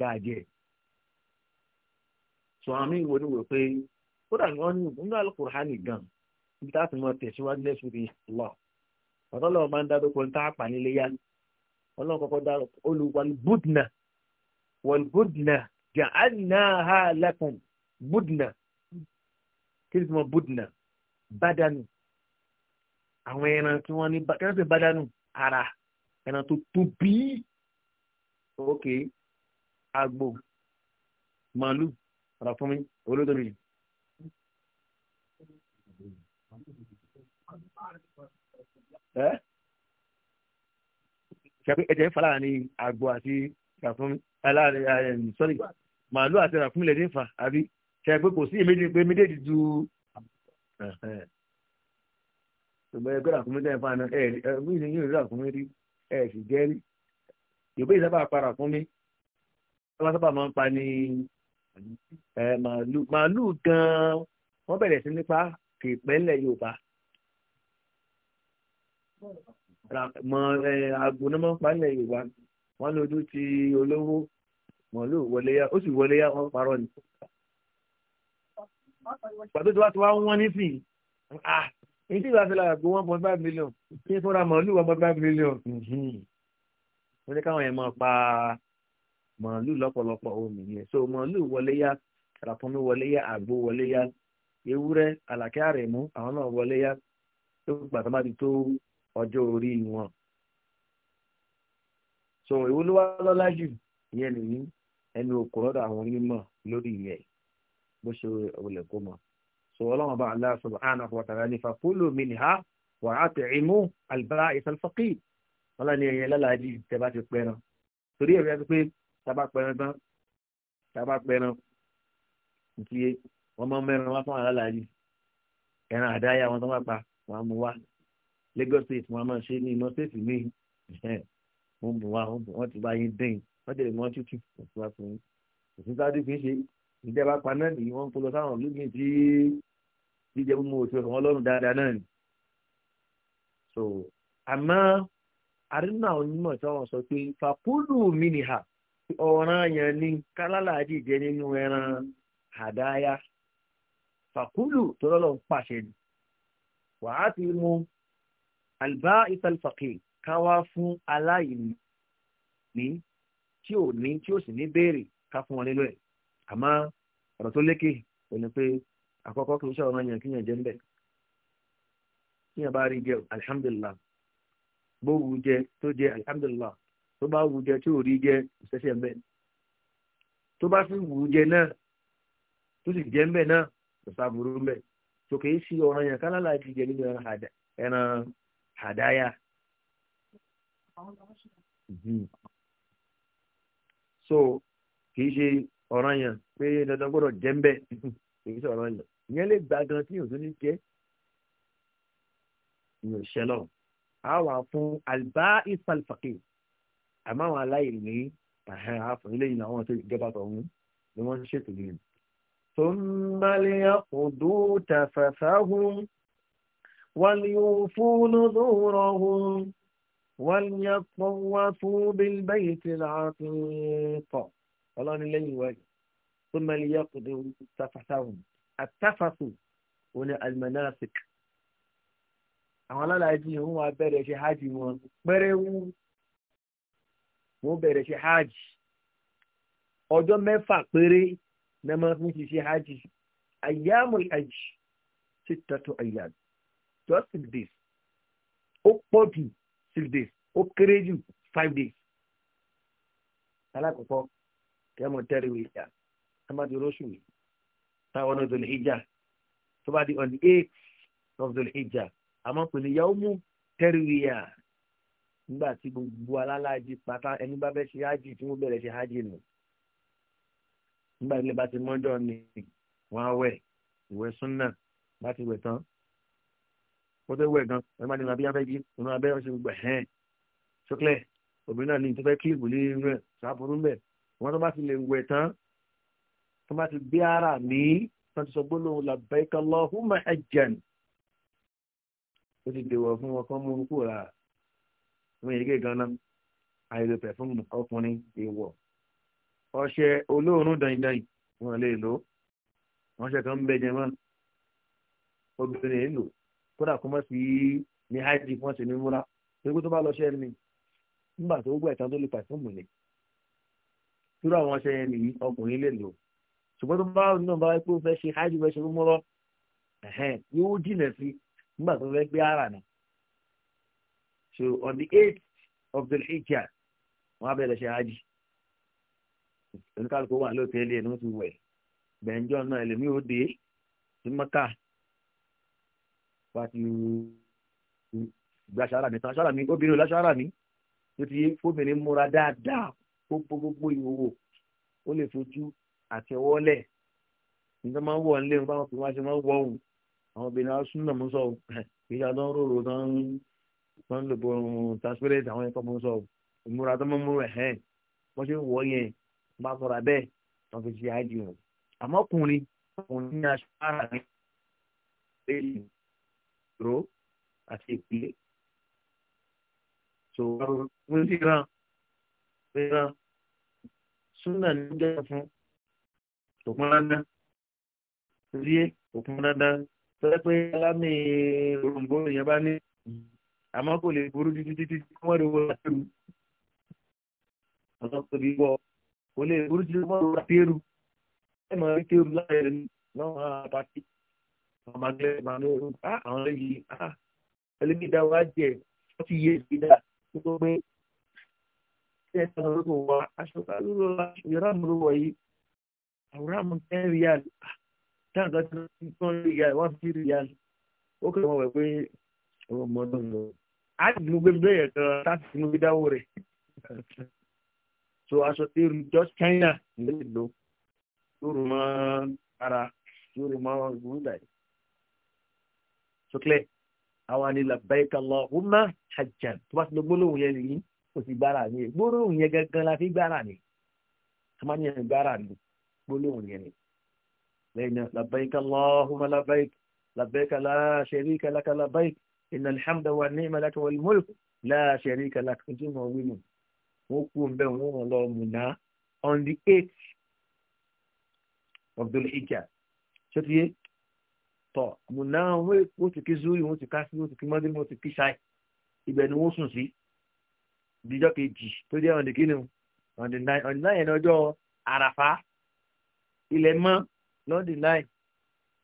bàjẹ́ sọ àmì ìwọ ni wò pé kódà ni wọ́n ní nínú alukur'ani gan ibi tá a ti mọ tẹ̀síwájú lẹ́sùn ní lọ ọ̀dọ́ lọ́wọ́ máa ń dá dókòó tá a pa nílé yá ọlọ́run kọ́kọ́ dá olùwàlúbùdìnà wàlúbùdìnà ja'annaha lakum budna kí ni tí wọ́n budna bádánù àwọn ẹran tí wọ́n ní kí wọ́n ara ẹran tó tóbi ókè àgbò màálù ràkúnmí olódò mi. ẹ ṣe é ẹ̀jẹ̀ ń fa láàrin àgbo àti ràkúnmí láàrin sọ́rí màálù àti ràkúnmí lẹ́ni ń fa àbí ṣe pé kò sí èméjì pé méjèèjì ju ṣùgbọ́n ẹgbẹ́ ràkúnmí tẹ̀ ń fa ẹ̀ ẹ̀ mí ni yóò rí ràkúnmí rí ẹ̀ sì jẹ́ rí yorùbá ìsábà para fún mi wọ́n sábà máa ń pa ní màálù màálù gan-an wọ́n bẹ̀rẹ̀ sí nípa kìpẹ́lẹ̀ yorùbá mọ àgbo náà máa ń palẹ̀ yorùbá wọ́n lójú ti olówó màálù wọlé yá ó sì wọlé yá wọ́n parọ́ ni. pàtó tí wàá ti wá wọ́n nísìnyí ní tí ìgbà fi lára one point five million kí n fúnra màálù one point five million. Mm-hmm. wọ́n ní káwọn yẹn máa pa màálù lọ́pọ̀lọpọ̀ òun nìyẹn so màálù wọléyà ràpọ̀mí wọléyà àgbo wọléyà ewúrẹ́ àlàkẹ́ àrẹ̀mú àwọn náà wọléyà tó gbàtà má ti tó ọjọ́ orí wọn so èwo ló wá lọ́lá jù ìyẹn nìyí ẹnu òkú lọ́dọ̀ àwọn onímọ̀ lórí ìyẹn bó ṣe olè kó mọ̀ so ọlọ́run bá Allah subhanahu wa ta'ala ní fakulu minha wa at'imu al-ba'is al-faqir wọn lá ní ẹyẹ lálàájì tẹ bá ti pẹ́ torí ẹ̀rí ẹ pé tábà pẹran tán tábà pẹran nti ye wọn máa mẹran wá fún aláàjì ẹran àdáyà wọn tó máa pa wọn á mú wá Lagos state wọn a máa ṣe ní iná state mi wọn mú wá wọn ti bá yín dín wọn tẹ̀lé wọn tútù òtún wá fún yín òtún sáájú kì í ṣe ìjẹba pa náà nìyí wọn ń polọ sáwọn olóògbé tí jíjẹ mímu òtún ọ̀hún ọlọ́run dáadáa náà ni. so àmọ́ àrínà onímọ̀ tí sọ pé fàkúrú mi nìhà ọ̀ràn yẹn ni kálálàájì jẹ́ nínú ẹran àdáyá fàkúlù tó lọ́lọ́ ń pàṣẹ ni wàá ti mú àlùbá ìtàlùfàkì káwá fún aláìní ní tí ò ní tí ò sì ní béèrè ká fún wọn nínú ẹ̀ àmọ́ ọ̀rọ̀ tó lékè ò ní pé àkọ́kọ́ kì í ṣọ̀rọ̀ yẹn kí yẹn jẹ́ ńbẹ̀ kí yẹn bá rí jẹ alihamdulilah gbóòwù jẹ tó jẹ alihamdulilah tó bá wù jẹ tí ò rí jẹ ìṣẹ̀ṣẹ̀ mbẹ tó bá fi wù jẹ náà tó sì jẹ mbẹ náà kò sábúrú mbẹ tó kìí sí ọ̀ràn yẹn kálá láti jẹ nínú ẹran àdáyà. Mhm. so kìí ṣe ọ̀ràn yẹn pé dandan gbọ́dọ̀ jẹ mbẹ kìí ṣe ọ̀ràn yẹn ìyẹn lè gbà gan tí òtún ní jẹ ìyẹn ò ṣẹlọ àwọn fún àlùbá ìfàlùfàkì àmọ́ àwọn aláìní àfọ̀ eléyìí làwọn tó ìjọba tọ̀hún ni wọ́n ń ṣètò yìí. tó ń balẹ̀ àkùdó tàfàfàhùn وليوفوا نذورهم وليطوفوا بالبيت العتيق ọlọ́run ní lẹ́yìn ìwádìí tó mẹ́lẹ̀ yẹ kó dé tafasahun àtàfàsù òun ni almanasik àwọn alálàájì wọn wá bẹ̀rẹ̀ ṣe hajj wọn pẹ́rẹ́wú wọ́n bẹ̀rẹ̀ ṣe hajj ọjọ́ mẹ́fà péré náà máa fi ṣe hajj ayyamul hajj sittatu ayyam just six days ó pọ̀ jù six days ó kéré jù five days alákọ̀ọ́kọ́ kẹ́mọ̀ tẹ́rìwé ìjà tábàdì olóṣù mi táwọn ọ̀nà ìdòlè ìjà tó bá di on the eight of the ìjà àmọ́ pẹ̀lú yawmu tẹ́rìwé yà nígbà tí gbogbo alálàájì pátá ẹni bá bẹ́ẹ̀ ṣe hájì tí wọ́n bẹ̀rẹ̀ ṣe hájì nù nígbà tí ilé bá ti mọ́jọ́ ni wọ́n á wẹ̀ ìwẹ̀ súnà bá ti wẹ̀ tán kó tó wẹ̀ gan ẹ má ní abíyá fẹ́ jí ìrún abẹ́ ọ̀ṣẹ́ gbogbo ẹ̀hẹ́n ṣókẹ́lẹ̀ obìnrin náà ní tó fẹ́ kílìpù lé irun ẹ̀ ṣàbùrú mẹ́ wọ́n tó bá ti lè wẹ̀ tán tó bá ti gbé ara mi wọ́n ti sọ gbólóhùn labbaik Allahumma hajjan ó ti dèwọ̀ fún wọn kán mú un kúrò wọn yìí ké ganan àìlò pẹfúmù ọkùnrin èèwọ̀ ọṣẹ olóòórùn dandan wọn lè lò wọn ṣe kan bẹ jẹmọ obìnrin yìí lò kódà kó mọ sí ní hajj fún ọ̀sẹ̀ ní múra torí tó bá lọ ṣẹ ni nígbà tó gbọ́ ẹ̀tàn tó lè pẹfúmù ni irú àwọn ọṣẹ yẹn nìyí ọkùnrin lè lò ṣùgbọ́n tó bá náà bá wáyé pé ó fẹ́ ṣe hajj fẹ́ ṣe múra yóò jìnà sí nígbà tó fẹ́ gbé ara náà so on the eighth of the hijjah wọn á bẹ̀rẹ̀ ṣe hajj oníkàlùkù wà lóòtẹ́ẹ̀lì ẹni wọ́n ti wẹ̀ bẹ̀ǹjọ́ náà ẹlòmíì ó dé sí mọ́kà wá ti gba ṣàrà mi tán ṣàrà mi obìnrin ò láṣàrà mi ló ti fóbìnrin múra dáadáa gbogbo gbogbo ìhòòhò ó lè fojú àtẹwọ́lẹ̀ nígbà máa ń wọ̀ nílé wọn báwọn fi wá ṣe máa ń wọ̀ òun àwọn obìnrin á sún náà mú sọ òun kì í ṣe àdán rorò tán wọ́n ń lò bó ohun transparent àwọn ẹ̀kọ́ mọ́ sọ ìmúra tó mọ́ mú rẹ̀ hẹ́n wọ́n ṣe ń wọ̀ yẹn bá sọ̀rọ̀ bẹ́ẹ̀ wọ́n fi ṣe àjò wọn. àmọ́ ọkùnrin ọkùnrin ní aṣọ ara rẹ̀ lẹ́yìn ìró àti ìpìlẹ̀. so wọ́n ti ràn ràn súnà ní ọjọ́ fún òpin dandan rí òpin dandan tọ́lẹ́ pé alámì òròǹbó yẹn bá ní àmọ́ kò lè burú títí títí tí wọ́n lè wọ́n àtẹ́rù ọ̀sán tó bí wọ́ kò lè burú títí wọ́n lè wọ́n àtẹ́rù ẹ̀ máa rí tẹ́rù láàyè lọ́wọ́ àpáti ọmọ àgbẹ̀ máa ní orúkọ ah, àwọn yìí ah, ẹlẹ́bí dá wá jẹ wọ́n ti yé ìgbé dá tó tó gbé ṣé ẹ̀ tán lóko wá aṣọ kálúrò ìrọ̀mù ló wọ̀ àwòrán mu ten real ah, táwọn kan ti tán real one fifty real ó kẹ́ wọ́n wẹ̀ pé ọmọ ọdún lọ a ti mú gbégbé yẹn kan láti mú gbé dáwó rẹ̀ so aṣọ tí ìjọ China lè lò lóru mọ́ ara lóru mọ́ ìgbóhùndà yìí sókè àwa ni labbaik Allahumma hajjan tó bá ti lọ gbólóhùn yẹn nìyí kò sì gbára ni gbólóhùn yẹn gangan la fi gbára ni àmàlẹ́yìn gbára ni gbólóhùn yẹn ni lẹ́yìn náà labbaik Allahumma labbaik labbaik la sharika laka labbaik inna alhamda wa ni'ma laka wal mulk la sharika lak ojú wọn wí nù wọn kú ọbẹ wọn wọn on the eighth of Dhul Hijjah ṣètìyé tọ mùnà wọn wọn ti kí zuri wọn ti ká sí wọn ti kí mọdé wọn ti kí ṣáì ibẹ̀ ni wọn sùn sí díjọ kejì tó jẹ ọ̀nà kínú ọ̀nà náà ọ̀nà náà yẹn ọjọ́ àràfá ilẹ̀ mọ́ lọ́ndì náà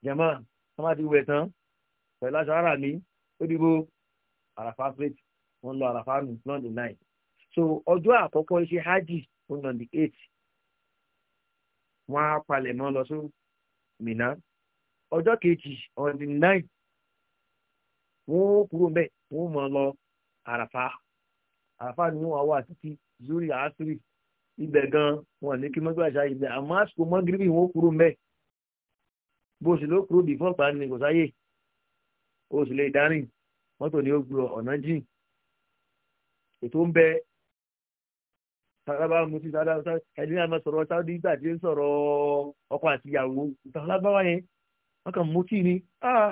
jẹ̀mọ́ wọ́n bá ti wẹ̀ tán pẹ̀lú aṣọ ara mi ó dìbò àràfà fèjì wọ́n lọ àràfà nù lọ́n the nine so ọjọ́ àkọ́kọ́ iṣẹ́ hajj ó lọ́n the eight wọ́n á palẹ̀ mọ́ lọ sí Mínà ọjọ́ kejì on the nine wọ́n ó kúrò mbẹ́ wọ́n mọ̀ lọ àràfà àràfà ni wọ́n wà títí zuri asiri ibẹ̀ gan wọn ní kí mọ́gbàṣá ibẹ̀ àmọ́ àsìkò mọ́gírí wọn ó kúrò mbẹ́ bó o sì ló kúrò before parí ni kò sáyé. o sì lè dárìn mọ́tò ni ó gbúrọ̀ ọ̀nà jìn ètò ń bẹ sálábà mutí sálábà ẹni náà sọ̀rọ̀ sáúdí ìgbà tí ń sọ̀rọ̀ ọkọ àti ìyàwó ìtàlábàwá yẹn wọn kàn ni ah,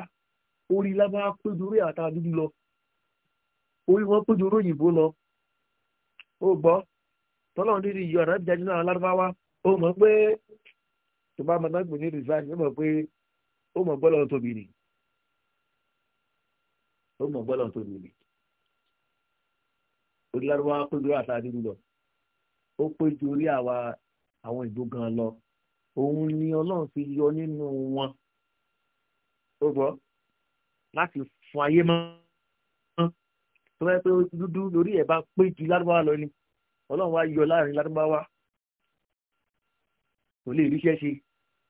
orí lábá péjú orí àtàwọn dúdú lọ orí wọn péjú orí òyìnbó lọ ó gbọ́ tọ́lọ́run dídì yọ ọ̀nà ìjájú náà lárúbáwá ó mọ̀ pé tó bá mọ̀ náà ó mọ̀ pé ó ó mọ̀ bọ́lọ̀ tó nílé orí lárúbáwá péjú àtàrí lọ ó péjú orí àwa àwọn ìbò gan lọ òun ni ọlọ́run fi yọ nínú wọn ó gbọ́ láti fún ayé mọ́ tó bá yẹ pé dúdú lórí ẹ̀ bá pé ju lárúbáwá lọ ni ọlọ́run wá yọ láàrin lárúbáwá kò lè ríṣẹ́ ṣe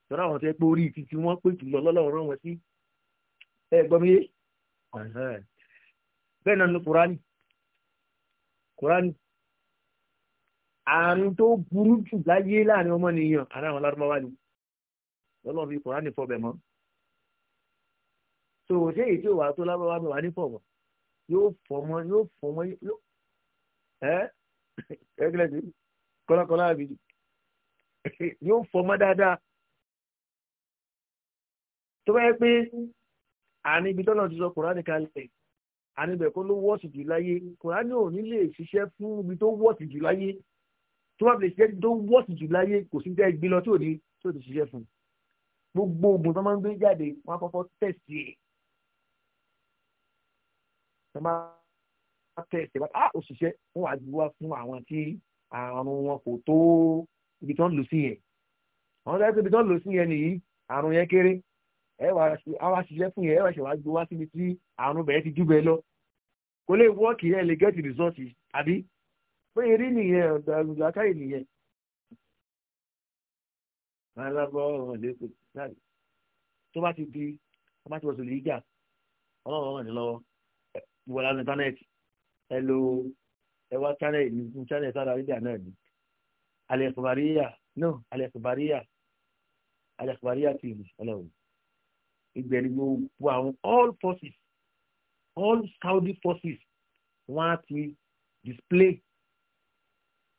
tọ́lá àwọn tó yẹ pé orí títí wọ́n pé jùlọ lọ́lọ́run rán wọn sí ẹ gbọ́ mi yé bẹ́ẹ̀ náà ní kúránì kúránì àrùn tó burú jù láyé láàrin ọmọnìyàn àrùn àwọn alárùbáwá ni lọ́lọ́run fi kúránì fọbẹ̀ mọ́ so ṣé èyí tí ò wá tó lárúbáwá mi wà ní fọ̀mọ́ yóò fọmọ yóò fọmọ yóò ẹ ẹ kílẹ̀ sí kọ́lákọ́lá àbí yóò fọmọ dáadáa tó bá yẹ pé àní ibi tọ́lọ̀ ti sọ kùránì kalẹ̀ àní ibẹ̀ kó ló wọ́ọ̀sì jù láyé kùránì ò ní lè ṣiṣẹ́ fún ibi tó wọ́ọ̀sì jù láyé tó bá lè ṣiṣẹ́ tó wọ́ọ̀sì jù láyé kò sí jẹ́ gbé lọ tí ò ní tí ò ti ṣiṣẹ́ fún gbogbo oògùn tó máa ń gbé jáde wọn á kọ́kọ́ tẹ̀sí ẹ̀ tó máa tẹ̀sí ẹ̀ á òṣìṣẹ́ ah, wọn wà wá fún àwọn tí àrùn wọn kò tó ibi tó ń lò sí yẹn àwọn tó ń lò sí yẹn nìyí àrùn yẹn kéré ẹ á ṣiṣẹ́ fún yẹn ẹ wà ṣe síbi tí àrùn bẹ̀rẹ̀ ti dúbẹ̀ lọ kò lè wọ́ọ̀kì yẹn lè gẹ́tì rìsọ́ọ̀tì àbí pé eré nìyẹn ọ̀dà àlùjáká nìyẹn. alábọ̀ ọ̀hún lẹ́kọ̀ọ́ láì tó bá ti di tó bá ti wọ̀ sọ̀lẹ̀ ọlọ́run ọ̀hún lọ́wọ́ ìwọ lánàá ẹ lo ẹ wá channel sára ìjà ìgbẹ̀rù gbogbo àwọn all forces all Saudi forces wọ́n á ti display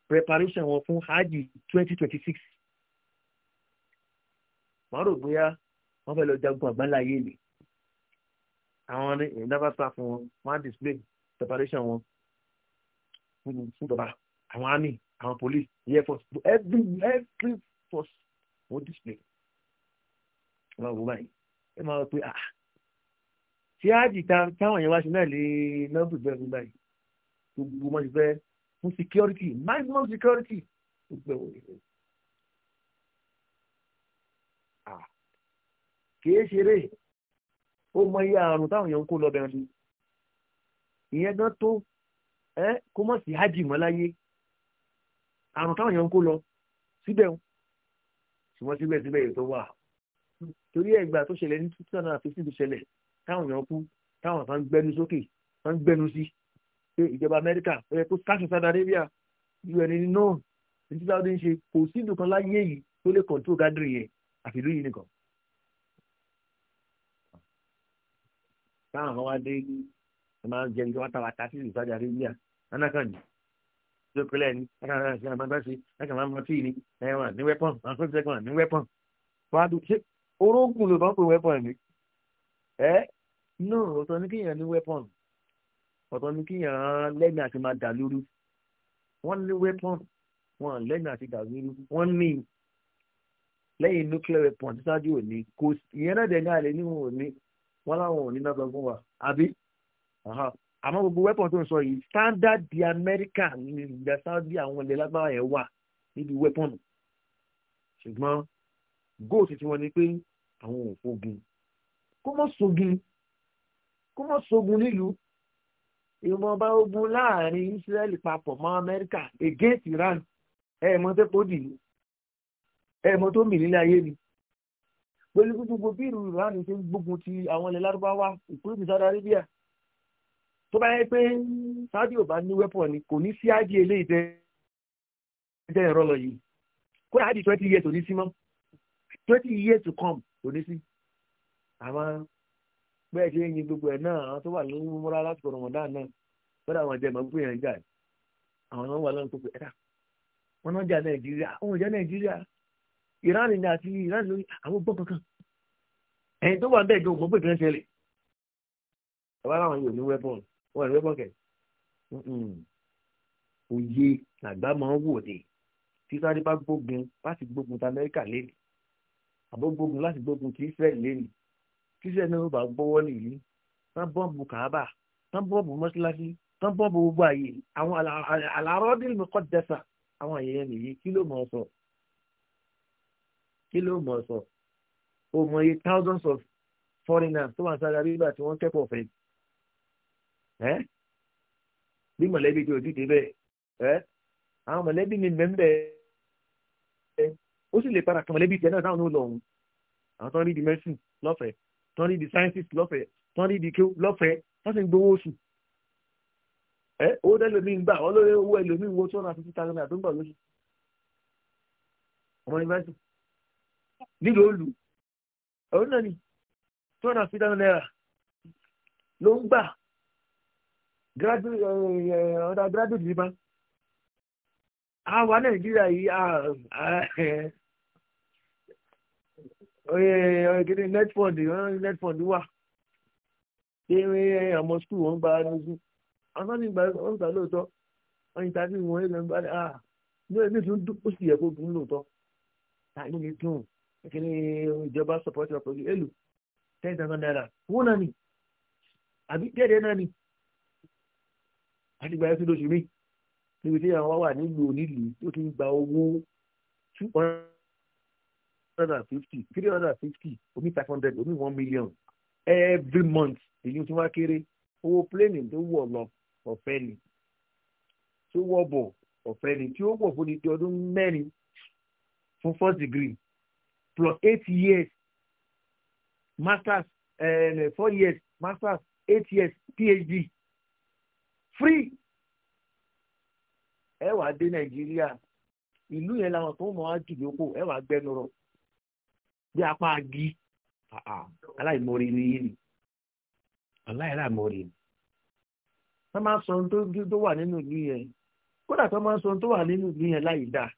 preparation wọn fún hajj twenty twenty six wọ́n rò bóyá wọ́n fẹ́ lọ jagun àgbáńláyé ni àwọn ní ìdábà staff wọn wọ́n display preparation wọn fún ìjọba àwọn army àwọn police the air force every every force wọ́n display wọ́n rò báyìí ẹ máa rò pé ah tí ájì táwọn yẹn wá ṣe náà lè nọ́ọ̀bù bẹ́ẹ̀ fún báyìí gbogbo wọn ti fẹ́ fún security maximum security gbogbo ẹ̀wọ̀n ìfẹ́. Ah, kìí ṣeré ó mọ iye àrùn táwọn yẹn ń kó lọ́bẹ̀rẹ̀ ni ìyẹn gan tó ẹ kó mọ̀ sí ájì mọ́ láyé àrùn táwọn yẹn ń kó lọ síbẹ̀ ṣùgbọ́n síbẹ̀síbẹ̀ èyí tó wà torí ẹgbà tó ṣẹlẹ̀ ní two thousand and fifteen tó ṣẹlẹ̀ táwọn èèyàn kú táwọn kan gbẹnu sókè kan gbẹnu sí pé ìjọba amẹ́ríkà ó yẹ kó káṣí Saudi Arabia un ní náà ní two thousand ṣe kò sí ìlú kan láyé yìí tó lè control gathering yẹn àfi ìlú yìí nìkan. táwọn kan wá dé ẹ máa ń jẹ ìjọba tàwa tà sí ìlú Saudi Arabia nánà kan yìí lókèlè ni ẹ̀ka máa ń bá ṣe ẹ̀ka máa ń mọtí ni ẹ̀wọ̀n ní wẹ́pọ̀n àwọn fúnṣẹ́gun ní wẹ́pọ̀n wàá dùn ṣé orógùn ló bá ń pè weapon ni ẹ náà ọ̀tọ̀ ní kíyàn ní weapon ọ̀tọ̀ ní kíyàn lẹ́yìn àti máa dà lóru wọ́n ní weapon wọ́n lẹ́yìn àti dà lóru wọ́n ní lẹ́yìn nuclear weapon ṣáájú òní kò ìyẹn náà dẹ̀ ní àlẹ́ níwọ̀n òní wọ́n láwọn òní náà sọ fún wa àbí àmọ́ gbogbo weapon tó ń sọ yìí standard di America ní ìgbà Saudi àwọn ilẹ̀ lágbára yẹn wà níbi weapon ṣùgbọ́n góòtù tí wọ́n ní pé àwọn òfogin kó sógun kó mọ́ sógun ogun láàrin Israẹli papọ̀ mọ́ Amẹ́ríkà against Iran ẹ̀ẹ̀mọ́ tó ayé ni pẹ̀lú gbogbo bí ìlú Iran ṣe ń gbógun ti àwọn ilẹ̀ lárúbáwá ìpínlẹ̀ Saudi Arabia tó bá yẹ pé Saudi bá ní ni kò ní sí ájí eléyìí yìí kó láti twenty years ò ní to come onísí àmọ́ bẹ́ẹ̀ ṣe ń yin gbogbo ẹ̀ náà àwọn tó wà lórí múra láti kọ̀ rọ̀mọ̀dá náà fẹ́rẹ̀ àwọn jẹ́ màgbé yẹn jà àwọn náà wà lọ́nà tó pé ẹ̀dá wọn náà jà nàìjíríà àwọn ìjà nàìjíríà ìran ni àti ìran lórí àwọn gbọ́ kankan ẹ̀yin tó wà bẹ́ẹ̀ gan gbọ́ pé kìí ṣẹlẹ̀ ẹ̀wá làwọn yóò ní wẹ́pọ̀n wọn ní wẹ́pọ̀n kẹ̀ òye làgbà máa ń wò dé títí wọn bá gbógun láti gbógun ti amẹ́ríkà lẹ́nu àbógbógun láti gbógun kì í fẹ́ ìlérí tíṣẹ́ náà ó bá gbọ́wọ́ nìyí tán bọ́ọ̀bù kàábà tán bọ́ọ̀bù mọ́ṣíláṣí tán bọ́ọ̀bù gbogbo àyè àwọn àlàárọ́dìlì mi kọ́ dẹ́sà àwọn àyẹ̀yẹ nìyí kí ló mọ̀ ọ́ sọ kí ló mọ̀ ọ́ sọ o mọ̀ iye thousands of foreigners tó wà ní Saudi Arabia tí wọ́n kẹ́kọ̀ọ́ fẹ́ ẹ́ bí mọ̀lẹ́bí tí o ti dé bẹ́ẹ̀ ẹ́ àwọn mọ̀lẹ́bí ni mẹ́ńbẹ́ẹ́ ó sì lè padà kàn mọ̀lẹ́bí tiẹ̀ náà táwọn ò lọ àwọn tán rí di medicine lọ́fẹ̀ẹ́ tán rí di sciences lọ́fẹ̀ẹ́ tán rí di kéw lọ́fẹ̀ẹ́ wọ́n sì ń gbowó oṣù ẹ owó tẹ́lẹ̀mí ń gbà ọlọ́rẹ́ owó ẹlòmí wo two hundred and fifty thousand naira tó ń gbà lóṣù ọmọ yunifásitì nílò olù ọ̀hún náà ni two hundred and fifty thousand naira ló ń gbà ọ̀dà graduate nípa àwa nàìjíríà yìí kíni netfund netfund wà ṣé àmọ́ skul wọn gba lójú àwọn ní ìgbà wọn gbà lóòótọ́ wọn yìí tàbí wọn yìí lọ́nà bá ní ẹni tó ń dún ah, ó sì yẹ kó dún lóòótọ́ tàbí ní dùn kíni ìjọba support ọ̀pọ̀ yìí èlò ten thousand naira wọn náà ni àbí déédéé náà ni àti ìgbà yẹn tó lóṣù mi níbi tí àwọn wà nílùú onílùú tó hundred and fifty three hundred and fifty omi five hundred omi one million every month èyí tí wọ́n kéré owó pléènì tó wọ̀ lọ ọ̀fẹ́ ni tó wọ̀ bọ̀ ọ̀fẹ́ ni tí ó wọ̀ fún ní ọdún mẹ́rin fún first degree plus eight years masters uh, four years masters eight years phd free ẹ wàá dé nàìjíríà ìlú yẹn làwọn tó ń mọ àjùlókò ẹ wàá gbẹnu rọ bí apá agi aláìmọ̀rí ni yìí ni aláìláìmọ̀rí ni wọ́n máa ń sọ ohun tó wà nínú ìlú yẹn kódà tó máa ń sọ ohun tó wà nínú ìlú yẹn láì dáa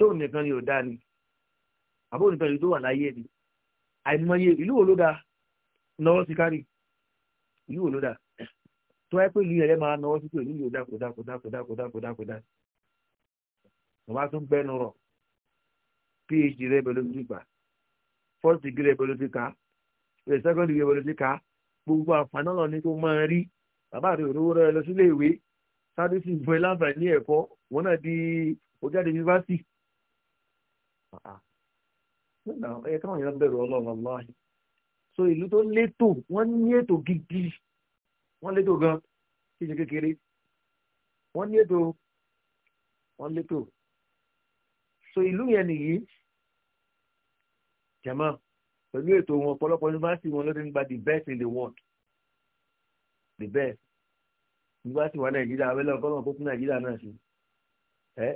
òun nìkan ni ò dáa ni òun nìkan ni tó wà láyé ni àìmọye ìlú wo ló dáa sí kárì ìlú wo ló dáa tó wáyé pé ìlú yẹn máa náwó phd rẹ̀ first degree ẹ̀bẹ̀ the second degree ẹ̀bẹ̀ ló ti kà á gbogbo àǹfààní ọ̀nà ni kó máa rí bàbá rẹ̀ òróró rẹ̀ lọ sílé ìwé sáré sí ìbọn ìlànà ní ẹ̀kọ́ wọn náà di ojáde yunifásitì. ẹ káwọn yẹn bẹ̀rù ọlọ́run aláàyè so ìlú tó létò wọ́n ní ètò gidi wọ́n létò gan kíjì kékeré wọ́n ní ètò wọ́n létò so ìlú yẹn nìyí jẹ̀mọ́ pẹ̀lú ètò wọn ọ̀pọ̀lọpọ̀ yunifásitì wọn lọ́dún gba the best in the world the best yunifásitì wa nàìjíríà abẹ́lẹ́ ọgọ́rùn-ún kó fún nàìjíríà náà sí ẹ́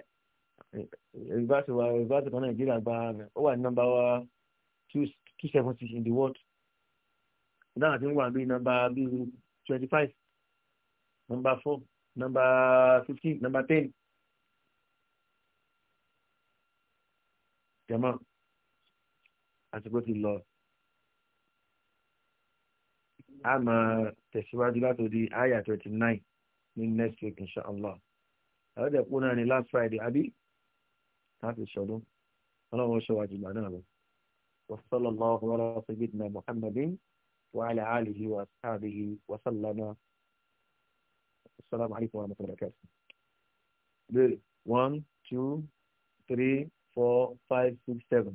yunifásitì wa yunifásitì kan nàìjíríà gba ó wà ní nọ́mbà wa two seventy in the world náà ti ń wà bíi nọ́mbà bíi twenty five nọ́mbà four nọ́mbà fifteen nọ́mbà ten jẹ̀mọ́ àsìkò ti lọ a máa tẹ̀síwájú látòdì àyà 39 ní next week inshallah àwọn ẹ̀dẹ̀ kú náà ní last friday àbí láti ṣọdún ọlọ́run ṣe wájú ìgbà náà lọ وصلى الله على سيدنا محمد وعلى آله وأصحابه وسلم السلام عليكم ورحمة الله وبركاته one two three four five six seven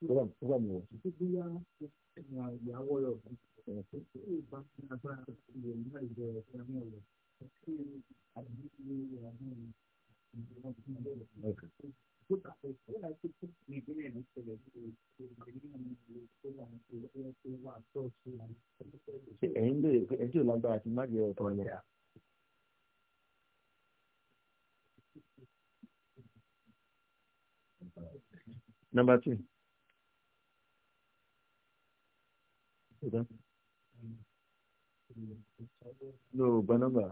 program program wọn. ṣé bóyá ìyàwó rẹ̀ ọ̀gbìn ṣé ó bá ti agbára ìyẹn náà ìjọ ẹ̀ka náà rẹ̀ ṣé àdúgbò ìyàwó rẹ̀ ìjọba ti ń bẹ̀rẹ̀. ẹ̀yin lè ẹjọ́ lágbára ti má jẹ́ ọ̀tọ̀ ilẹ̀. Number two. ló gba nọ́mbà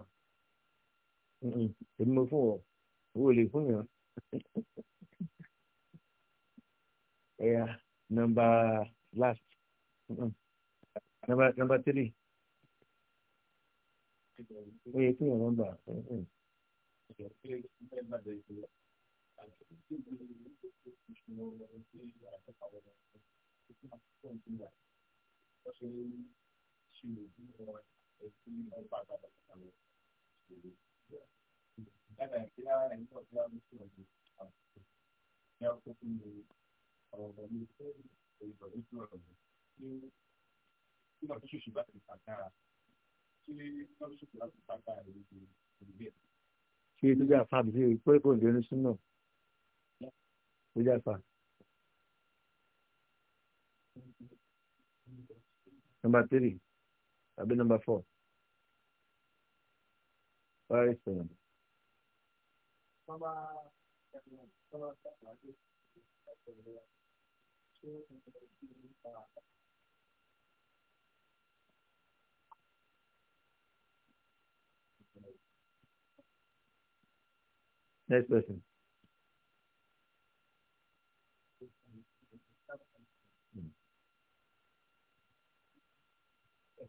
èmi mo fún ọ owó lè fún yàn ẹ̀yà nọ́mbà last nọ́mbà nọ́mbà three ó yẹ fún yàn nọ́mbà. Thank you wọ́n ṣe ṣe òbí wọn ètò ìpínlẹ̀ ara ní àkókò ní ọ̀rọ̀ ní Number three. Abi number four. Where is the number? Next person.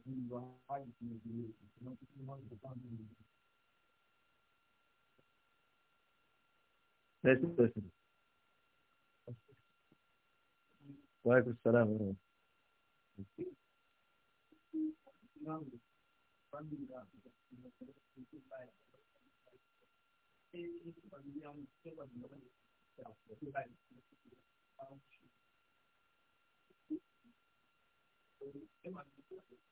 ìdílé wa láti fi ìdílé ìṣúná Thank you.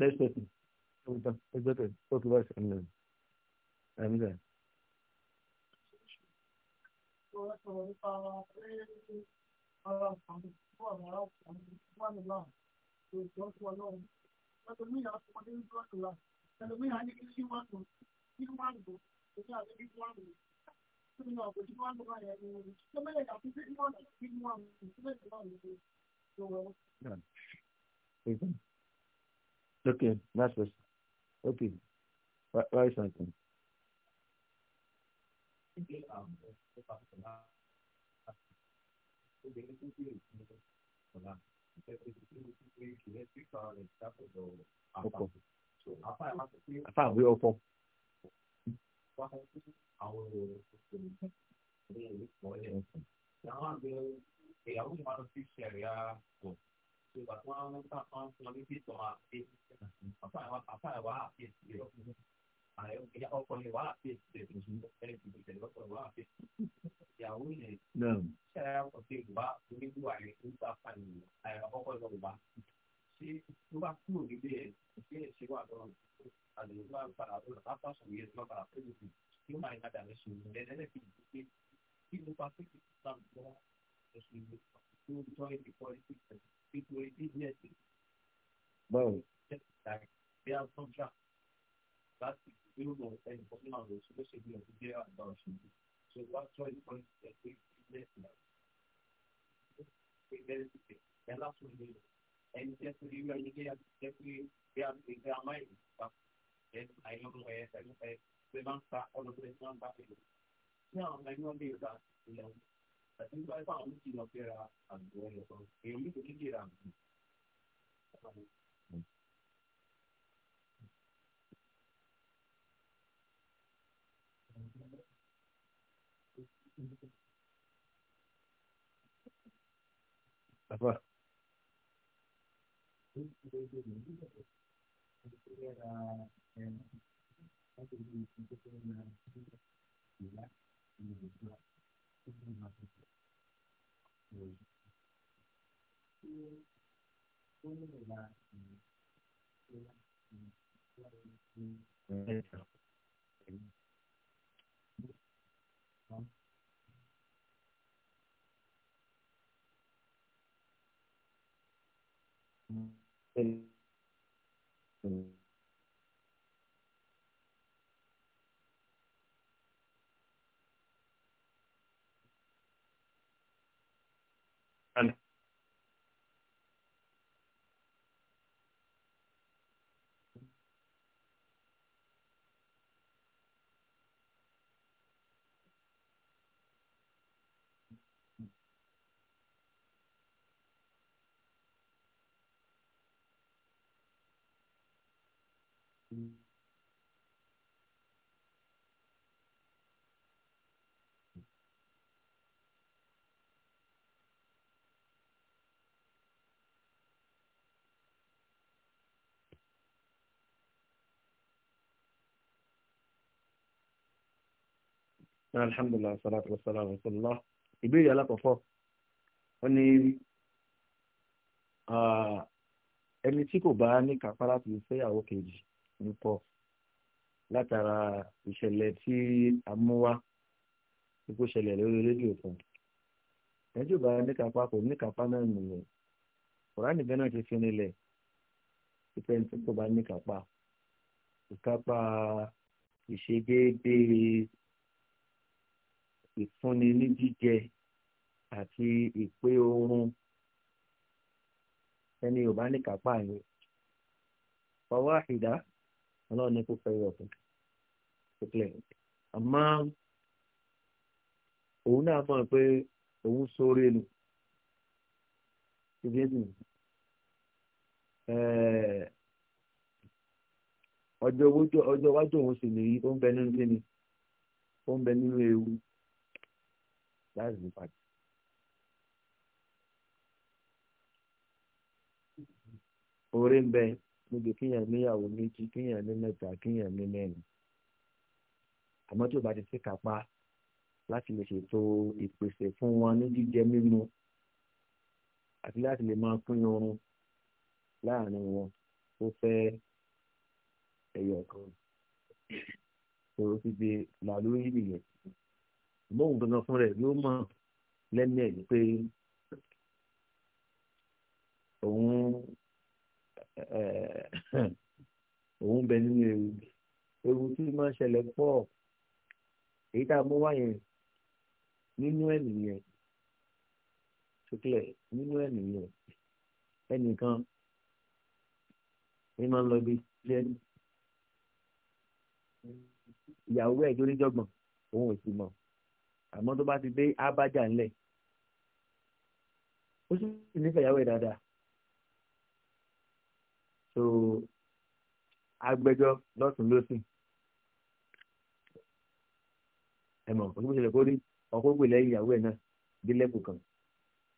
next person ẹgbẹ́ tẹ̀ tó tó bá ṣe ń lọ ẹ̀mí rẹ̀. Thank you. Okay, next question. Okay, why something? Okay. awo yẹ ọfọ. Àwọn ṣe wà tí ni wà àti èsì rẹ̀ ẹni tó ti tẹ̀lé ọkọ wà àti ìyàwó ilẹ̀ ṣe ara ọkọ̀ sí ìwà onígbò àyè tó gbà fani àyà ọkọ̀ ìwà ìwà ṣé tó bá kúrò níbẹ̀ ṣé èsì wà lọ́rùn àdéhùn bá ń padà lọ́rùn lápá sọ̀rọ̀ yẹn tó bá padà fẹ́ people in businesses. Báwo. Bí a tán jà láti ìlú lọ ẹni tó ní àwọn oṣù lóṣè ní ọdún jẹ́ àgbà òṣèlú. So that's why the point is that we business now. Ẹ lásán ní ẹni jẹ́ pé irú ẹni jẹ́ pé bí a ti gbé àmọ́ ìlú pa ẹni àìlọ́rùn ẹ̀ ẹ̀ ẹ̀ pé máa ń ta ọlọ́dún ẹ̀ máa ń bá ìlú. Ní àwọn ẹni wọ́n lè ra ìyàwó àti nípa ẹ̀fọ́ àwọn méjì lọ fẹ́ ra àgbò ẹ̀yọ̀ kan èèyàn méjì kékeré ra àgbò. Apa? Thank you. Thank alhamdulilah salatu wasalaam rasulillah ìbéèrè alákọ̀ọ́fọ́ wọ́n ní ah, ẹni tí kò bá ní kàfárà tó fẹ́yàwó kejì lùpọ̀ látara ìṣẹ̀lẹ̀ tí a mú wá ikú ṣẹlẹ̀ lórí rédíò fún un. ẹjọ́ bá níkàpá kò níkàpá náà nìyẹn kùránì náà ti fi nílẹ̀ ìfẹ́ tí kò bá níkàpá ìkápá ìṣedéédéé ìfúnni ní jíjẹ àti ìpé oorun ẹni ò bá níkàpá yẹn. ọlọ́run ní kó fẹ́ yọ ọ̀tún kó clear àmọ́ òun náà mọ̀ pé òun sóore nù ṣùgbọ́n èdè ọjọ́ iwájú òun sì nìyí ó ń bẹ nínú kíni ó ń bẹ nínú ewu láti ní pàtó. oore ń níbi kéèyàn níyàwó méjì kéèyàn ní mẹ́ta kéèyàn ní mẹ́rin àmọ́ tí o bá ti ṣe kápá láti lè ṣètò ìpèsè fún wọn ní jíjẹ mímu àti láti lè máa pín oorun láàrin wọn ó fẹ́ ẹyọ kan tòrò ti di làlórí nìyẹn mọ́hùn gangan fún rẹ̀ yóò mọ̀ lẹ́nu ẹ̀ pé òun Eh, eh, òun bẹ nínú ewu ewu tí máa ṣẹlẹ̀ pọ̀ èyí tá a mú wá yẹn nínú ẹ̀ nìyẹn ṣókèlè nínú ẹ̀ nìyẹn ẹnìkan ní máa ń lọ bí lẹ́nu ìyàwó ẹ̀ tó níjọ́gbọ̀n òun ò sì mọ̀ àmọ́ tó bá ti dé ábájà ńlẹ̀ ó sì nífẹ̀ẹ́ ìyàwó ẹ̀ dáadáa so agbẹjọ́ lọ́tún lọ́sìn ẹ mọ̀ kó ṣẹlẹ̀ kó rí ọkọ̀ gbè lẹ́yìn ìyàwó ẹ̀ náà délẹ́kùn kan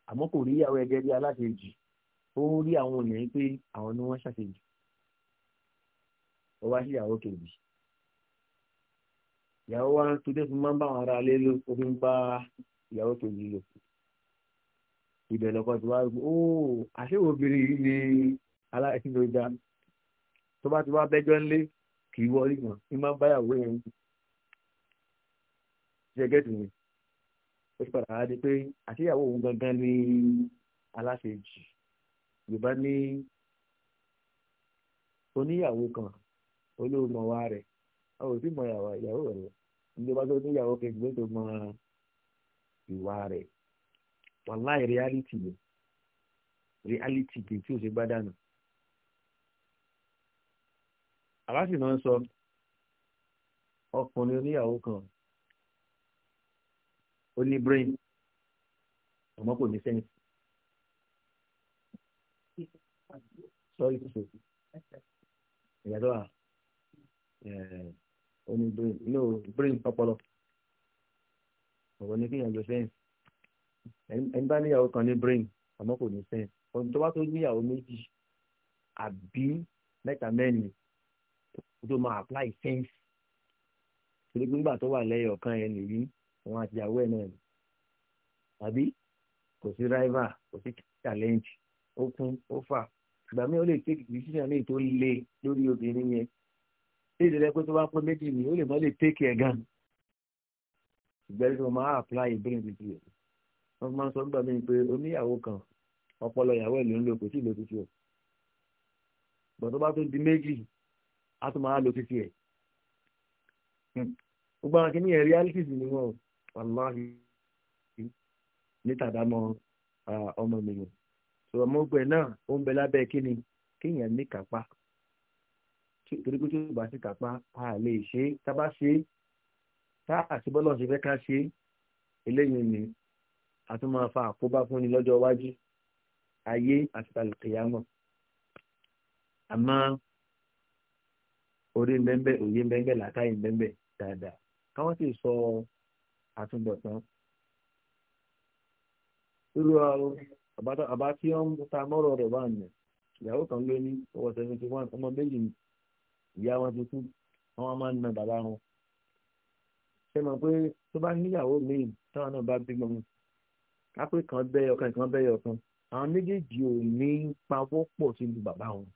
àmọ́ kò rí ìyàwó ẹgẹ́ bí aláṣejì ó rí àwọn ènìyàn pé àwọn ni wọ́n ṣàṣejì ó wá sí ìyàwó kejì ìyàwó wa tó dé fún máa ń bá àwọn ará ilé ló ó fi ń bá ìyàwó kejì lò ìbẹ̀lẹ̀ ọkọ̀ tí wàá rò ó àṣewò obìnrin yìí ni aláìsí ló dá tó bá ti wá bẹjọ ńlé kì í wọlé mọ́ ní máa ń mi ó ti padà di pé àtìyàwó òun gangan ní kan olóòmọ wa rẹ̀ àwọn òbí mọ ìyàwó ìyàwó rẹ̀ ìjọba tó kejì ló mọ ìwà rẹ̀ wàláì reality yẹn reality kì í tí àbá sì máa ń sọ ọkùnrin oníyàwó kan ó ní brain ọmọ kò ní sẹ́yìn sọ ìtòsò ìyàtọ̀ à ó ní brain no brain ọpọlọ ọ̀rọ̀ ní kéèyàn lọ sẹ́yìn ẹni bá níyàwó kan ní brain ọmọ kò ní sẹ́yìn ọ̀dọ́ wa tó níyàwó méjì àbí mẹ́ta mẹ́rin tó máa apply sense torí pé nígbà tó wà lẹ́yìn ọ̀kan yẹn nìyí wọn àti ìyàwó ẹ̀ náà ni àbí kò sí rival kò sí challenge ó kún ó fà ìgbà míì ó lè take decision ní ètò le lórí obìnrin yẹn ní ìdílé pé tó bá pé méjì ni ó lè má lè take ẹ̀ gan ìgbẹ́rẹ́ tí wọ́n máa apply brain títí ẹ̀ wọ́n máa ń sọ nígbà míì pé oníyàwó kan ọpọlọ ìyàwó ẹ̀ ló ń lò kò sí ìlò títí ẹ̀ bọ̀ tó bá tún di méjì a tún máa lo títí ẹ̀ hmm. gbogbo àwọn kìnìyàn realities ni wọn wàláhì níta dámọ́ ọmọ mi yẹn sọ̀rọ̀ ọmọgbẹ́ náà ó ń bẹ lábẹ́ kíni kéèyàn ní kápá torí pé tó bá sí kápá a lè ṣe é tá a ṣe é tá àtibọ́lọ̀ ṣe fẹ́ ká ṣe é eléyìí ni a tún máa fa àkóbá fún ni lọ́jọ́ iwájú ayé àti tàlùkìyàmọ̀ àmọ́ orí mbẹ́mbẹ́ òye mbẹ́mbẹ́ làákàyè mbẹ́mbẹ́ dáadáa káwọn sì sọ àtúbọ̀tán irú àbá tí wọ́n ń ta mọ́rọ̀ rẹ̀ wà nù ìyàwó kan ló ní ọwọ́ seventy one ọmọ méjì ni ìyá wọn ti kú àwọn máa ń na bàbá wọn ṣé mọ̀ pé tó bá níyàwó míì táwọn náà bá bímọ kápẹ́ kan bẹ́ẹ̀ ọkàn kan bẹ́ẹ̀ ọkàn àwọn méjèèjì ò ní pawọ́pọ̀ sínú bàbá wọn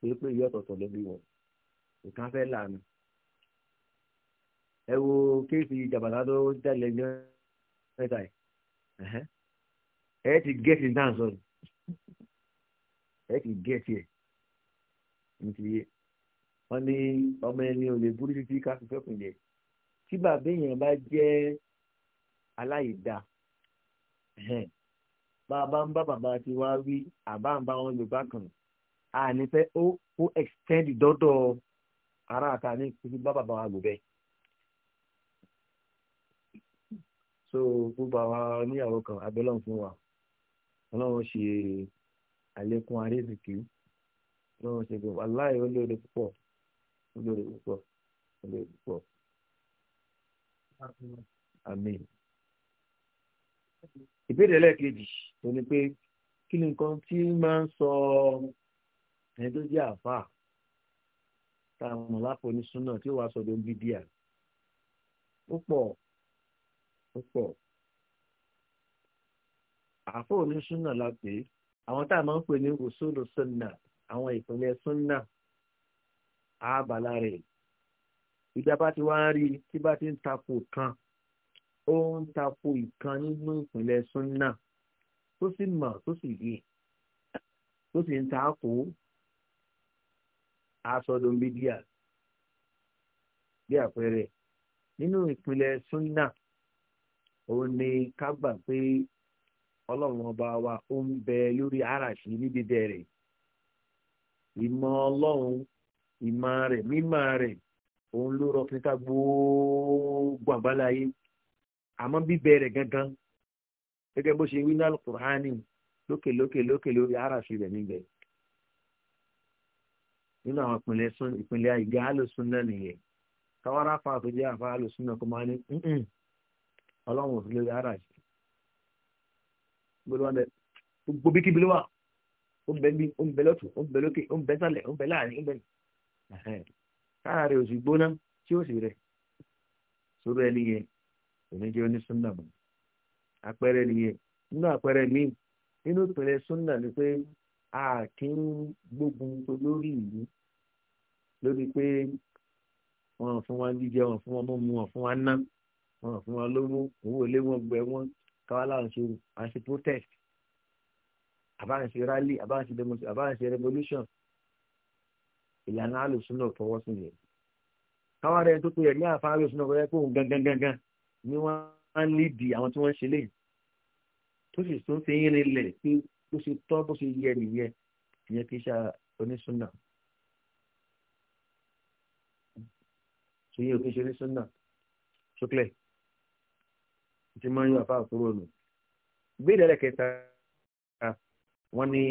pé pé iye ọ̀tọ̀ọ̀tọ̀ ló bí wọn nǹkan fẹ́ lànà. ẹ wo kéèsì jàbàtà tó dálẹ̀ ní mẹ́ta ẹ̀ ẹ ti gẹ̀ẹ́sì náà sọ̀rọ̀ ẹ ti gẹ̀ẹ́sì ẹ̀ ní ti yé wọ́n ní ọmọ ẹni ò lè burú títí ká fi fẹ́kùn yẹ tí bàbá èèyàn bá jẹ́ aláìda bá a ń bá bàbá tiwa wí àbá ń bá wọn Yorùbá kan àní fẹ́ ó ó extend dọ́dọ̀ ara àta ní kíkí bá bàbá wa lò bẹ́ẹ̀. so gbogbo àwa oníyàwó kan abẹ́lọ́n fún wa ọlọ́run ṣe àlékún àrísìkí ọlọ́run ṣe gbogbo aláì olóore púpọ̀ olóore púpọ̀ olóore púpọ̀. Amen. Ìbéèrè ẹlẹ́ẹ̀kejì tó ní pé kí ni nǹkan tí máa ń sọ ẹni tó jẹ́ àfà táwọn mọ̀láfọ̀ oníṣúná tí ó wàá sọ̀dọ̀ ń bí díà ó pọ̀ ó pọ̀ àfà oníṣúná la pè é àwọn tá a máa ń pè ní òṣòlò sunna àwọn ìpínlẹ̀ sunna àbàlá rẹ̀ ìjọba ti wá ń rí i tí bá ti ń tako kan ó ń tako ìkan nínú ìpínlẹ̀ sunna tó sì mọ̀ tó sì yé tó sì ń tako aṣọ́dọ̀ mídíà bí àpẹẹrẹ nínú ìpìlẹ̀ sunna òun ni ká gbà pé ọlọ́run ọba wa ó ń bẹ lórí àràṣì níbi bẹ̀rẹ̀ ìmọ̀ ọlọ́run ìmọ̀ rẹ̀ mímọ̀ rẹ̀ òun ló rọ fún ká gbogbo àbáláyé àmọ́ bíbẹ̀rẹ̀ gangan gẹ́gẹ́ bó ṣe wí ní alukur'ani lókè lókè lókè lórí àràṣì rẹ̀ níbẹ̀. nínú àwọn ìpínlẹ̀ sún ìpínlẹ̀ ìgá àlùsùn náà nìyẹn káwárà fa àtúndì àfa àlùsùn náà kó máa ní ọlọ́run òfin lórí ara ṣe gbogbo bí kíbi ló wà ó ń bẹ bí ó ń bẹ lọ́tù ó ń bẹ lókè ó ń bẹ sálẹ̀ ó ń bẹ láàrin ó ń bẹ káà rẹ̀ ò sì gbóná tí ó sì rẹ̀ sórí ẹni yẹn òní jẹ́ onísúnnà mọ́ àpẹẹrẹ nìyẹn nínú àpẹẹrẹ míì nínú ìpínlẹ̀ súnnà ni pé a kì í gbógun tó ìlú lórí pé wọn fún wa jíjẹ wọn fún wa mọ́mu wọn fún wa ná wọn fún wa lówó owó ilé wọn gbẹ wọn káwá láwọn ṣe à ń ṣe protest àbáǹṣe rally àbáǹṣe demonstration àbáǹṣe revolution ìlànà àlòsùn náà fọwọ́ sí yẹn káwá rẹ tó pe ẹ̀rí àfa àlòsùn náà fọwọ́ pé òun gangan gangan ni wọ́n á ń lídìí àwọn tí wọ́n ń ṣe léyìí tó sì tún fi ń rinlẹ̀ pé bó ṣe tọ́ bó ṣe yẹ nìyẹn ìyẹn kì í ṣe oníṣúná tí yín òkè ṣe ní súnà ṣókè tí máa ń yọ àfáà kúrò nù gbéde ẹlẹ́kẹta wọn ni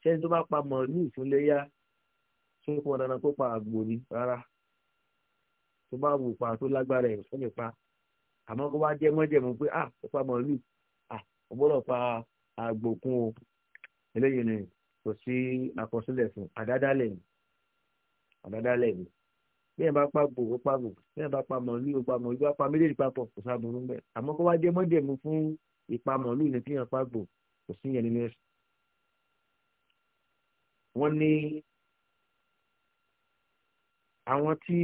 ṣẹ́ni tó bá pa mọ̀ọ́lù ìfúnléyà tó ń pọn dandan kó pa àgbò ni rárá tó bá wù pa tó lágbára ẹ̀ fún lè pa àmọ́ kó bá jẹ́ mọ́jẹ̀mú pé à ah, ó pa mọ̀ọ́lù à ah, ó gbọ́dọ̀ pa àgbò kún o eléyìí ni kò sí àkọsílẹ̀ fún àdádálẹ̀ ni àdádálẹ̀ ni bẹ́ẹ̀ bá pa gbò ó pa gbò bẹ́ẹ̀ bá pa màálù ó pa màálù bá pa méjèèjì papọ̀ kò sábòrò ńbẹ àmọ́ kó wá jẹ́ mọ́jẹ̀mú fún ìpa màálù ní kí yẹn pa gbò kò sí yẹn nínú ẹ̀sìn. wọ́n ní àwọn tí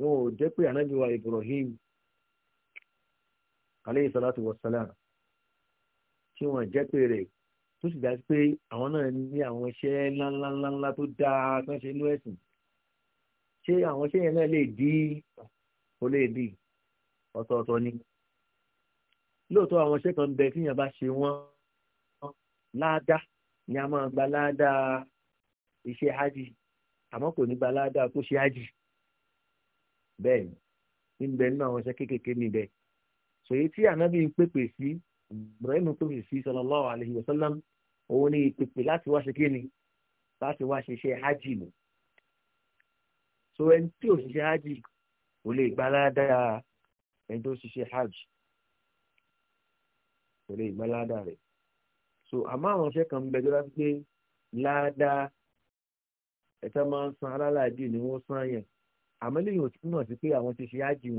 wọn ò jẹ́ pé ànábì Ibrahim aleyhi salatu wa salam tí wọn jẹ́ pé rẹ̀ tó sì dájú pé àwọn náà ní àwọn iṣẹ́ ńláńláńlá tó dáa tó ń ṣe inú ẹ̀sìn ṣé àwọn ṣé yẹn náà lè dí kò lè dì ọ̀tọ̀ọ̀tọ̀ ni lóòótọ́ àwọn iṣẹ́ kan bẹ tíyàn bá ṣe wọ́n láàdá ni a máa gba láàdá iṣẹ́ hajj àmọ́ kò ní gba láàdá kó ṣe hajj bẹ́ẹ̀ ni ń bẹ nínú àwọn iṣẹ́ kéékèèké níbẹ̀ sòyí tí ànábì ń pèpè sí Ibrahim pèpè sí sallallahu alaihi wasallam òun ni ìpèpè láti wá ṣe kí ni láti wá ṣe iṣẹ́ hajj nù so ẹni tí ò ṣiṣẹ́ hajj kò lè gba ẹni tó ṣiṣẹ́ hajj kò lè gba ládàá so àmọ́ àwọn iṣẹ́ kan bẹ jọba pé ládàá ẹ̀ta máa ń san alálàájì ni wọ́n san yẹn àmọ́ lẹ́yìn ò túmọ̀ sí pé àwọn ti ṣe hajj wọn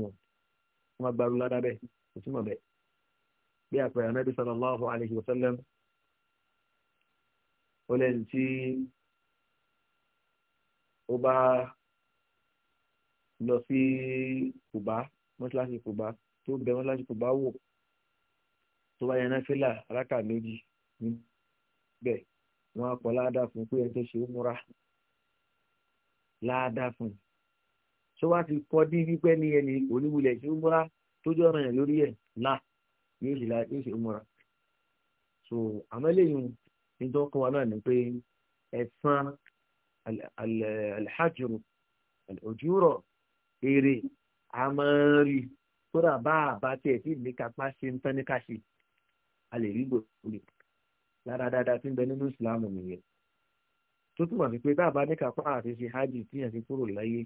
wọ́n máa gbarú ládàá bẹ́ẹ̀ kò túmọ̀ bẹ́ẹ̀ bí àpẹẹrẹ anábì sallallahu alayhi wa sallam ó lẹ́yìn tí ó bá lọ sí kùbá mọ́ṣáláṣí kùbá tó bẹ mọ́ṣáláṣí kùbá wò tó bá yẹn náfìlà rákà méjì níbẹ̀ wọ́n á pọ̀ láàdá fún pé ẹni tó ṣe é múra láàdá fún ṣé wàá ti kọ́ dín wípé ní ẹni oníwulẹ̀ ṣe é múra tó jọ ọ̀ràn yẹn lórí ẹ̀ náà yóò ṣe la yóò ṣe múra so àmọ́ lẹ́yìn nítorí ọkọ̀ wa náà ni pé ẹ̀sán alhajiru alhujuro èrè àmọ́rí kódà bá àbá tiẹ̀ tí ìlú kápá ṣe ń tán ní káṣí a lè rí gbòòrò lára dáadáa tí ń bẹ nínú ìsìlámù nìyẹn tó túmọ̀ sí pé tá a bá ní kápá àti ṣe hajj tíyàn ti kúrò láyé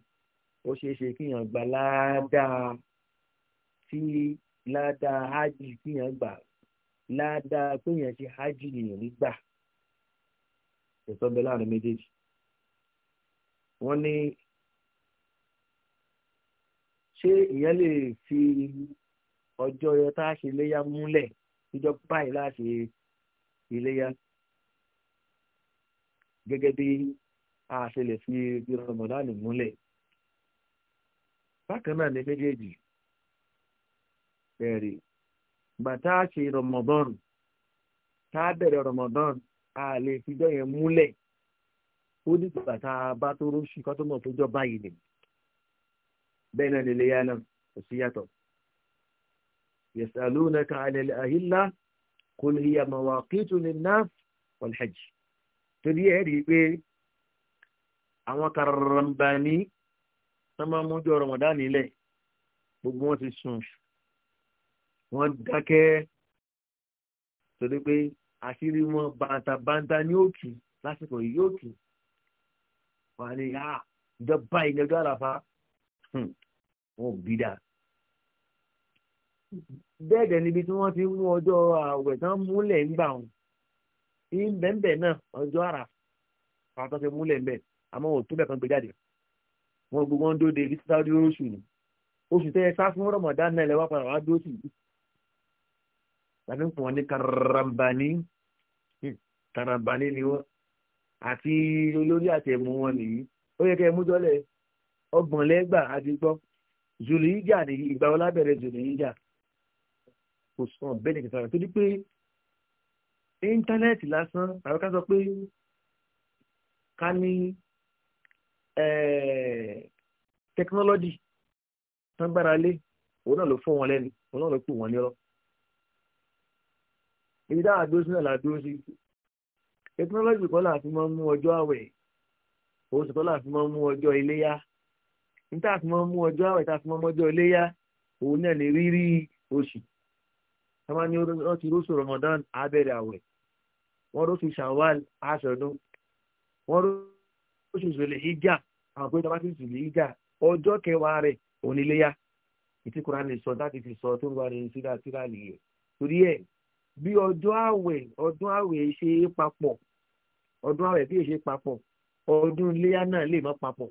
ó ṣeé ṣe kíyàn gba ládàá tí ládàá hajj kíyàn gbà ládàá péyàn ṣe hajj nìyẹn nígbà ìsọ̀bẹ láàrin méjèèjì wọ́n ní ṣé ìyẹn lè fi ọjọ́ yẹn tá a ṣe iléyà múlẹ̀ níjọ́ báyìí láti iléyà gẹ́gẹ́ bí a ṣe lè fi rọmọdánù múlẹ̀ bákan náà ní méjèèjì bẹ̀rẹ̀ bàtà ṣe rọmọdán tá a bẹ̀rẹ̀ Ramadan a lè fijọ́ yẹn múlẹ̀ ó ní bàtà bá tó rọ́ṣù kọ́tọ́mọ̀ tó jọ báyìí nìyí bẹ́ẹ̀ náà nílé yánà kò sí yàtọ̀. yasalunaka anil ahilla qul hiya mawaqitu linnas wal hajj. torí ẹ̀ rí i pé àwọn karambani tó máa mú jọ Ramadan nílẹ̀ gbogbo wọn ti sùn wọn dákẹ́ torí pé àṣírí wọn bàǹtàbàǹtà ní òkè lásìkò yìí yóò kì wọn ni ìjọba ìgbẹ́jọ́ àlàfà wọn ò bí dáa bẹ́ẹ̀ dẹ̀ níbi tí wọ́n ti mú ọjọ́ àwẹ̀ tán múlẹ̀ ń gbà wọn ìbẹ̀ǹbẹ̀ náà ọjọ́ àrà àwọn tó ṣe múlẹ̀ ń bẹ̀ àmọ́ wọn ò tó bẹ̀ kan gbé jáde wọn gbogbo wọn dóde ibi sáwọ́dí oṣù ni oṣù tẹ́ ẹ sá fún rọmọdá náà lẹ́wọ́ padà wá dó sí i tàbí fún wọn ní karambani hmm, karambani ni wọn àti olórí àtẹ̀mú wọn nìyí ó yẹ kẹ́ ẹ mú jọ́lẹ̀ ọgbọ̀n lẹ́gbàá àti gbọ́ zùlìíjà ni ìgbà wọn lábẹ́rẹ́ zùlìíjà kò sọ bẹ́ẹ̀ ni kìtà rẹ̀ tó ní pé íńtánẹ́ẹ̀tì lásán àwọn ká sọ pé ká ní tẹkinọ́lọ́jì tán gbára lé òun náà ló fún wọn lẹ́nu òun náà ló pò wọ́n lérò ibi dáhà dúró sí náà là dúró sí tẹkinọ́lọ́jì kọ́ là máa ń mú ọjọ́ àwẹ̀ òun sì kọ́ là máa ń mú ọjọ́ iléyá níta fi mọ́ mú ọjọ́ àwẹ̀ tá fi mọ́ mọ́jọ́ iléyà òun náà ní rírí oṣù tọ́mọ ní wọ́n ti róṣù Ramadan abẹ́rẹ́ àwẹ̀ wọ́n róṣù Shawwal aṣọ̀dún wọ́n róṣù Zul Hijja àwọn pé tọ́mọ ti Zul Hijja ọjọ́ kẹwàá rẹ̀ òun iléyà ìtí Kùránì sọ láti fi sọ tó ń wà ní síra síra nìyẹn torí ẹ̀ bí ọjọ́ àwẹ̀ ọdún àwẹ̀ ṣe é papọ̀ ọdún àwẹ̀ bí èṣe papọ̀ ọdún iléyà náà lè má papọ̀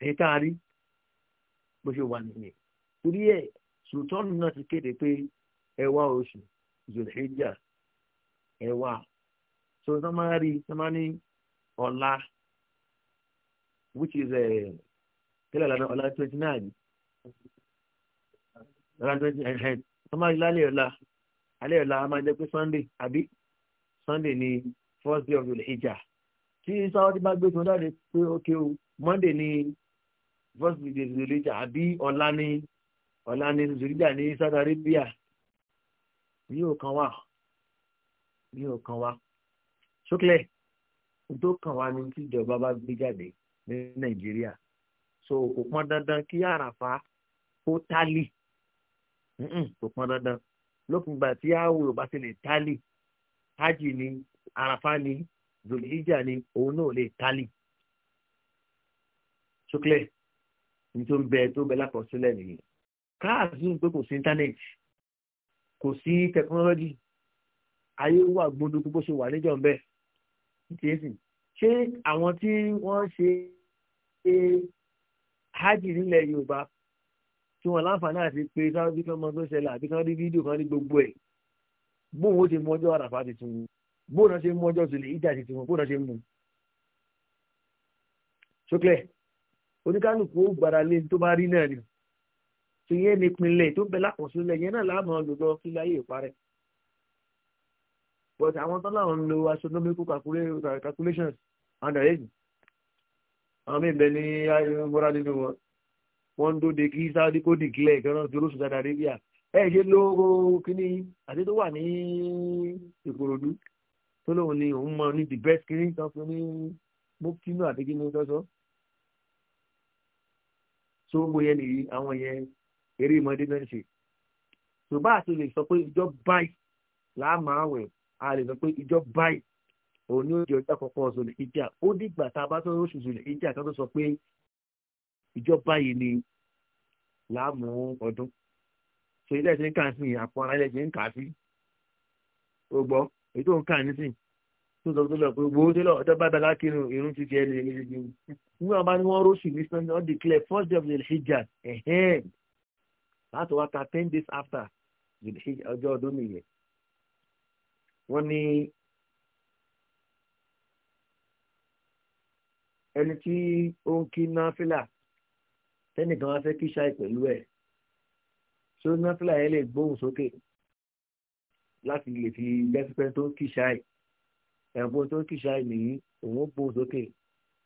èyí tá a rí bó ṣe wà nìyẹn torí ẹ sultan náà ti kéde pé ẹwà oṣù zulhijja ẹwà so tó máa rí tó máa ní ọ̀la which is eh, kílẹ̀ lánàá ọ̀la twenty nine eh, ọ̀la eh, twenty nine tó máa rí lálẹ́ ọ̀la alẹ́ ọ̀la a máa jẹ́ pé sunday àbí sunday ni first day of zulhijja tí sáwọ́ ti bá gbé tó ń dáre pé ókè o monday ni first week of zulhijja àbí ọ̀la ní ọ̀la ní zulhijja ní Saudi Arabia ní òkan wà ní òkan wà ṣókèlè tó kàn ni ní tíjọba bá gbé jáde ní Nàìjíríà so kò pọn dandan kí àràfà kó tálì kò pọn dandan lópin ìgbà tí àwòrán bá ti lè tálì hajj ni àràfà ni zulhijja ni òun náà lè tálì ṣókèlè ní tó ń bẹ tó bẹ lákọsílẹ̀ nìyí káàzùn pé kò sí íńtánẹ́ẹ̀tì kò sí tẹkinọ́lọ́jì ayé wà gbóndókú bó ṣe wà níjọ́ ń bẹ nítorí èsì ṣé àwọn tí wọ́n ṣe é hajj nílẹ̀ yorùbá tí wọ́n láǹfààní àti pé sáwọ́dí kan mọ tó ṣẹlẹ̀ àbí kan rí fídíò kan rí gbogbo ẹ̀ bóun ó ti mú ọjọ́ àràfà ti tún bóun náà ṣe mú ọjọ́ tòlè ìjà ti tún bóun náà ṣe mú un oníkálukú ó gbára lé tó bá rí náà ni tó yẹ nípìnlẹ̀ tó bẹ lákòósílẹ̀ yẹn náà láàmú ọlọ́dọ̀ kí láyé ìparẹ́ but àwọn tó láwọn ń lo astronomical calculations and ẹ̀yìn àwọn mẹ́bẹ̀ ní ayélujára nínú wọn wọ́n ń dóde kí sáwọ́dí kó dìgílẹ̀ ìkànnà tó lóṣù dáadáa rẹ́bíà ẹ̀ ṣe lóró kínní àti tó wà ní ìkòròdú tó lóun ni òun mọ ní the best kínní kan fún ní mokinu àti kínní so so gbogbo yẹn nìyí àwọn yẹn eré ìmọ̀dé náà ń ṣe ṣùgbọ́n àti lè sọ pé ìjọ báyìí láàmà àwẹ̀ a lè sọ pé ìjọ báyìí òun ní oúnjẹ ọjọ́ àkọ́kọ́ zòlè ìjà ó dìgbà tá a bá tó oṣù zòlè ìjà kan tó sọ pé ìjọ báyìí ni láàmú ọdún so ilé ẹ̀sìn kà sí àpò ara ilé ẹ̀sìn kà sí ó gbọ́ èyí tó ń kà nísìn tó sọ pé lọ́pọ̀ gbogbo délọ̀ ọjọ́ bàbá lákìrún irun ti jẹ́ ẹni ẹni ẹni nígbà bá ní wọ́n rọ́ọ̀sì ní sunday wọ́n declare first day of the hijab ẹ̀hẹ́n láti wá ta ten days after ọjọ́ ọdún nìyẹn wọ́n ní ẹni tí ó ń kí náfìlà tẹ́nìkan wá fẹ́ kí ṣáì pẹ̀lú ẹ̀ ṣó náfìlà yẹn lè gbóhùn sókè láti lè fi jẹ́sípẹ́ tó ń kí ṣáì ẹ̀bùn tó kìṣà nìyí òun ó gbó sókè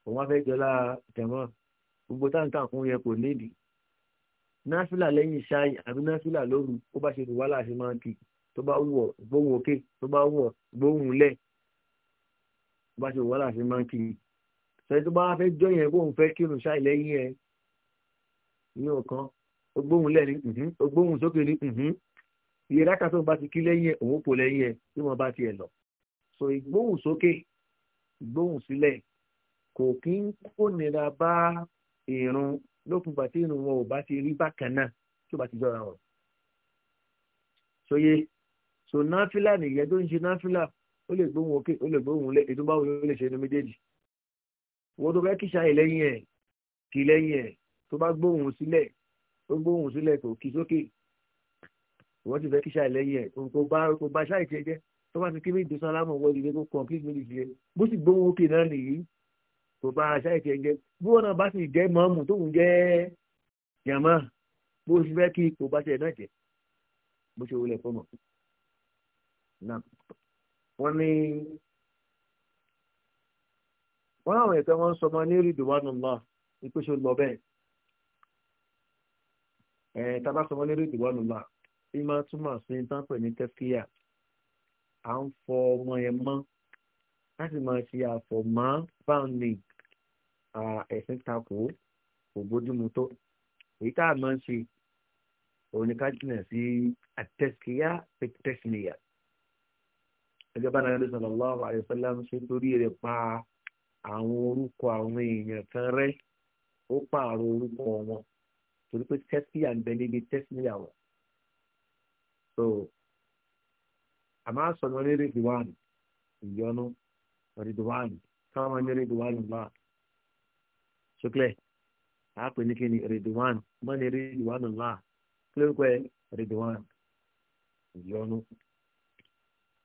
òun á fẹ́ jọlá tẹ̀mọ́ gbogbo táǹtà fún yẹ kò nídìí náfìlà lẹ́yìn ṣáì àbí náfìlà lóru ó bá ṣe wàhálà ṣe máa ń kì tó bá wọ̀ gbóhùn òkè tó bá wọ̀ gbóhùn lẹ̀ tó bá ṣe wàhálà ṣe máa ń kì sẹ́yìn tó bá fẹ́ jọ yẹn bóun fẹ́ kírun ṣáì lẹ́yìn ẹ̀ ní ọ̀kan ogbóhùn lẹ̀ ní ogbóhùn sókè ní ìyẹn rákàtún bá ti kí lẹ́yìn ẹ̀ òun kò lẹ́yìn ẹ̀ tí wọ́n bá tiẹ̀ lọ so ìgbóhùn sókè ìgbóhùn sílẹ̀ kò kí ń kó nira bá ìrun lókun gbà tí ìrun wọn ò bá ti rí bákan náà tó bá ti jọra wọn. sóye so náfìlà nìyẹn tó ń ṣe náfìlà ó lè gbóhùn òkè ó lè gbóhùn lẹ ètò báwo ló lè ṣe ní méjèèjì. wọ́n tó fẹ́ kí ṣáà lẹ́yìn ẹ̀ kì lẹ́yìn ẹ̀ tó bá gbóhùn sílẹ̀ tó gbóhùn sílẹ̀ kò kí sókè wọ́n ti fẹ́ kí ṣáà lẹ́yìn ẹ̀ kò bá ṣáà ìṣe jẹ́ tó bá ti kí méjì sálámù wọ ìdílé tó complete méjì jẹ bó sì gbóhùn òkè náà nìyí kò bá aṣá ìtẹ̀ jẹ bí wọn náà bá sì jẹ mọ́ọ̀mù tó ń jẹ yàmá bó ṣe fẹ́ kí kò bá ṣe náà jẹ bó ṣe wọlé fọmọ. wọ́n ní wọ́n àwọn ẹ̀ka wọn sọ ọmọ ní rìdùwánù náà ìpèsè lọ bẹ́ẹ̀ ẹ̀ tábà sọ ọmọ ní rìdùwánù náà ìmọ̀ túmọ̀ sí tán pè ní tẹ́fíà à ń fọ ọmọ yẹn mọ́ láti máa ṣe àfọ̀mọ́ báńdì ẹ̀sìn takò kò bójúmu tó èyí tá a máa ń ṣe oníkájìnà sí àtẹ̀síyá pẹ̀tẹ̀síyá ẹgbẹ́ bá nàìjíríà sallallahu alaihi wasallam ṣe torí rẹ̀ pa àwọn orúkọ àwọn èèyàn kan rẹ̀ ó pààrọ̀ orúkọ wọn torí pé tẹ́síyà ń bẹ níbi tẹ́síyà wọn àmọ́ àsọ̀nà lérí ìdìwáàlì ìyọnu ìdìwáàlì káwọn máa ń lérí ìdìwáàlì ńlá ṣúklẹ̀ àápè ní kíni ìdìwáàn mọ́ ní rí ìdìwáàlì ńlá kílókè ìdìwáàlì ìyọnu.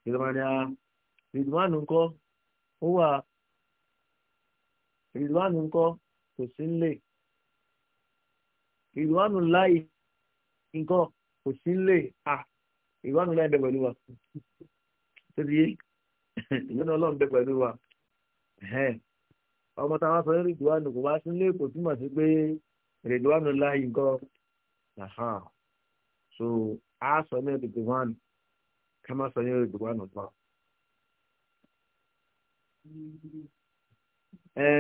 ìdìwáàlì a ìdìwáàlì ńkọ́ ó wà ìdìwáàlì ńkọ́ kò sí nílé ìdìwáàlì láì ńkọ́ kò sí nílé à ìwọ́nù náà bẹ pẹ̀lú wa tó ti yé ìwọ́nù ọlọ́run bẹ pẹ̀lú wa ọmọ táwọn sọ lórí ìdúwánu kò wá sí ilé kò túmọ̀ sí pé ìdúwánu láàyè gan so a sọ ní ìdúwánu ká má sọ ní ìdúwánu tán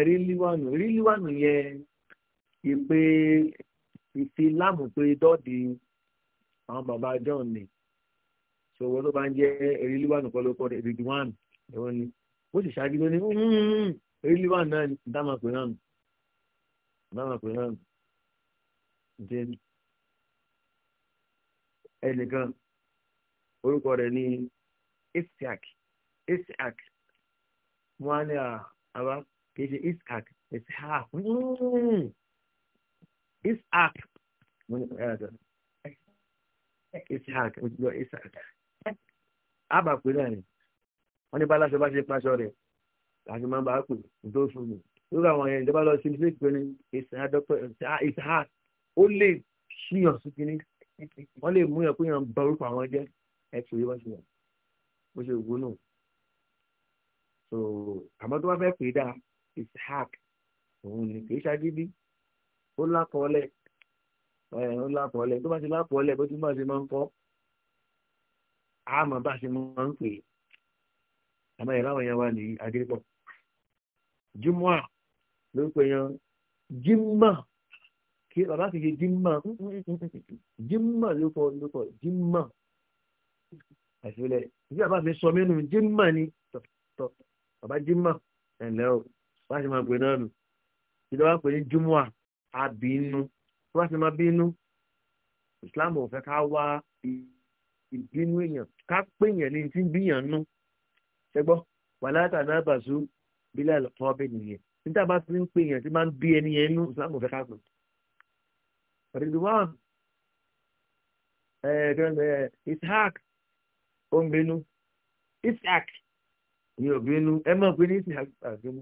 ríliwánu ríliwánu yẹn ìpè ìfilámù pé dọ́ọ̀dì àwọn bàbá john ni so owó tó bá ń jẹ́ eré líwánù kọ́ ló kọ́ ẹ̀ rìdì wánù ẹ̀wọ́n ni ó sì ṣáájú ló ní hmm, hmm, hmm, eré líwánù náà ní dáàmà pé náà nù dáàmà pé náà nù jẹ́ ẹnìkan orúkọ rẹ̀ ní isiak isiak wọn á ní àbá kìí ṣe isiak isiak isiak isiak isiak isiak àbà pé náà ni wọ́n ní báláṣọ bá ṣe paṣọ rẹ̀ láti máa bá a pè tó fún mi lórí àwọn ẹ̀yìn ìjọba lọ sí ilé ìpinnu ìsìnká ó lè ṣíyàn sí kínní wọ́n lè mú yàn pé yàn ba orúkọ àwọn jẹ́ ẹ̀ tó yẹ wá sí yàn bó ṣe wù ú nù so àmọ́ tó bá fẹ́ pè é dáa ishaq òun ni kì í ṣagídí ó lápọ̀ọ́lẹ̀ ó lápọ̀ọ́lẹ̀ tó bá ti lápọ̀ọ́lẹ̀ bó ti máa ṣe máa ń kọ́ àmọ́ bá ṣe máa ń pè é àmọ́ ìráwọ̀ yẹn wà ní adépọ̀ jùmọ̀ ló ń pè yan jimma kí bàbá kìí ṣe jimma jimma ló kọ ló kọ jimma àṣìlẹ̀ bí bàbá mi sọ mẹ́nu jimma ni tọ̀ bàbá jimma ẹ̀ ǹlẹ́ o bá ṣe máa pè náà nù ìjọba pè ní jùmọ̀ àbínú bá ṣe máa bínú ìsìlámù ò fẹ́ ká wá ìbínú èèyàn ká pé èèyàn ní ti ń bíyàn nú ṣẹgbọ́ wàláàtà náà bàṣú bílẹ̀ lọ́kọ́ bẹ́ẹ̀ nìyẹn níta bá ti ń pè èèyàn tí máa ń bí ẹni yẹn nú ìsìlámù fẹ́ ká pè. Ridwan Ishaq ó ń bínú Ishaq ni ò bínú ẹ mọ̀ pé ní Ishaq àgbẹ̀mú.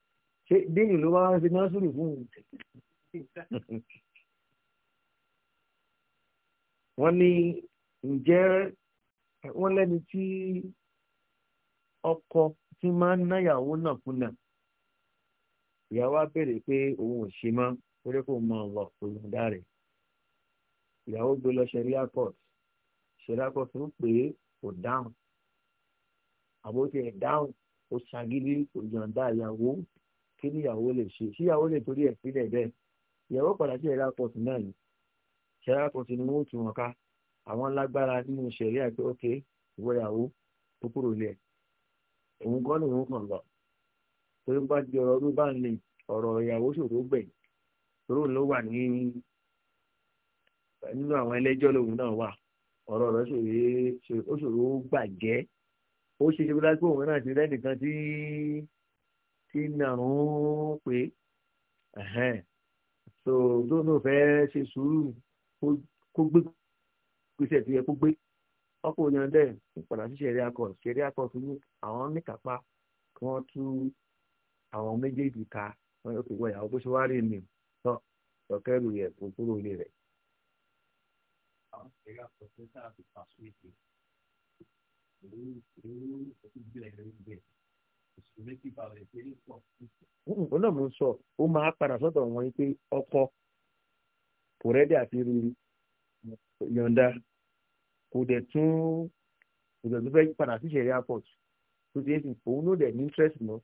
déyìn ló bá wá ṣe násùrù fún un. wọ́n ní ǹjẹ́ wọ́n lẹ́ni tí ọkọ tí máa ń náyàwó náà kùnà ìyàwó á béèrè pé òun ò ṣe mọ́ torí kò mọ ọ̀rọ̀ olùdá rẹ̀ ìyàwó gbé lọ ṣẹ̀ríà court ṣẹ̀ríà court ń pè é kò dáhùn àbótiẹ̀ dáhùn ó ṣàgídí kò ìyàwó kí níyàwó lè ṣe síyàwó lè torí ẹ̀ sílẹ̀ bẹ́ẹ̀ ìyàwó padà sí ẹ̀rá pọ̀tù náà ni ṣẹ̀rá pọ̀tù ni wọ́n tù wọn ká àwọn lágbára nínú ṣẹ̀rí àti ọ̀kẹ́ ìwọ́yàwó tó kúrò lẹ̀ òun kọ́ lòun kàn lọ torí bá di ọ̀rọ̀ ọdún bá ń lè ọ̀rọ̀ ìyàwó ṣòro gbẹ̀ torí ló wà ní nínú àwọn ẹlẹ́jọ́ lòun náà wà ọ̀rọ̀ rẹ̀ ṣòro ó ó ṣe ṣe bí lásìkò òun náà ti rẹ́ nìkan tí kí nàrún pé so tó náà fẹ́ ṣe sùúrù kó gbé gbèsè tó yẹ kó gbé ọkọ̀ òyìnbó dẹ̀ padà sí ṣẹ̀rí akọ̀ ṣẹ̀rí akọ̀ fún mi àwọn níkàpá kí wọ́n tú àwọn méjèèjì ká wọ́n yóò fi wọ ìyàwó bó ṣe wá rí mi tọ́ tọ́kẹ́rù yẹ kó kúrò ilé rẹ̀. àwọn ṣẹ̀rí ó náà mo sọ ó máa padà sọ́dọ̀ wọn pé ọkọ kò rẹ́dí àti rírí yọ̀ǹda kò dẹ̀ tún ìgbẹ̀lú fẹ́ padà sí ṣẹ̀rí airport tó ti ń sìn òun ló dẹ̀ ní interest mọ́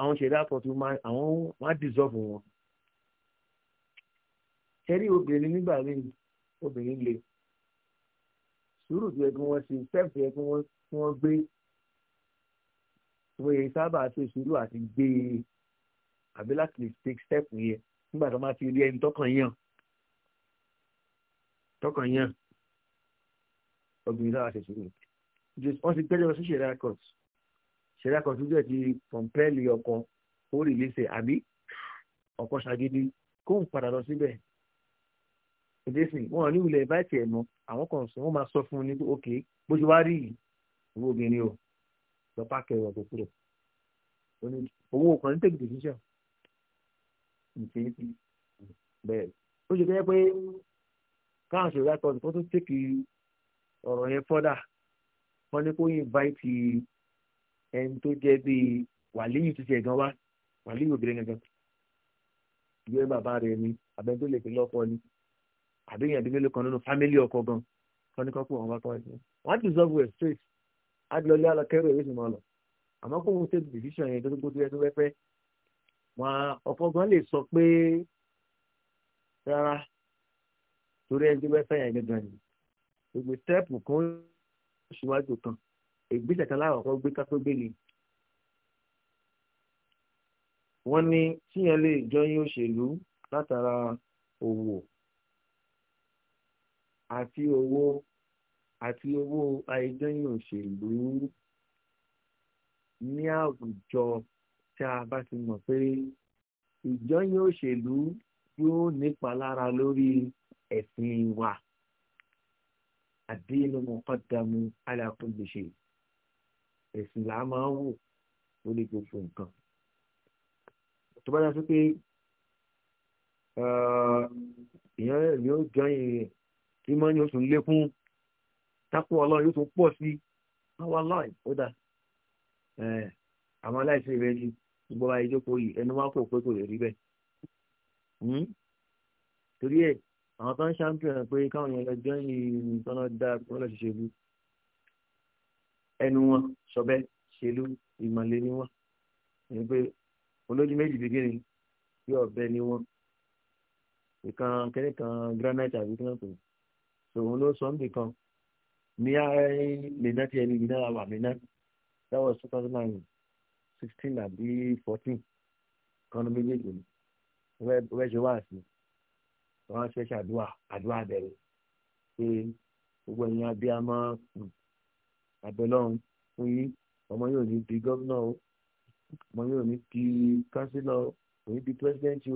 àwọn ṣẹ̀rí airport àwọn wá dissolve wọn. ṣẹ́rí obìnrin nígbà míì obìnrin le sùúrù tó yẹ kí wọ́n ṣe sẹ́ẹ̀fù yẹ kí wọ́n gbé wọ́n yẹ sábà ṣe sùúrù àti gbé e àbí láti lè take step yẹn nígbà tó máa ti rí ẹni tọkàn yàn tọkàn yàn obìnrin sábà ṣe sùúrù wọ́n ti tẹ́lẹ̀ lọ sí ṣẹ̀dá court ṣẹ̀dá court tó jẹ́ ti pọ̀npẹ́ẹ̀lì ọkọ̀ ó rì lẹ́sẹ̀ àbí ọkọ̀ ṣàgídí kó ń padà lọ síbẹ̀ èdè sìn wọn ní ilẹ̀ báyìí tiẹ̀ mọ́ àwọn kan sọ wọ́n máa sọ fún un ní pé ok bó ṣe wá rí ìwé obìnrin o lọ páàkì ẹ̀rọ tó kúrò owó kan take decision infinity bẹ́ẹ̀ ó ṣe jẹ́ pé káwọn ṣe ìwé àtọ́jú tó tún tèkì ọ̀rọ̀ yẹn fọ́dà wọ́n ní kó invite ẹni tó jẹ́ bíi wàlíyù ti ṣe gan wá wàlíyù obìnrin gangan ìgbé bàbá rẹ̀ ni abẹ́ tó lè fi lọ́kọ́ ni àbí ìyàbí mélòó kan nínú fámílì ọkọ gan kọ́ni kọ́kọ́ wọn wá kọ́ ẹ̀ wọ́n ti sọ ẹ̀ straight adìlọlé alakẹrù ẹ̀rọ ìsìn máa lọ àmọ́ kó wọn take decision yẹn tó tó gbódú ẹtú pẹ́pẹ́ wọn ọ̀pọ̀ gan lè sọ pé rárá torí ẹni tó fẹ́ fẹ́ yẹn gangan ni gbogbo stẹ́ẹ̀pù kan síwájú kan ìgbésẹ̀ kan láwọ̀kọ́ gbé ká tó gbé ni wọ́n ní tíyẹn lè jọyìn òṣèlú látara òwò àti owó àti owó àìgbẹ́yìn òṣèlú ní àwùjọ tí a bá ti mọ̀ pé ìjọyìn òṣèlú yóò nípa lára lórí ẹ̀sìn wa àdínú mọ̀kọ́dàmú alákùnléṣe ẹ̀sìn là máa ń wò lórí gbogbo nǹkan. tó bá dáa sí pé èèyàn yóò jọyìn tí mọ́ni ó tún lékún tápọ̀ ọlọ́run yóò tún pọ̀ sí àwọn aláì ah, ó dà àwọn aláìsí rẹ ni gbogbo ayé jókòó yìí ẹnu wá kò pé kò lè rí bẹ́ẹ̀ hmm? torí ẹ àwọn tó ń ṣàǹpìyàn pé káwọn yẹn lọ jọ yìí tọ́nà dá wọn lọ ṣiṣẹ́ bú ẹnu wọn sọbẹ ṣèlú ìmọ̀lẹ́ ni wọn ẹni pé olójú méjì bí gírin bí ọ̀bẹ ni wọn ìkan kẹ́lẹ́ kan granite àbí kí wọ́n pè so òun ló sọ ń bì kan ní lẹ́nà tí ẹni ìnáwó àwọn àmì náà that was two thousand and sixteen àbí fourteen kan méjèèjì ni wọ́n ṣe wá sí wọ́n ṣe ṣe àdúrà àdúrà bẹ̀rẹ̀ pé gbogbo ẹ̀yin abiyamọ hmm, abẹ́lọ́run fún yín ọmọ yóò ní di gómìnà o ọmọ yóò ní di kánsílọ̀ kò ní di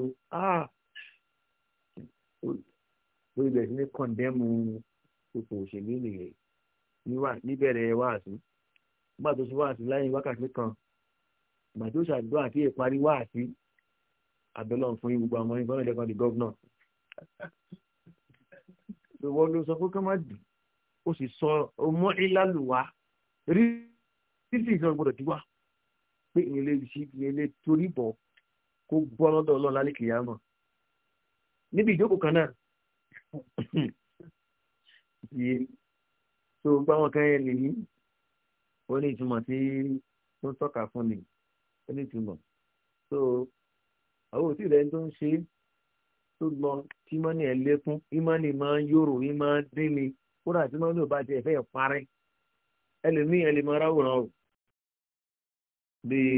o ah lórí bẹ̀rẹ̀ sí ní kọ̀ndẹ́mù ipò òṣèlú nìyẹn níbẹ̀rẹ̀ wáàsí nígbà tó ṣe wáàsí láyé wákàtí kan ìgbà tó ṣàdúrà àti ìparí wáàsí àbẹ̀lọ̀ fún gbogbo àwọn ìbọn ẹ̀dẹ́kan di gọ́vnà ìwọ ló sọ pé ká má dì ó sì sọ ọmọ ìlàlùwà rí títí ìjọba gbọdọ̀ díwá pé ìrìnlẹ̀ ìṣí ìrìnlẹ̀ torí bọ̀ kó gbọ́ lọ́dọ̀ ọlọ́run lálẹ́ kìí níbi ìjókòó kan náà tó gbá wọn kan yẹn nìyí ó ní ìtumọ̀ tí tó ń tọ́ka fún ni ó ní ìtumọ̀ tó àwọn òtí rẹ̀ tó ń ṣe tó lọ tí mọ́nì ẹ̀ lékún ìmọ̀nì máa ń yòrò ní máa ń dín ni kódà tí mọ́nì ò bá jẹ́ ẹ̀fẹ́ parẹ́ ẹlòmíì ẹ̀ lè máa ráwòrán o bíi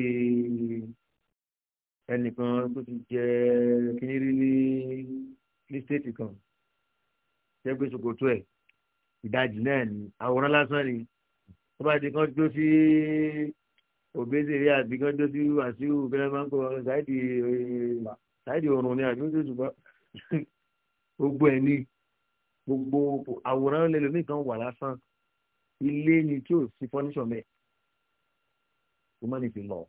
ẹnìkan tó ti jẹ kínní rí ní ní stéètì kan jẹ́ gbé ṣòkòtò ẹ̀ ìdajì náà ni àwòrán lásán ni tó bá di kan tó sí òbésèré àbí kan tó sí wàsíù bẹ́ẹ̀ máa ń kó ṣáìdì ṣáìdì ọ̀run ni àbí tó ṣùgbọ́n gbogbo ẹ̀ ni gbogbo àwòrán lẹ́lòmíì kan wà lásán ilé ni tí ò sí fọ́níṣọ̀ mẹ́ẹ̀ humanity law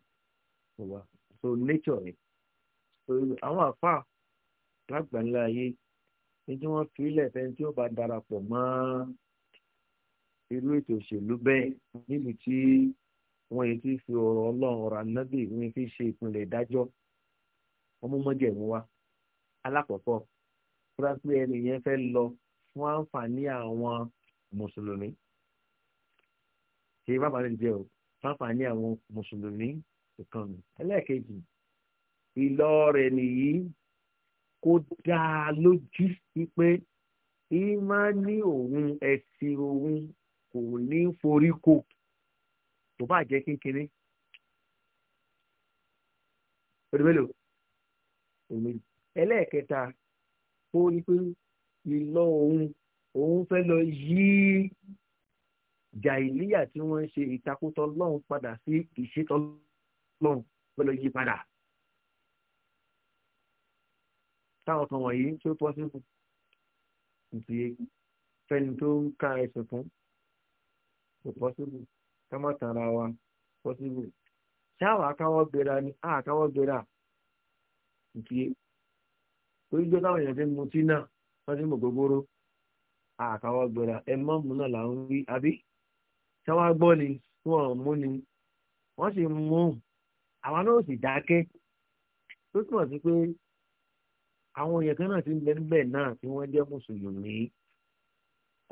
so nature ni so àwọn àfa lágbàá ńlá ní tí wọ́n fi ilẹ̀ fẹ́ tí ó bá darapọ̀ mọ́ irú ètò òṣèlú bẹ́ẹ̀ níbi tí wọ́n yìí ti fi ọ̀rọ̀ ọlọ́run ọ̀rọ̀ anábì wọ́n fi ṣe ìpínlẹ̀ ìdájọ́ ọmọ mọ́jẹ̀mú wa alákọ̀ọ́kọ́ fúrásì ẹni yẹn fẹ́ lọ fún àǹfààní àwọn mùsùlùmí kì bàbá rẹ̀ jẹ́ o fáfàní àwọn mùsùlùmí ìkànnì ẹlẹ́ẹ̀kejì ìlọ nìyí kó dáa lójú wípé ìmánì òun ẹ̀sìn òun kò ní forí kò tó bá jẹ́ kékeré. Olùmẹ́lò òmìnir. Ẹlẹ́ẹ̀kẹta ó ní pé ìlọ òun òun fẹ́ lọ yí jàìlíyà tí wọ́n ṣe ìtakùtọ̀ lọ́hùn padà sí ìṣètọ́ lọ́hùn fẹ́ lọ yí padà. táwọn kan wọ̀nyí tí ó pọ́ síbù ìtì fẹ́ni tó ń ká ẹsẹ̀ fún kò pọ́ síbù ká má tara wa pọ́ síbù ṣáà àkáwọ́ gbéra ni àkáwọ́ gbéra ìtì torí gbé táwọn èèyàn ti ń mutí náà wọ́n ti ń mọ̀ gbogbooro àkáwọ́ gbéra ẹ mọ́ mu náà là ń wí àbí ṣáwá gbọ́ ni wọ́n mú ni wọ́n sì mú àwọn náà sì dákẹ́ tó túmọ̀ sí pé. àwọn èèyàn kan náà ti ń bẹ níbẹ̀ náà tí wọ́n jẹ́ mùsùlùmí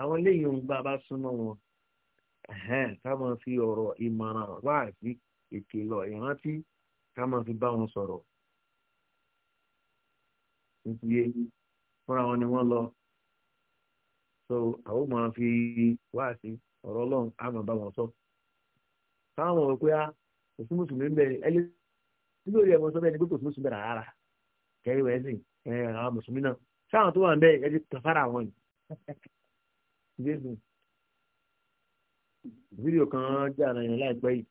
àwọn eléyìí ń gbà bá súnmọ́ wọn ká máa fi ọ̀rọ̀ ìmọ̀ràn wáàsí ìkìlọ̀ ìrántí ká máa wọn wọ́n lọ so àwọn máa fi ọ̀rọ̀ ọlọ́run á máa bá wọn sọ táwọn ò pé á kò sí mùsùlùmí bẹ́ẹ̀ ẹ lé lórí ẹ̀ sọ Eh, àwọn mùsùlùmí náà sáwọn tó wà ń bẹ ẹ ti tàn fara àwọn fídíò kan jẹ́ àrà yẹn láìpẹ́ yìí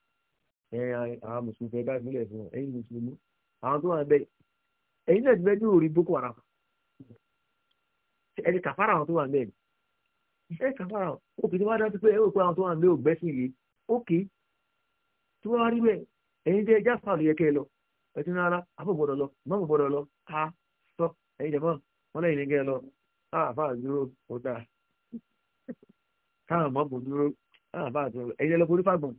ẹ̀yin àwọn mùsùlùmí fẹ́ bá sílẹ̀ fún ọ ẹ̀yin mùsùlùmí àwọn tó wà ń bẹ ẹ̀yin náà ti bẹ́ẹ̀ ní orí boko haram ẹ ti kàfàrà tó wà ń bẹ ẹ kàfàrà òkè tí wọ́n á dájú pé ẹ pé àwọn tó wà ń bẹ ò gbẹ́sìn yìí òkè tí wọ́n rí bẹ́ẹ̀ ẹ̀yin jẹ́ jáfà ló yẹ lọ ẹ ti nára àbò ẹ̀yin jẹ̀mọ́ wọn lẹ́yìn ní kẹ́ ẹ lọ àáfàá dúró ó dáa káwọn mọ́mù dúró àáfàá dúró ẹ̀yin jẹ́ lọ forí fàgbọ̀n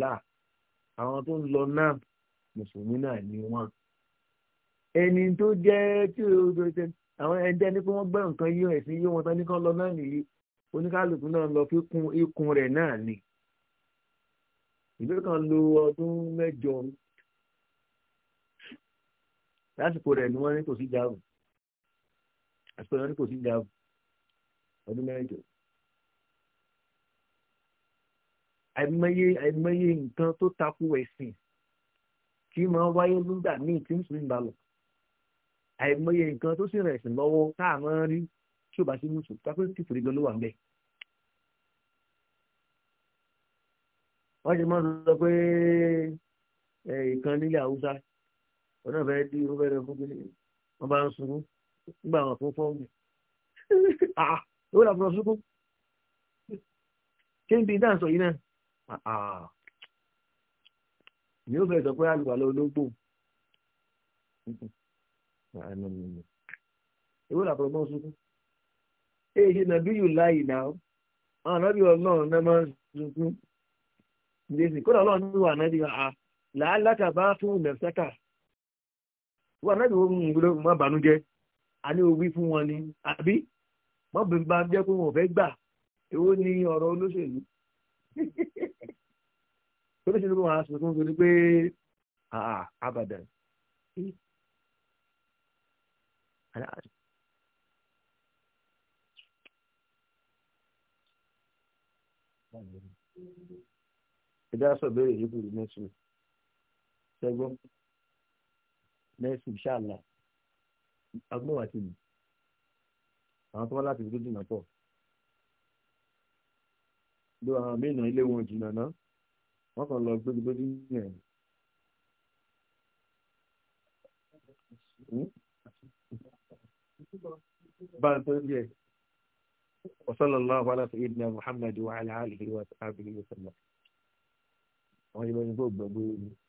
là àwọn tó ń lọ náà mùsùlùmí náà ni wọn ẹni tó jẹ́ tí o àwọn ẹ̀jẹ̀ ní pé wọ́n gbẹ́ nǹkan yíyan ẹ̀sìn yíyan wọn tán ní kán lọ náà nìyí oníkálùkù náà lọ fi kún ikùn rẹ̀ náà ni ìlú kan lo ọdún mẹ́jọ lásìkò rẹ̀ ni wọ́n ní kò sí jáàbù àsìkò rẹ̀ ní kò sí jáàbù ọdún mẹ́jọ. àìmọye àìmọye nǹkan tó takò ẹ̀sìn kí máa wáyé nígbà míì tí mùsùlùmí bá lọ àìmọye nǹkan tó sì rẹ̀ ẹ̀sìn lọ́wọ́ tá a máa ń rí tí ò bá sí mùsùlùmí tá a pé kìfìrí gan ló wà ń bẹ̀. wọ́n ti wọn náà fẹ́ẹ́ dí wọn fẹ́ẹ́ fún kíni wọn bá ń sunkún nígbà wọn fún fọ́ọ̀mù ah ìwé làbúrò sunkún kí n bí dáǹsọ yìí náà ah ni ó fẹ́ sọ pé àlùwàlá ológbò ìwé làbúrò mọ́ sunkún èyí ṣe nàbí yù láàyè náà àwọn ànábì ọlọ́run náà máa ń sunkún kódà ọlọ́run ní wà náà di àá ah, làálàkà bá fún ìmẹ̀sẹ́kà wọn anábì wọn mú un má bànújẹ́ a ní owí fún wọn ni àbí má bànújẹ́ pé wọn ò fẹ́ gbà èwo ni ọ̀rọ̀ olóṣèlú olóṣèlú wọn á sọ fún mi pé àbàdàn ìdásọ̀bẹ̀rẹ̀ yìí kù ní sùn ṣẹ́gbọ́n next inshallah agbọ́n àti mi àwọn tó wá láti dúdú jìnnà pọ̀ ló àwọn mí ilé wọn jìnnà náà wọ́n kàn lọ gbégbégbé yẹn. بارك وصلى الله على سيدنا محمد وعلى آله وصحبه وسلم.